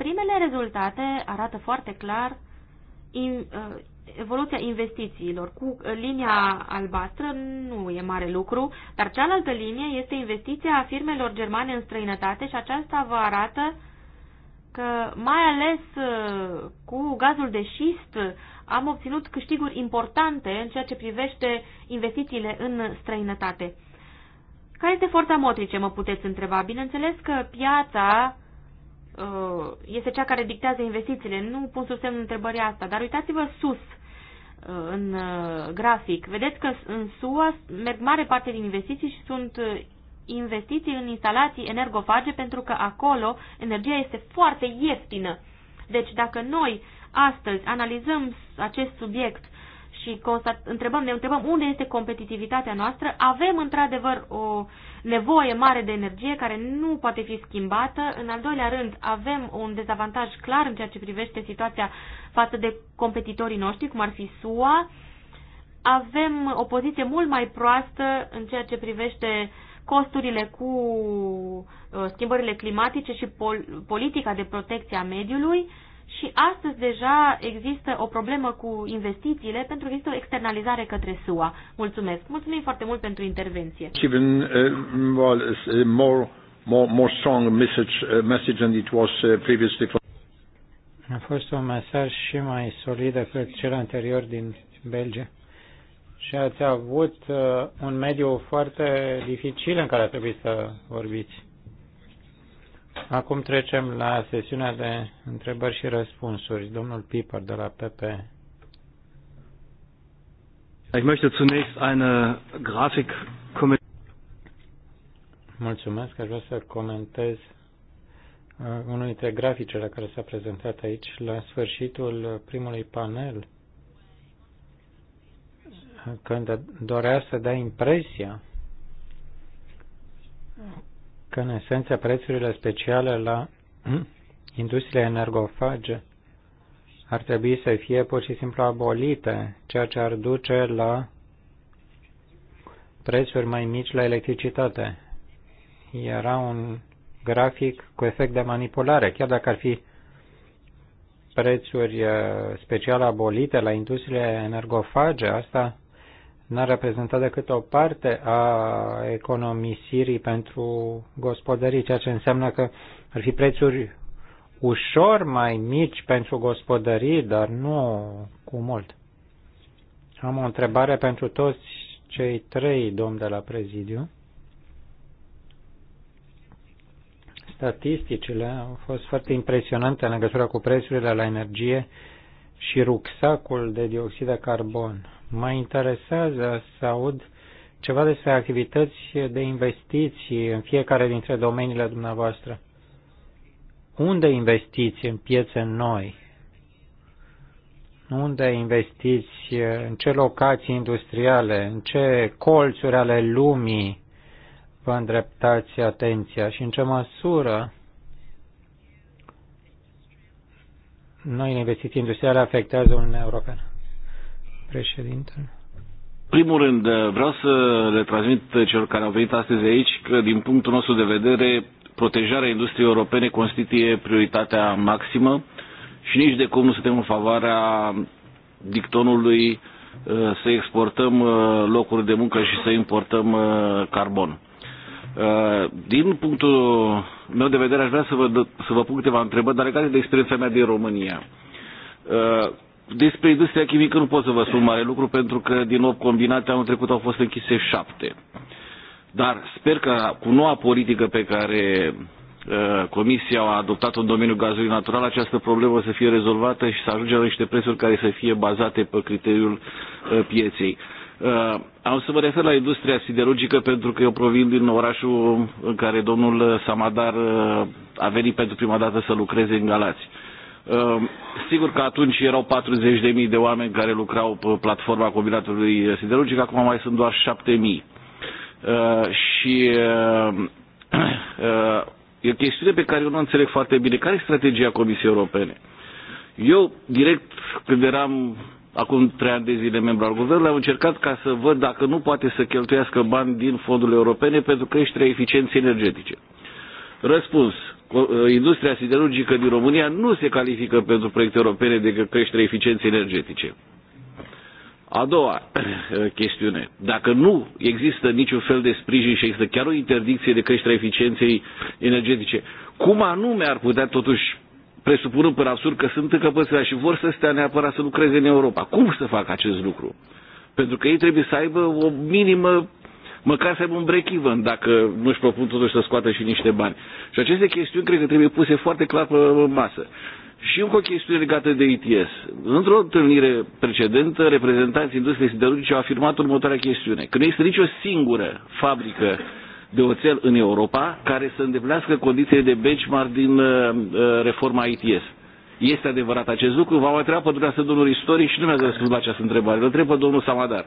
Primele rezultate arată foarte clar in, uh, evoluția investițiilor. Cu uh, linia albastră nu e mare lucru, dar cealaltă linie este investiția firmelor germane în străinătate și aceasta vă arată că mai ales uh, cu gazul de șist am obținut câștiguri importante în ceea ce privește investițiile în străinătate. Care este forța motrice, mă puteți întreba? Bineînțeles că piața Uh, este cea care dictează investițiile. Nu pun sub semnul întrebării asta, dar uitați-vă sus uh, în uh, grafic. Vedeți că în SUA merg mare parte din investiții și sunt investiții în instalații energofage pentru că acolo energia este foarte ieftină. Deci dacă noi astăzi analizăm acest subiect și întrebăm, ne întrebăm unde este competitivitatea noastră, avem într-adevăr o uh, nevoie mare de energie care nu poate fi schimbată. În al doilea rând, avem un dezavantaj clar în ceea ce privește situația față de competitorii noștri, cum ar fi SUA. Avem o poziție mult mai proastă în ceea ce privește costurile cu uh, schimbările climatice și pol- politica de protecție a mediului și astăzi deja există o problemă cu investițiile pentru că există o externalizare către SUA. Mulțumesc. Mulțumim foarte mult pentru intervenție. Even, uh, well, uh, more, more, more strong message, uh, message than it was uh, previously. For... A fost un mesaj și mai solid decât cel anterior din Belgia. Și ați avut uh, un mediu foarte dificil în care a trebuit să vorbiți. Acum trecem la sesiunea de întrebări și răspunsuri. Domnul Piper de la PP. Ich möchte zunächst eine Grafik Mulțumesc, aș vrea să comentez uh, unul dintre graficele care s-a prezentat aici. La sfârșitul primului panel, uh, când dorea să dea impresia că în esență prețurile speciale la industriile energofage ar trebui să fie pur și simplu abolite, ceea ce ar duce la prețuri mai mici la electricitate. Era un grafic cu efect de manipulare, chiar dacă ar fi prețuri eh, special abolite la industriile energofage, asta n-a reprezentat decât o parte a economisirii pentru gospodării, ceea ce înseamnă că ar fi prețuri ușor mai mici pentru gospodării, dar nu cu mult. Am o întrebare pentru toți cei trei domni de la prezidiu. Statisticile au fost foarte impresionante în legătură cu prețurile la energie și rucsacul de dioxid de carbon Mă interesează să aud ceva despre activități de investiții în fiecare dintre domeniile dumneavoastră. Unde investiți în piețe noi? Unde investiți? În ce locații industriale? În ce colțuri ale lumii vă îndreptați atenția? Și în ce măsură noi investiții industriale afectează Uniunea Europeană? președinte. Primul rând, vreau să le transmit celor care au venit astăzi aici că, din punctul nostru de vedere, protejarea industriei europene constituie prioritatea maximă și nici de cum nu suntem în favoarea dictonului uh, să exportăm uh, locuri de muncă și să importăm uh, carbon. Din punctul meu de vedere, aș vrea să vă, să vă pun câteva întrebări, dar legate de experiența mea din România despre industria chimică nu pot să vă spun mare lucru, pentru că din 8 combinate anul trecut au fost închise 7. Dar sper că cu noua politică pe care uh, Comisia a adoptat în domeniul gazului natural, această problemă să fie rezolvată și să ajungem la niște prețuri care să fie bazate pe criteriul uh, pieței. Uh, am să mă refer la industria siderurgică pentru că eu provin din orașul în care domnul Samadar uh, a venit pentru prima dată să lucreze în Galați. Ehm, sigur că atunci erau 40.000 de oameni care lucrau pe platforma combinatului siderurgic, acum mai sunt doar 7.000. Ehm, și ehm, e o chestiune pe care eu nu înțeleg foarte bine. Care e strategia Comisiei Europene? Eu, direct, când eram acum trei ani de zile membru al guvernului, am încercat ca să văd dacă nu poate să cheltuiască bani din fondurile europene pentru creșterea eficienței energetice. Răspuns, Uh, industria siderurgică din România nu se califică pentru proiecte europene de creștere eficienței energetice. A doua uh, chestiune. Dacă nu există niciun fel de sprijin și există chiar o interdicție de creștere eficienței energetice, cum anume ar putea totuși presupunând până absurd că sunt încăpățânați și vor să stea neapărat să lucreze în Europa. Cum să facă acest lucru? Pentru că ei trebuie să aibă o minimă măcar să aibă un break-even dacă nu își propun totuși să scoată și niște bani. Și aceste chestiuni cred că trebuie puse foarte clar pe masă. Și încă o chestiune legată de ITS. Într-o întâlnire precedentă, reprezentanții industriei siderurgice au afirmat următoarea chestiune. Că nu există nicio singură fabrică de oțel în Europa care să îndeplinească condițiile de benchmark din uh, uh reforma ITS. Este adevărat acest lucru? V-am întrebat pe dumneavoastră domnul istoric și nu mi-ați răspuns la această întrebare. Vă întreb pe domnul Samadar.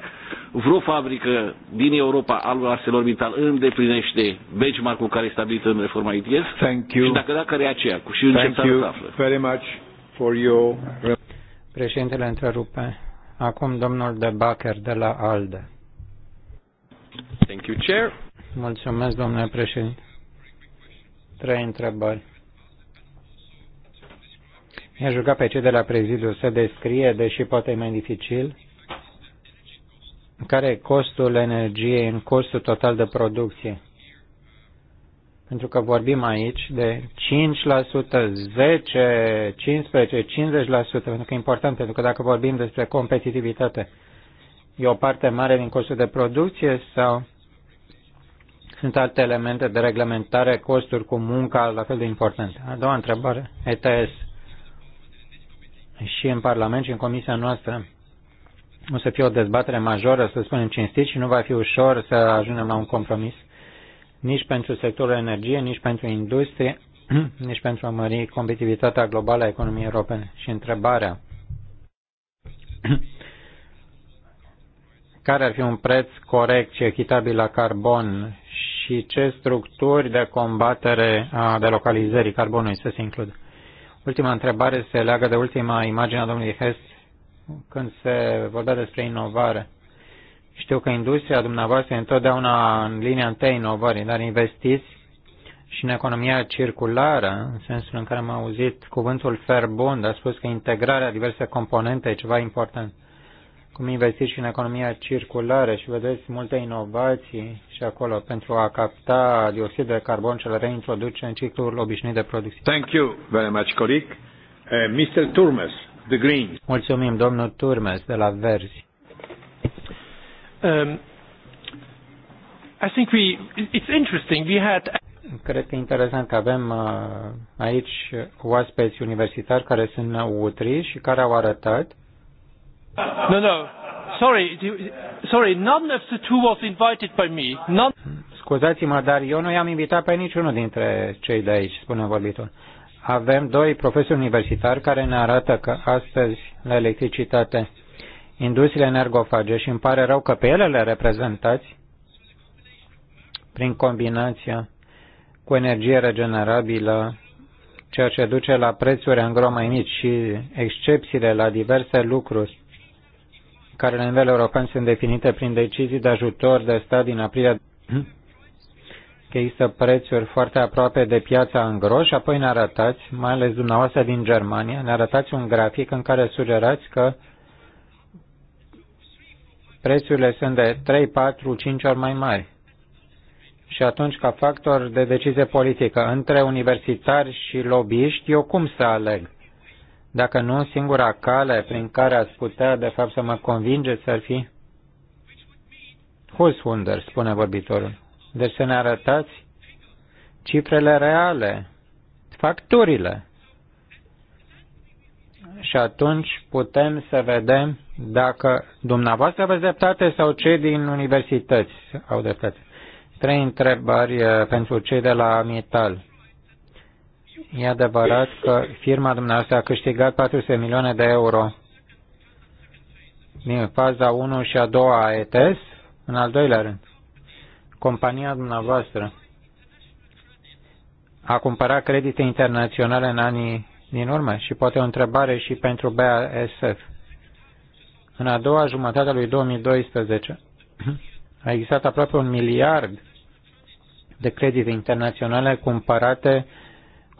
Vreo fabrică din Europa al lui ArcelorMittal îndeplinește benchmark-ul care este stabilit în reforma ITS? Thank you. Și dacă da, care e aceea? Cu și în Thank ce you află? very much for your... Președintele întrerupe. Acum domnul De Bacher de la ALDE. Thank you, Chair. Mulțumesc, domnule președinte. Trei întrebări. Mi-aș ruga pe cei de la prezidiu să descrie, deși poate e mai dificil, care e costul energiei în costul total de producție. Pentru că vorbim aici de 5%, 10, 15, 50%, pentru că e important, pentru că dacă vorbim despre competitivitate, e o parte mare din costul de producție sau sunt alte elemente de reglementare, costuri cu munca la fel de importante? A doua întrebare, ETS și în Parlament și în Comisia noastră o să fie o dezbatere majoră, să spunem cinstit, și nu va fi ușor să ajungem la un compromis nici pentru sectorul energie, nici pentru industrie, nici pentru a mări competitivitatea globală a economiei europene. Și întrebarea, care ar fi un preț corect și echitabil la carbon și ce structuri de combatere a delocalizării carbonului să se includă? Ultima întrebare se leagă de ultima imagine a domnului Hess când se vorbea despre inovare. Știu că industria dumneavoastră e întotdeauna în linia întâi inovării, dar investiți și în economia circulară, în sensul în care am auzit cuvântul bond, a spus că integrarea diverse componente e ceva important cum investiți și în economia circulară și vedeți multe inovații și acolo pentru a capta dioxid de carbon și le reintroduce în ciclul obișnuit de producție. Thank you very much, colleague. Uh, Mr. Turmes, The Greens. Mulțumim, domnul Turmes, de la Verzi. Um, I think we, it's interesting, we had... Cred că e interesant că avem uh, aici oaspeți universitari care sunt utri și care au arătat No, no. Sorry, sorry, none of the two was invited by me. None... Scuzați-mă, dar eu nu i-am invitat pe niciunul dintre cei de aici, spune vorbitul. Avem doi profesori universitari care ne arată că astăzi la electricitate industriile energofage și îmi pare rău că pe ele le reprezentați prin combinația cu energie regenerabilă, ceea ce duce la prețuri în mai mici și excepțiile la diverse lucruri care la nivel european sunt definite prin decizii de ajutor de stat din aprilie că există prețuri foarte aproape de piața în groș, apoi ne arătați, mai ales dumneavoastră din Germania, ne arătați un grafic în care sugerați că prețurile sunt de 3, 4, 5 ori mai mari. Și atunci, ca factor de decizie politică, între universitari și lobbyiști, eu cum să aleg? Dacă nu, singura cale prin care ați putea, de fapt, să mă convingeți ar fi wonder spune vorbitorul. Deci să ne arătați cifrele reale, facturile. Și atunci putem să vedem dacă dumneavoastră aveți dreptate sau cei din universități au dreptate. Trei întrebări eh, pentru cei de la Mital. E adevărat că firma dumneavoastră a câștigat 400 milioane de euro din faza 1 și a doua a ETS, în al doilea rând. Compania dumneavoastră a cumpărat credite internaționale în anii din urmă și poate o întrebare și pentru BASF. În a doua jumătate a lui 2012 a existat aproape un miliard de credite internaționale cumpărate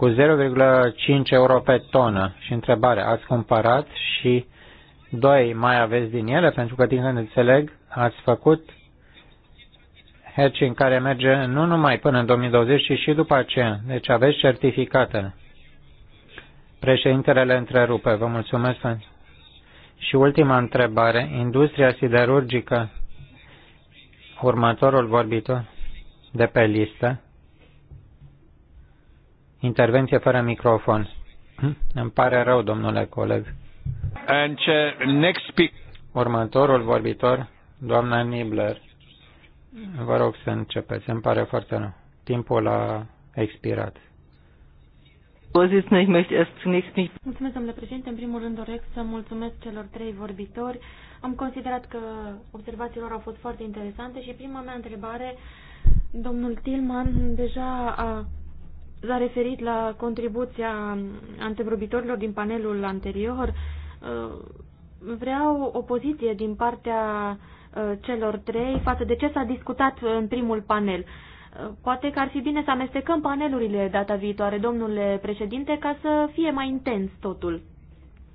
cu 0,5 euro pe tonă. Și întrebare, ați cumpărat și doi mai aveți din ele? Pentru că, din când înțeleg, ați făcut hedging care merge nu numai până în 2020, ci și după aceea. Deci aveți certificatele. Președintele le întrerupe. Vă mulțumesc. Și ultima întrebare. Industria siderurgică, următorul vorbitor de pe listă, Intervenție fără microfon. Îmi pare rău, domnule coleg. And, uh, next speak. Următorul vorbitor, doamna Nibler. Vă rog să începeți. Îmi pare foarte rău. Timpul a expirat. Mulțumesc, domnule președinte. În primul rând doresc să mulțumesc celor trei vorbitori. Am considerat că observațiile lor au fost foarte interesante și prima mea întrebare, domnul Tilman deja a s-a referit la contribuția antevorbitorilor din panelul anterior. Uh, vreau o poziție din partea uh, celor trei față de ce s-a discutat în primul panel. Uh, poate că ar fi bine să amestecăm panelurile data viitoare, domnule președinte, ca să fie mai intens totul.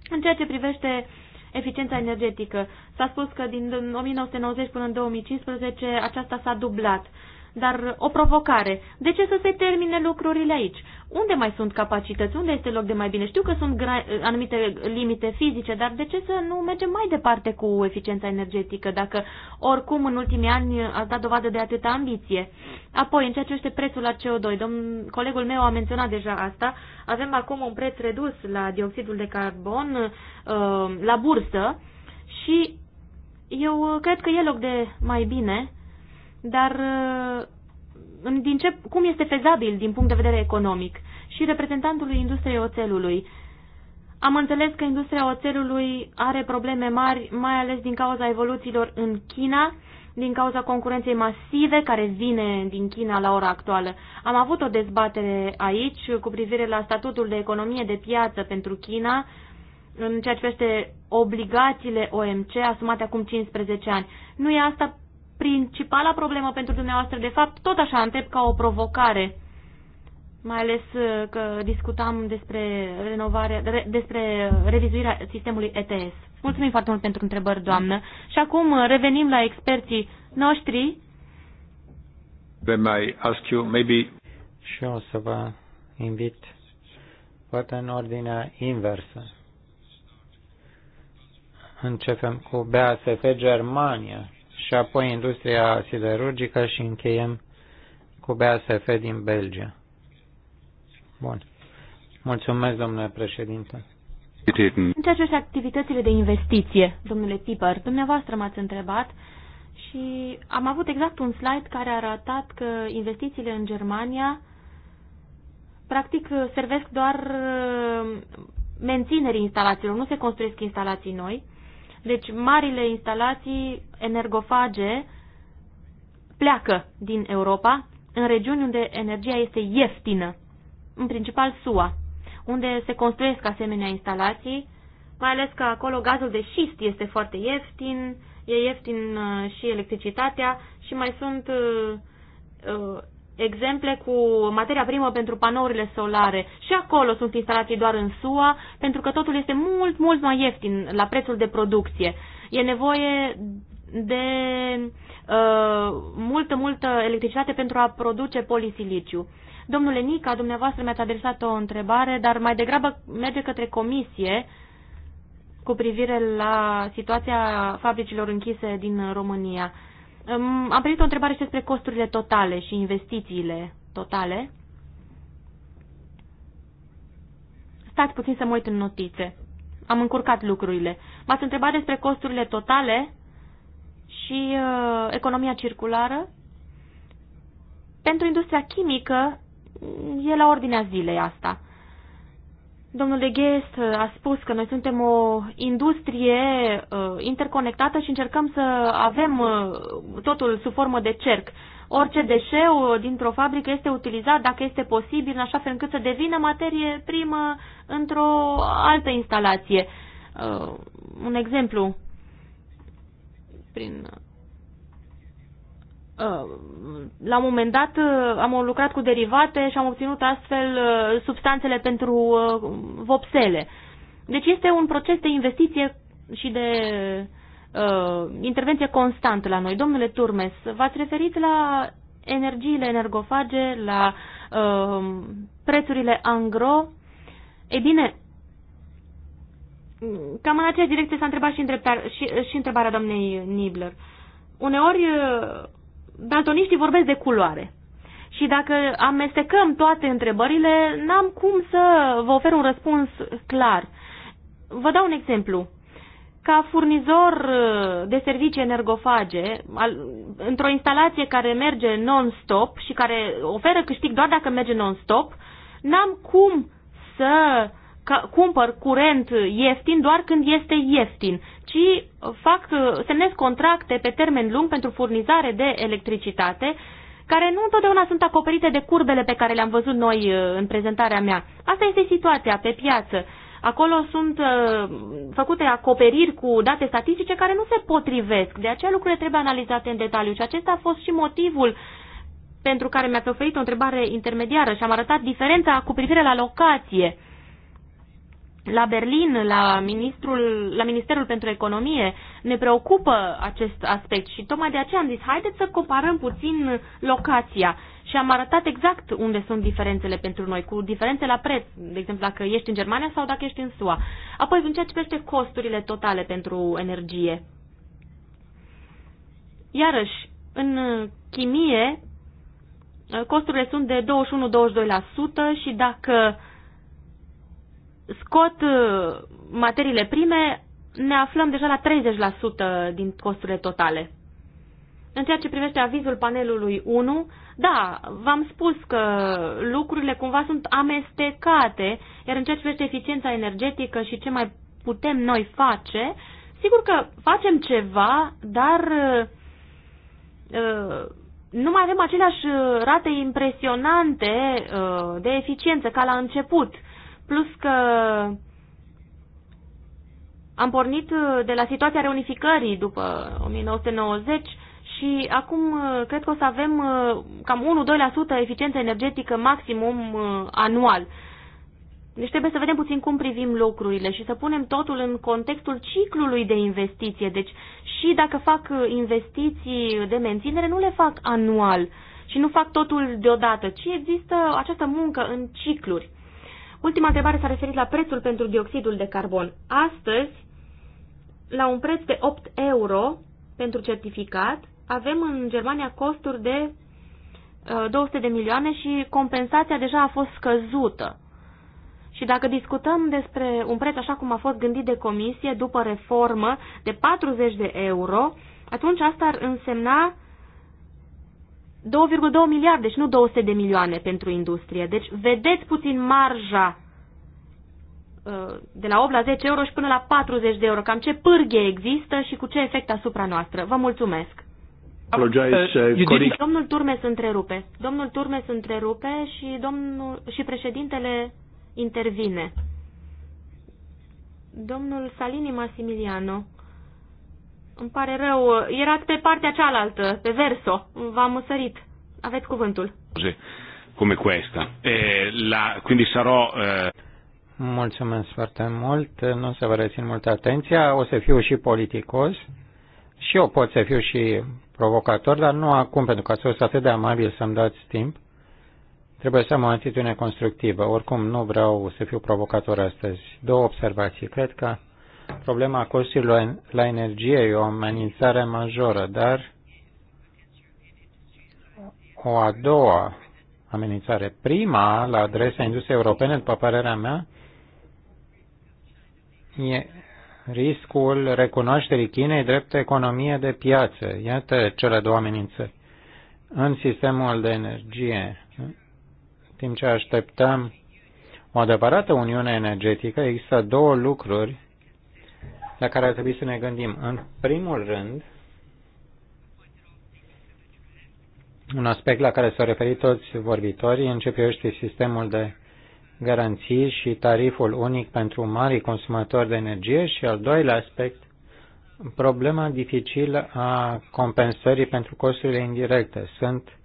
În ceea ce privește eficiența energetică, s-a spus că din 1990 până în 2015 aceasta s-a dublat dar o provocare. De ce să se termine lucrurile aici? Unde mai sunt capacități? Unde este loc de mai bine? Știu că sunt anumite limite fizice, dar de ce să nu mergem mai departe cu eficiența energetică, dacă oricum în ultimii ani a dat dovadă de atâta ambiție? Apoi, în ceea ce este prețul la CO2, domn, colegul meu a menționat deja asta, avem acum un preț redus la dioxidul de carbon, uh, la bursă, și eu uh, cred că e loc de mai bine dar uh, din ce, cum este fezabil din punct de vedere economic. Și reprezentantului industriei oțelului. Am înțeles că industria oțelului are probleme mari, mai ales din cauza evoluțiilor în China, din cauza concurenței masive care vine din China la ora actuală. Am avut o dezbatere aici cu privire la statutul de economie de piață pentru China în ceea ce privește obligațiile OMC asumate acum 15 ani. Nu e asta principala problemă pentru dumneavoastră, de fapt, tot așa întreb ca o provocare, mai ales uh, că discutam despre renovare, re, despre revizuirea sistemului ETS. Mulțumim foarte mult pentru întrebări, doamnă. Și acum uh, revenim la experții noștri. Then I ask you, maybe... Și o să vă invit poate în ordinea inversă. Începem cu BASF Germania și apoi industria siderurgică și încheiem cu BASF din Belgia. Bun. Mulțumesc, domnule președinte. În ceea ce activitățile de investiție, domnule Tipper, dumneavoastră m-ați întrebat și am avut exact un slide care a arătat că investițiile în Germania practic servesc doar uh, menținerii instalațiilor, nu se construiesc instalații noi. Deci marile instalații energofage pleacă din Europa în regiuni unde energia este ieftină, în principal SUA, unde se construiesc asemenea instalații, mai ales că acolo gazul de șist este foarte ieftin, e ieftin uh, și electricitatea și mai sunt uh, uh, exemple cu materia primă pentru panourile solare. Și acolo sunt instalații doar în SUA, pentru că totul este mult, mult mai ieftin la prețul de producție. E nevoie de uh, multă, multă electricitate pentru a produce polisiliciu. Domnule Nica, dumneavoastră mi-ați adresat o întrebare, dar mai degrabă merge către comisie cu privire la situația fabricilor închise din România. Am primit o întrebare și despre costurile totale și investițiile totale. Stați puțin să mă uit în notițe. Am încurcat lucrurile. M-ați întrebat despre costurile totale și uh, economia circulară. Pentru industria chimică e la ordinea zilei asta. Domnule Ghest uh, a spus că noi suntem o industrie uh, interconectată și încercăm să avem uh, totul sub formă de cerc. Orice deșeu dintr-o fabrică este utilizat, dacă este posibil, în așa fel încât să devină materie primă într-o altă instalație. Uh, un exemplu, prin Uh, la un moment dat uh, am lucrat cu derivate și am obținut astfel uh, substanțele pentru vopsele. Deci este un proces de investiție și de uh, intervenție constantă la noi. Domnule Turmes, v-ați referit la energiile energofage, la uh, prețurile angro. Ei bine, cam în aceeași direcție s-a întrebat și, și, și întrebarea doamnei Nibler. Uneori uh, daltoniștii vorbesc de culoare. Și dacă amestecăm toate întrebările, n-am cum să vă ofer un răspuns clar. Vă dau un exemplu. Ca furnizor uh, de servicii energofage, într-o instalație care merge non-stop și care oferă câștig doar dacă merge non-stop, n-am cum să uh, cumpăr curent ieftin doar când este ieftin, ci fac, uh, semnez contracte pe termen lung pentru furnizare de electricitate, care nu întotdeauna sunt acoperite de curbele pe care le-am văzut noi uh, în prezentarea mea. Asta este situația pe piață. Acolo sunt uh, făcute acoperiri cu date statistice care nu se potrivesc. De aceea lucrurile trebuie analizate în detaliu și acesta a fost și motivul pentru care mi-ați oferit o întrebare intermediară și am arătat diferența cu privire la locație. La Berlin, la, ministrul, la Ministerul pentru Economie, ne preocupă acest aspect și tocmai de aceea am zis, haideți să comparăm puțin locația și am arătat exact unde sunt diferențele pentru noi, cu diferențe la preț, de exemplu dacă ești în Germania sau dacă ești în SUA. Apoi, în ceea ce privește costurile totale pentru energie. Iarăși, în chimie, costurile sunt de 21-22% și dacă uh, scot uh, materiile prime, ne aflăm deja la 30% din costurile totale. În ceea ce privește avizul panelului 1, da, v-am spus că lucrurile cumva sunt amestecate, iar în ceea ce privește eficiența energetică și ce mai putem noi face, sigur că facem ceva, dar uh, uh nu mai avem aceleași uh, rate impresionante uh, de eficiență ca la început. Plus că am pornit uh, de la situația reunificării după 1990 și acum uh, cred că o să avem uh, cam 1-2% eficiență energetică maximum anual. Deci trebuie să vedem puțin cum privim lucrurile și să punem totul în contextul ciclului de investiție. Deci și dacă fac investiții de menținere, nu le fac anual și nu fac totul deodată, ci există această muncă în cicluri. Ultima întrebare s-a referit la prețul pentru dioxidul de carbon. Astăzi, la un preț de 8 euro pentru certificat, avem în Germania costuri de 200 uh, de milioane și compensația deja a fost scăzută. Și dacă discutăm despre un preț așa cum a fost gândit de comisie după reformă de 40 de euro, atunci asta ar însemna 2,2 miliarde, deci nu 200 de milioane pentru industrie. Deci vedeți puțin marja uh, de la 8 la 10 euro și până la 40 de euro. Cam ce pârghie există și cu ce efect asupra noastră. Vă mulțumesc. Uh, uh, domnul domnul Turmes întrerupe. Domnul Turmes întrerupe și, domnul, și președintele intervine. Domnul Salini Massimiliano. Îmi pare rău. Erați pe partea cealaltă, pe verso. V-am sărit. Aveți cuvântul. Come questa. E, eh, la, quindi sarò... Eh... Mulțumesc foarte mult. Nu o să vă rețin multă atenția. O să fiu și politicos. Și eu pot să fiu și provocator, dar nu acum, pentru că ați fost atât de amabil să-mi dați timp. Trebuie să am o atitudine constructivă. Oricum, nu vreau să fiu provocator astăzi. Două observații. Cred că Problema costurilor la energie e o amenințare majoră, dar o a doua amenințare. Prima, la adresa industriei europene, după părerea mea, e riscul recunoașterii Chinei drept economie de piață. Iată cele două amenințări. În sistemul de energie, în timp ce așteptăm o adevărată uniune energetică, există două lucruri la care ar trebui să ne gândim. În primul rând, un aspect la care s-au referit toți vorbitorii în ce privește sistemul de garanții și tariful unic pentru mari consumatori de energie și al doilea aspect, problema dificilă a compensării pentru costurile indirecte. Sunt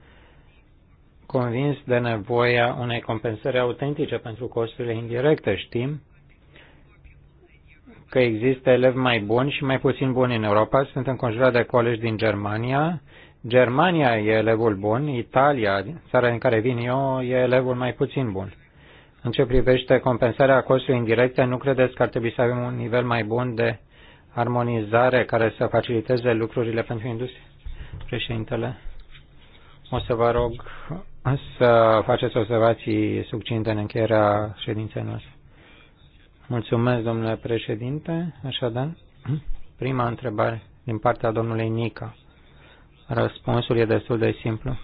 convins de nevoia unei compensări autentice pentru costurile indirecte. Știm că există elevi mai buni și mai puțin buni în Europa. Sunt înconjurat de colegi din Germania. Germania e elevul bun, Italia, țara în care vin eu, e elevul mai puțin bun. În ce privește compensarea costurilor indirecte, nu credeți că ar trebui să avem un nivel mai bun de armonizare care să faciliteze lucrurile pentru industrie? Președintele, o să vă rog să faceți observații succinte în încheierea ședinței noastre. Mulțumesc, domnule președinte. Așadar, prima întrebare din partea domnului Nica. Răspunsul e destul de simplu.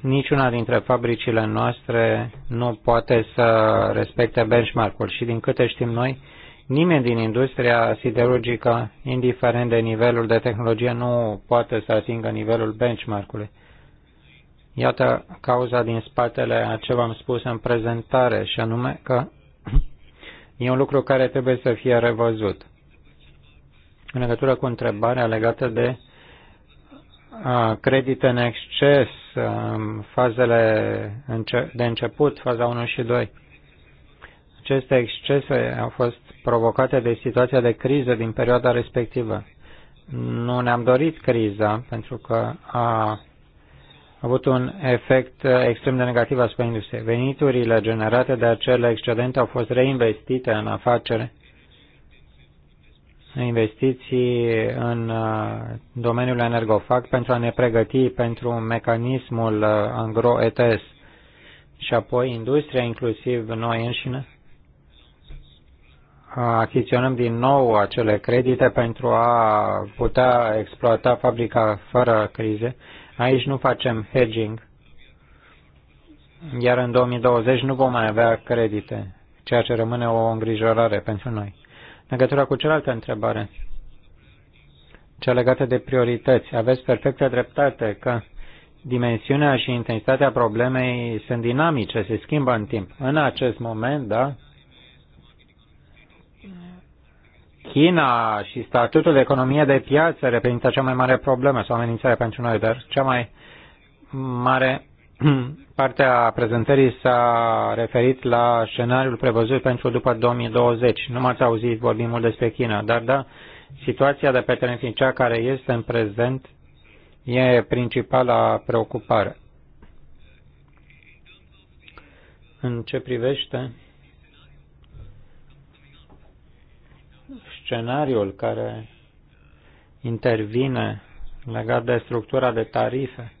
Niciuna dintre fabricile noastre nu poate să respecte benchmark-ul și din câte știm noi, nimeni din industria siderurgică, indiferent de nivelul de tehnologie, nu poate să atingă nivelul benchmark-ului. Iată cauza din spatele a ce v-am spus în prezentare, și anume că E un lucru care trebuie să fie revăzut. În legătură cu întrebarea legată de credite în exces, fazele de început, faza 1 și 2. Aceste excese au fost provocate de situația de criză din perioada respectivă. Nu ne-am dorit criza pentru că a avut un efect uh, extrem de negativ asupra industriei. Veniturile generate de acele excedente au fost reinvestite în afacere, investiții în uh, domeniul energofac pentru a ne pregăti pentru mecanismul uh, angro ETS și apoi industria, inclusiv noi înșine, achiziționăm din nou acele credite pentru a putea exploata fabrica fără crize Aici nu facem hedging, iar în 2020 nu vom mai avea credite, ceea ce rămâne o îngrijorare pentru noi. În legătură cu cealaltă întrebare, cea legată de priorități, aveți perfectă dreptate că dimensiunea și intensitatea problemei sunt dinamice, se schimbă în timp. În acest moment, da, China și statutul de economie de piață reprezintă cea mai mare problemă sau amenințare pentru noi, dar cea mai mare parte a prezentării s-a referit la scenariul prevăzut pentru după 2020. Nu m-ați auzit vorbim mult despre China, dar da, situația de pe teren fiind cea care este în prezent e principala preocupare. În ce privește scenariul care intervine legat de structura de tarife.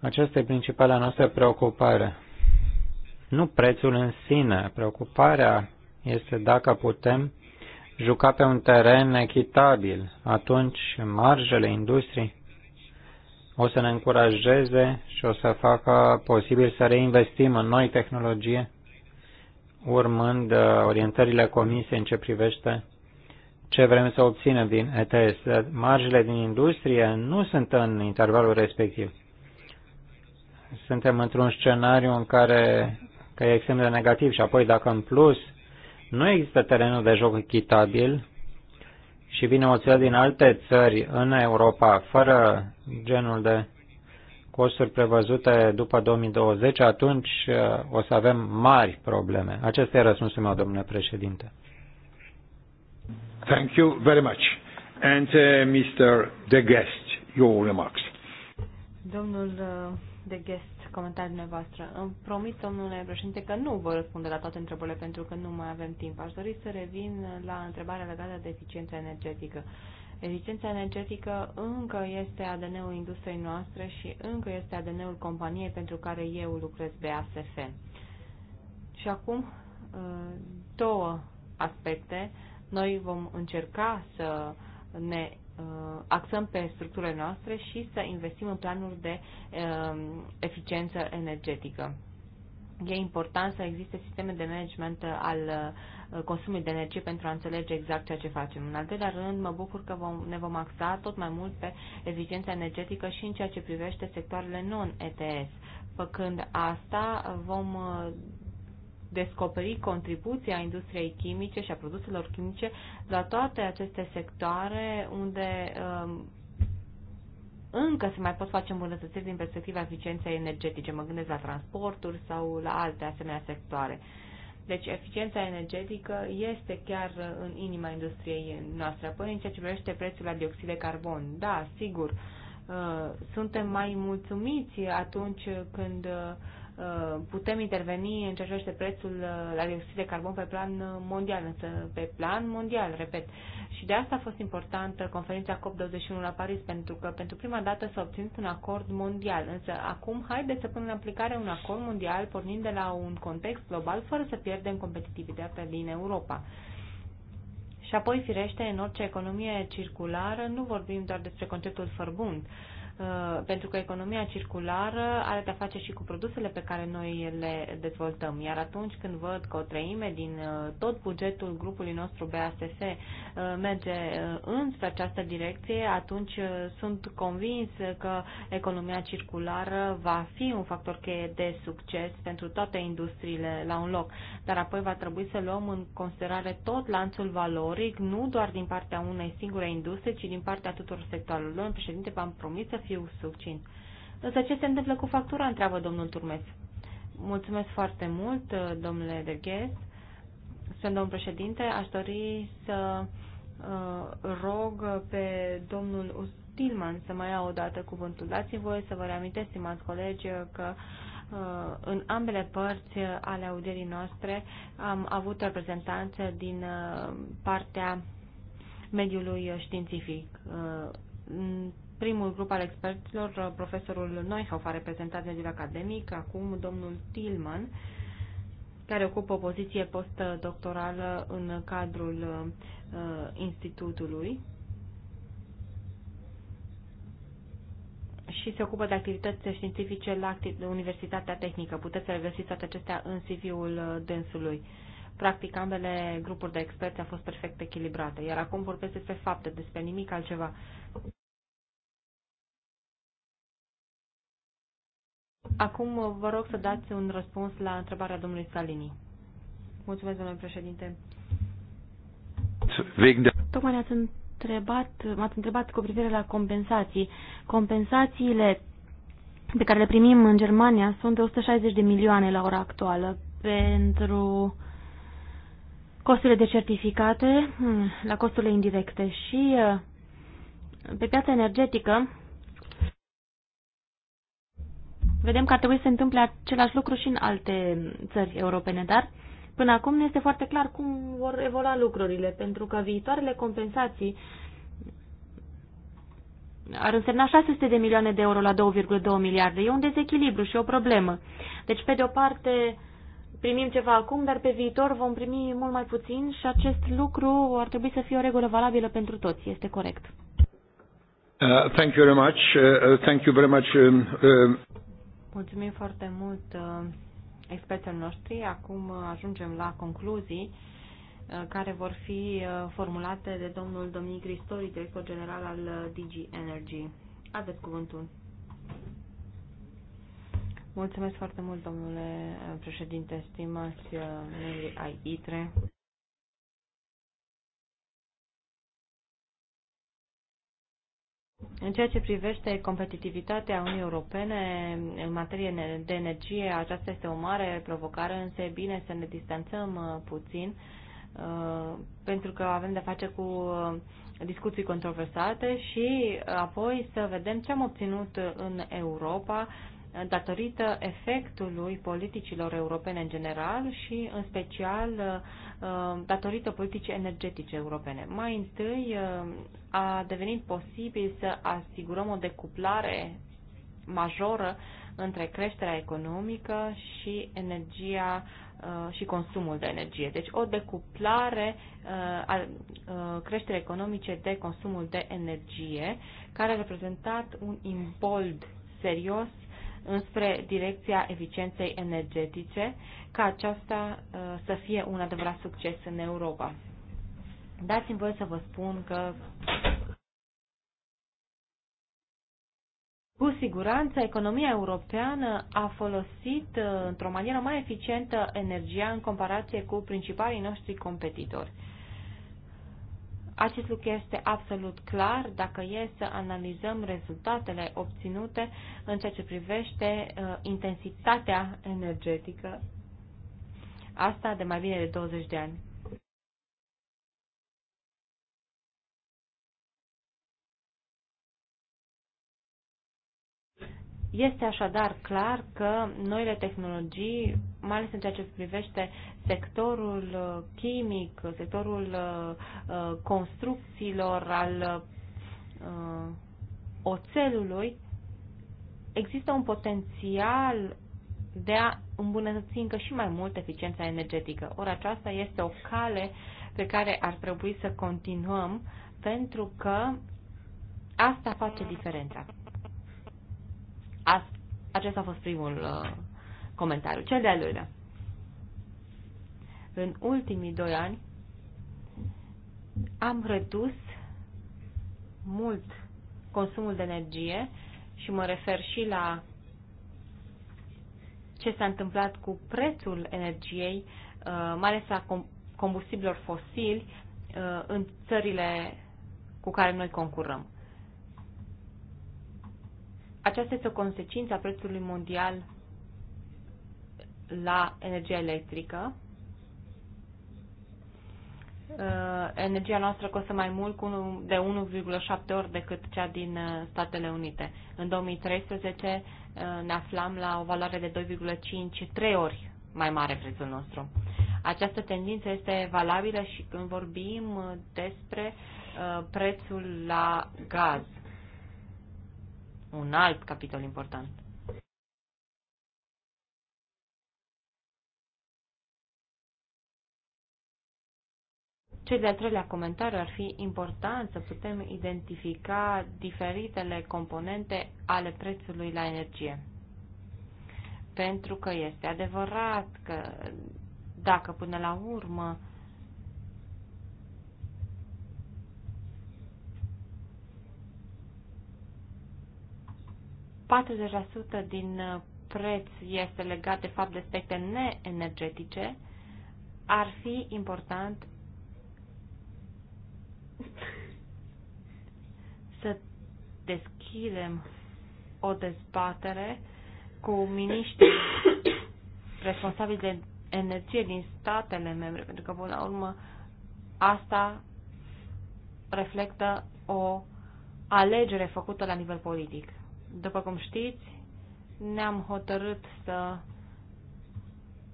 Aceasta e principala noastră preocupare. Nu prețul în sine. Preocuparea este dacă putem juca pe un teren echitabil. Atunci marjele industriei o să ne încurajeze și o să facă posibil să reinvestim în noi tehnologie urmând uh, orientările comisiei în ce privește ce vrem să obținem din ETS. Marjele din industrie nu sunt în intervalul respectiv. Suntem într-un scenariu în care că e extrem de negativ și apoi dacă în plus nu există terenul de joc echitabil și vine o țară din alte țări în Europa fără genul de costuri prevăzute după 2020, atunci uh, o să avem mari probleme. Acesta e răspunsul meu, domnule președinte. Thank you very much. And uh, Mr. De Guest, your remarks. Domnul uh, De Guest, comentariul dumneavoastră. Îmi promit, domnule președinte, că nu vă răspunde la toate întrebările pentru că nu mai avem timp. Aș dori să revin la întrebarea legată de eficiența energetică. Uh, Eficiența energetică încă este ADN-ul industriei noastre și încă este ADN-ul companiei pentru care eu lucrez BASF. Și acum ă, două aspecte. Noi vom încerca să ne ă, axăm pe structurile noastre și să investim în planuri de ă, eficiență energetică. E important să existe sisteme de management al Uh, consumul de energie pentru a înțelege exact ceea ce facem. În al doilea rând, mă bucur că vom, ne vom axa tot mai mult pe eficiența energetică și în ceea ce privește sectoarele non-ETS. Făcând asta, vom uh, descoperi contribuția industriei chimice și a produselor chimice la toate aceste sectoare unde um, încă se mai pot face îmbunătățiri din perspectiva eficienței energetice. Mă gândesc la transporturi sau la alte asemenea sectoare. Uh, deci eficiența energetică este chiar în inima industriei noastre. Apoi, în ceea ce privește prețul la dioxid de carbon, da, sigur, uh, suntem mai mulțumiți atunci când uh, Uh, putem interveni în ceea ce privește prețul uh, la dioxid de carbon pe plan uh, mondial, însă pe plan mondial, repet. Și de asta a fost importantă conferința COP21 la Paris, pentru că pentru prima dată s-a obținut un acord mondial. Însă acum haideți să punem în aplicare un acord mondial pornind de la un context global fără să pierdem competitivitatea din Europa. Și apoi, firește, în orice economie circulară nu vorbim doar despre conceptul fărbund, Uh, pentru că economia circulară are de-a face și cu produsele pe care noi le dezvoltăm. Iar atunci când văd că o treime din uh, tot bugetul grupului nostru BASF uh, merge înspre această direcție, atunci sunt convins că economia circulară va fi un factor cheie de succes pentru toate industriile la un loc. Dar apoi va trebui să luăm în considerare tot lanțul valoric, nu doar din partea unei singure industrie, ci din partea tuturor sectoarelor. Domnul președinte, v-am promis să fiu succint. Însă ce se întâmplă cu factura, întreabă domnul Turmes. Mulțumesc foarte mult, domnule de Ghes. Sunt domnul președinte, aș dori să uh, rog pe domnul Stilman să mai ia o dată cuvântul. Dați-mi voie să vă reamintesc, stimați colegi, că uh, în ambele părți ale audierii noastre am avut reprezentanță din uh, partea mediului științific. Uh, primul grup al experților, uh, profesorul Neuhoff a reprezentat mediul academic, acum domnul Tillman, care ocupă o poziție postdoctorală în cadrul uh, uh institutului și se ocupă de activități științifice la Universitatea Tehnică. Puteți să regăsiți toate acestea în CV-ul uh, dânsului. Practic, ambele grupuri de experți au fost perfect echilibrate, iar acum vorbesc despre fapte, despre nimic altceva. Acum uh, vă rog să dați un răspuns la întrebarea domnului Salini. Mulțumesc, domnule președinte. Tocmai ne-ați întrebat, m-ați întrebat cu privire la compensații. Compensațiile pe care le primim în Germania sunt de 160 de milioane la ora actuală pentru costurile de certificate, hmm, la costurile indirecte și uh, pe piața energetică Vedem că ar trebui să se întâmple același lucru și în alte țări europene, dar până acum nu este foarte clar cum vor evolua lucrurile, pentru că viitoarele compensații ar însemna 600 de milioane de euro la 2,2 miliarde. E un dezechilibru și o problemă. Deci, pe de o parte, primim ceva acum, dar pe viitor vom primi mult mai puțin și acest lucru ar trebui să fie o regulă valabilă pentru toți. Este corect. Uh, thank you very much. Uh, uh thank you very much. Um, uh, uh... Mulțumim foarte mult uh, experților noștri. Acum uh, ajungem la concluzii uh, care vor fi formulate de domnul Dominic Ristori, director general al DG Energy. Aveți cuvântul. Mulțumesc foarte mult, domnule președinte, stimați membrii ai ITRE. În ceea ce privește competitivitatea Uniunii Europene în materie de energie, aceasta este o mare provocare, însă e bine să ne distanțăm uh, puțin uh, pentru că avem de face cu uh, discuții controversate și apoi să vedem ce am obținut în Europa datorită efectului politicilor europene în general și, în special, uh, datorită politicii energetice europene. Mai întâi, uh, a devenit posibil să asigurăm o decuplare majoră între creșterea economică și energia uh, și consumul de energie. Deci o decuplare a creșterii economice de consumul de energie, care a reprezentat un imbold serios înspre direcția eficienței energetice, ca aceasta uh, să fie un adevărat succes în Europa. Dați-mi voie să vă spun că Cu siguranță, economia europeană a folosit uh, într-o manieră mai eficientă energia în comparație cu principalii noștri competitori. Acest lucru este absolut clar dacă e să analizăm rezultatele obținute în ceea ce privește uh, intensitatea energetică. Asta de mai bine de 20 de ani. Este așadar clar că noile tehnologii, mai ales în ceea ce privește sectorul uh, chimic, sectorul uh, uh, construcțiilor, al oțelului, există un potențial de a îmbunătăți încă și mai mult eficiența energetică. Ori aceasta este o cale pe care ar trebui să continuăm pentru că asta face diferența acesta a fost primul uh, comentariu. Cel de-al doilea. În ultimii doi ani am redus mult consumul de energie și mă refer și la ce s-a întâmplat cu prețul energiei, uh, mai ales a combustibilor fosili, uh, în țările cu care noi concurăm. Aceasta este o consecință a prețului mondial la energia electrică. Uh, energia noastră costă mai mult cu de 1,7 ori decât cea din uh, Statele Unite. În 2013 uh, ne aflam la o valoare de 2,5, 3 ori mai mare prețul nostru. Această tendință este valabilă și când vorbim despre prețul la gaz un alt capitol important. Cel de-al treilea comentariu ar fi important să putem identifica diferitele componente ale prețului la energie. Pentru că este adevărat că dacă până la urmă 40% din uh, preț este legat de fapt de aspecte neenergetice, ar fi important să deschidem o dezbatere cu miniștrii responsabili de energie din statele membre, pentru că, până la urmă, asta reflectă o alegere făcută la nivel politic. După cum știți, ne-am hotărât să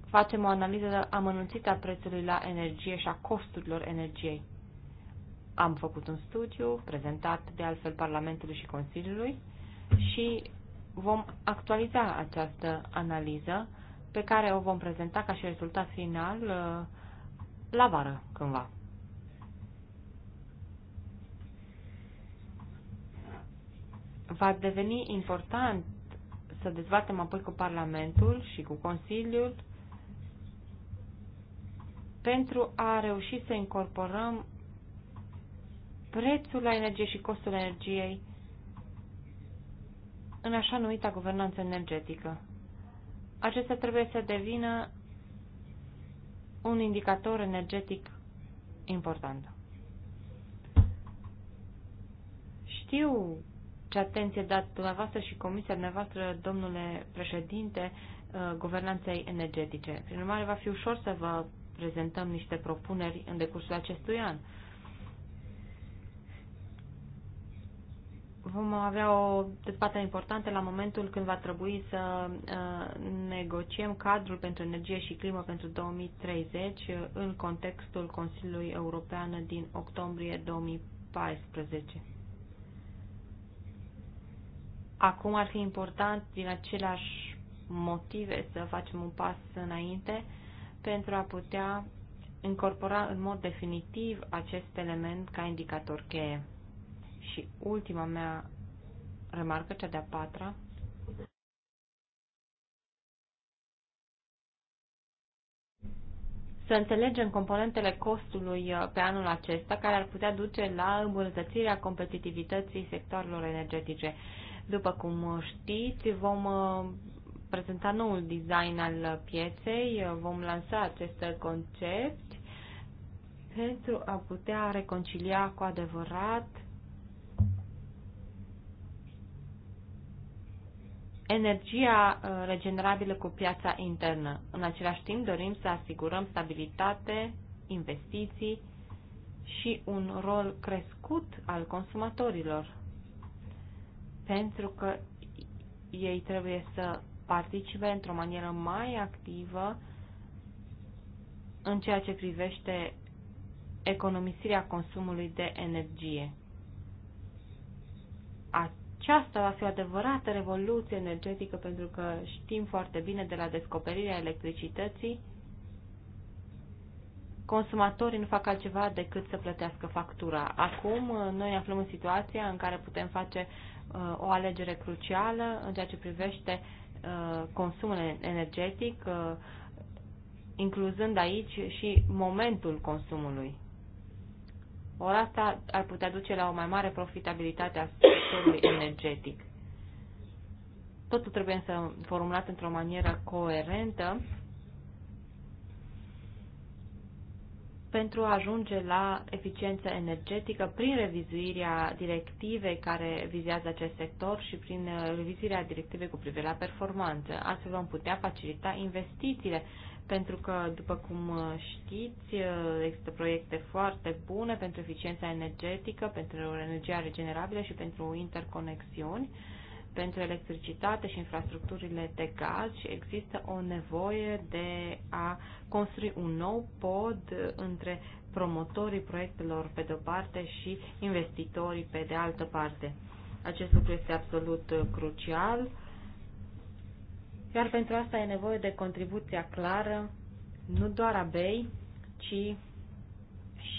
facem o analiză amănunțită a prețului la energie și a costurilor energiei. Am făcut un studiu prezentat de altfel Parlamentului și Consiliului și vom actualiza această analiză pe care o vom prezenta ca și rezultat final uh, la vară cândva. va deveni important să dezbatem apoi cu Parlamentul și cu Consiliul pentru a reuși să incorporăm prețul la energie și costul energiei în așa numita guvernanță energetică. Acesta trebuie să devină un indicator energetic important. Știu ce atenție dat dumneavoastră și comisia dumneavoastră, domnule președinte, uh, guvernanței energetice. Prin urmare, va fi ușor să vă prezentăm niște propuneri în decursul acestui an. Vom avea o dezbatere importantă la momentul când va trebui să uh, negociem cadrul pentru energie și climă pentru 2030 uh, în contextul Consiliului European din octombrie 2014. Acum ar fi important, din aceleași motive, să facem un pas înainte pentru a putea incorpora în mod definitiv acest element ca indicator cheie. Și ultima mea remarcă, cea de-a patra, să înțelegem componentele costului uh, pe anul acesta, care ar putea duce la îmbunătățirea competitivității sectoarelor energetice. După cum știți, vom uh, prezenta noul design al pieței, uh, vom lansa acest concept pentru a putea reconcilia cu adevărat energia uh, regenerabilă cu piața internă. În același timp dorim să asigurăm stabilitate, investiții și un rol crescut al consumatorilor pentru că ei trebuie să participe într-o manieră mai activă în ceea ce privește economisirea consumului de energie. Aceasta va fi o adevărată revoluție energetică pentru că știm foarte bine de la descoperirea electricității consumatorii nu fac altceva decât să plătească factura. Acum uh, noi aflăm în situația în care putem face uh, o alegere crucială în ceea ce privește uh, consumul energetic, incluzând aici și momentul consumului. Ori asta ar putea duce la o mai mare profitabilitate a sectorului energetic. Totul trebuie să formulat într-o manieră coerentă pentru a ajunge la eficiență energetică prin revizuirea directivei care vizează acest sector și prin uh, revizuirea directivei cu privire la performanță. Astfel vom putea facilita investițiile, pentru că, după cum uh, știți, uh, există proiecte foarte bune pentru eficiența energetică, pentru energia regenerabilă și pentru interconexiuni pentru electricitate și infrastructurile de gaz și există o nevoie de a construi un nou pod între promotorii proiectelor pe de o parte și investitorii pe de altă parte. Acest lucru este absolut uh, crucial, iar pentru asta e nevoie de contribuția clară nu doar a BEI, ci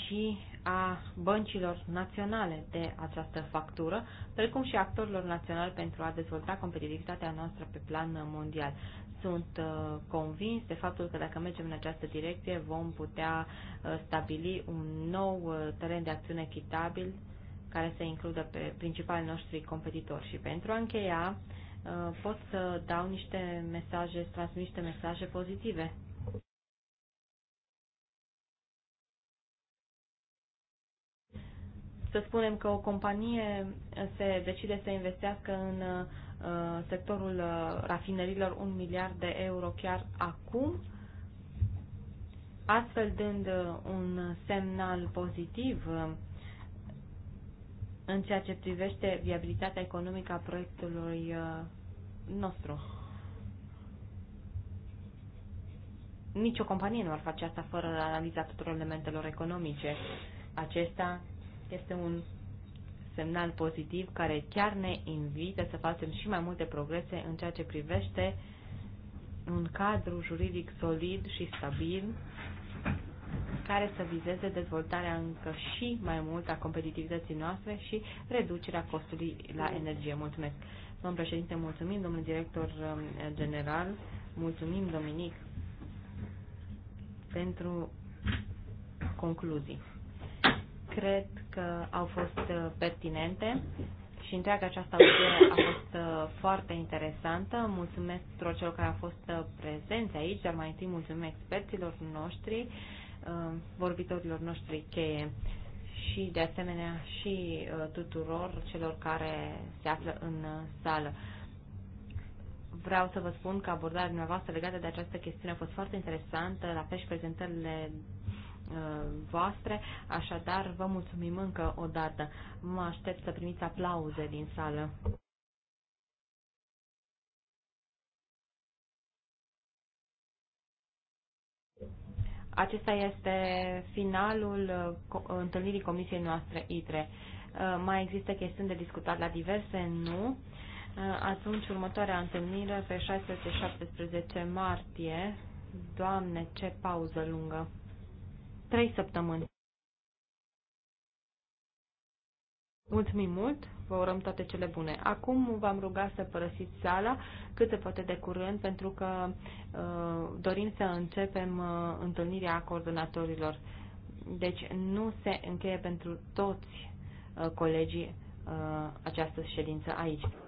și a băncilor naționale de această factură, precum și actorilor naționali pentru a dezvolta competitivitatea noastră pe plan mondial. Sunt uh, convins de faptul că dacă mergem în această direcție vom putea uh, stabili un nou uh, teren de acțiune echitabil care să includă pe principalii noștri competitori. Și pentru a încheia, pot să dau niște mesaje, să transmit niște mesaje pozitive să spunem că o companie se decide să investească în uh, sectorul uh, rafinărilor un miliard de euro chiar acum, astfel dând uh, un semnal pozitiv în ceea ce privește viabilitatea economică a proiectului nostru. Nici o companie nu ar face asta fără analiza tuturor elementelor economice. Acesta este un semnal pozitiv care chiar ne invită să facem și mai multe progrese în ceea ce privește un cadru juridic solid și stabil care să vizeze dezvoltarea încă și mai mult a competitivității noastre și reducerea costului la energie. Mulțumesc. Domnul președinte, mulțumim. Domnul director um, general, mulțumim, Dominic, pentru concluzii. Cred că au fost uh, pertinente și întreaga această audiere a fost uh, foarte interesantă. Mulțumesc tuturor celor care au fost uh, prezenți aici, dar mai întâi mulțumim experților noștri, vorbitorilor noștri cheie și de asemenea și tuturor celor care se află în sală. Vreau să vă spun că abordarea dumneavoastră legată de această chestiune a fost foarte interesantă, la fel și prezentările Uh, voastre, așadar vă mulțumim încă o dată. Mă aștept să primiți aplauze din sală. Acesta este finalul uh, întâlnirii comisiei noastre ITRE. Uh, mai există chestiuni de discutat la diverse? Nu. Atunci, următoarea întâlnire pe 16-17 martie. Doamne, ce pauză lungă! trei săptămâni. Mulțumim mult, vă urăm toate cele bune. Acum v-am rugat să părăsiți sala cât se poate de curând, pentru că uh, dorim să începem uh, întâlnirea coordonatorilor. Deci nu se încheie pentru toți uh, colegii uh, această ședință aici.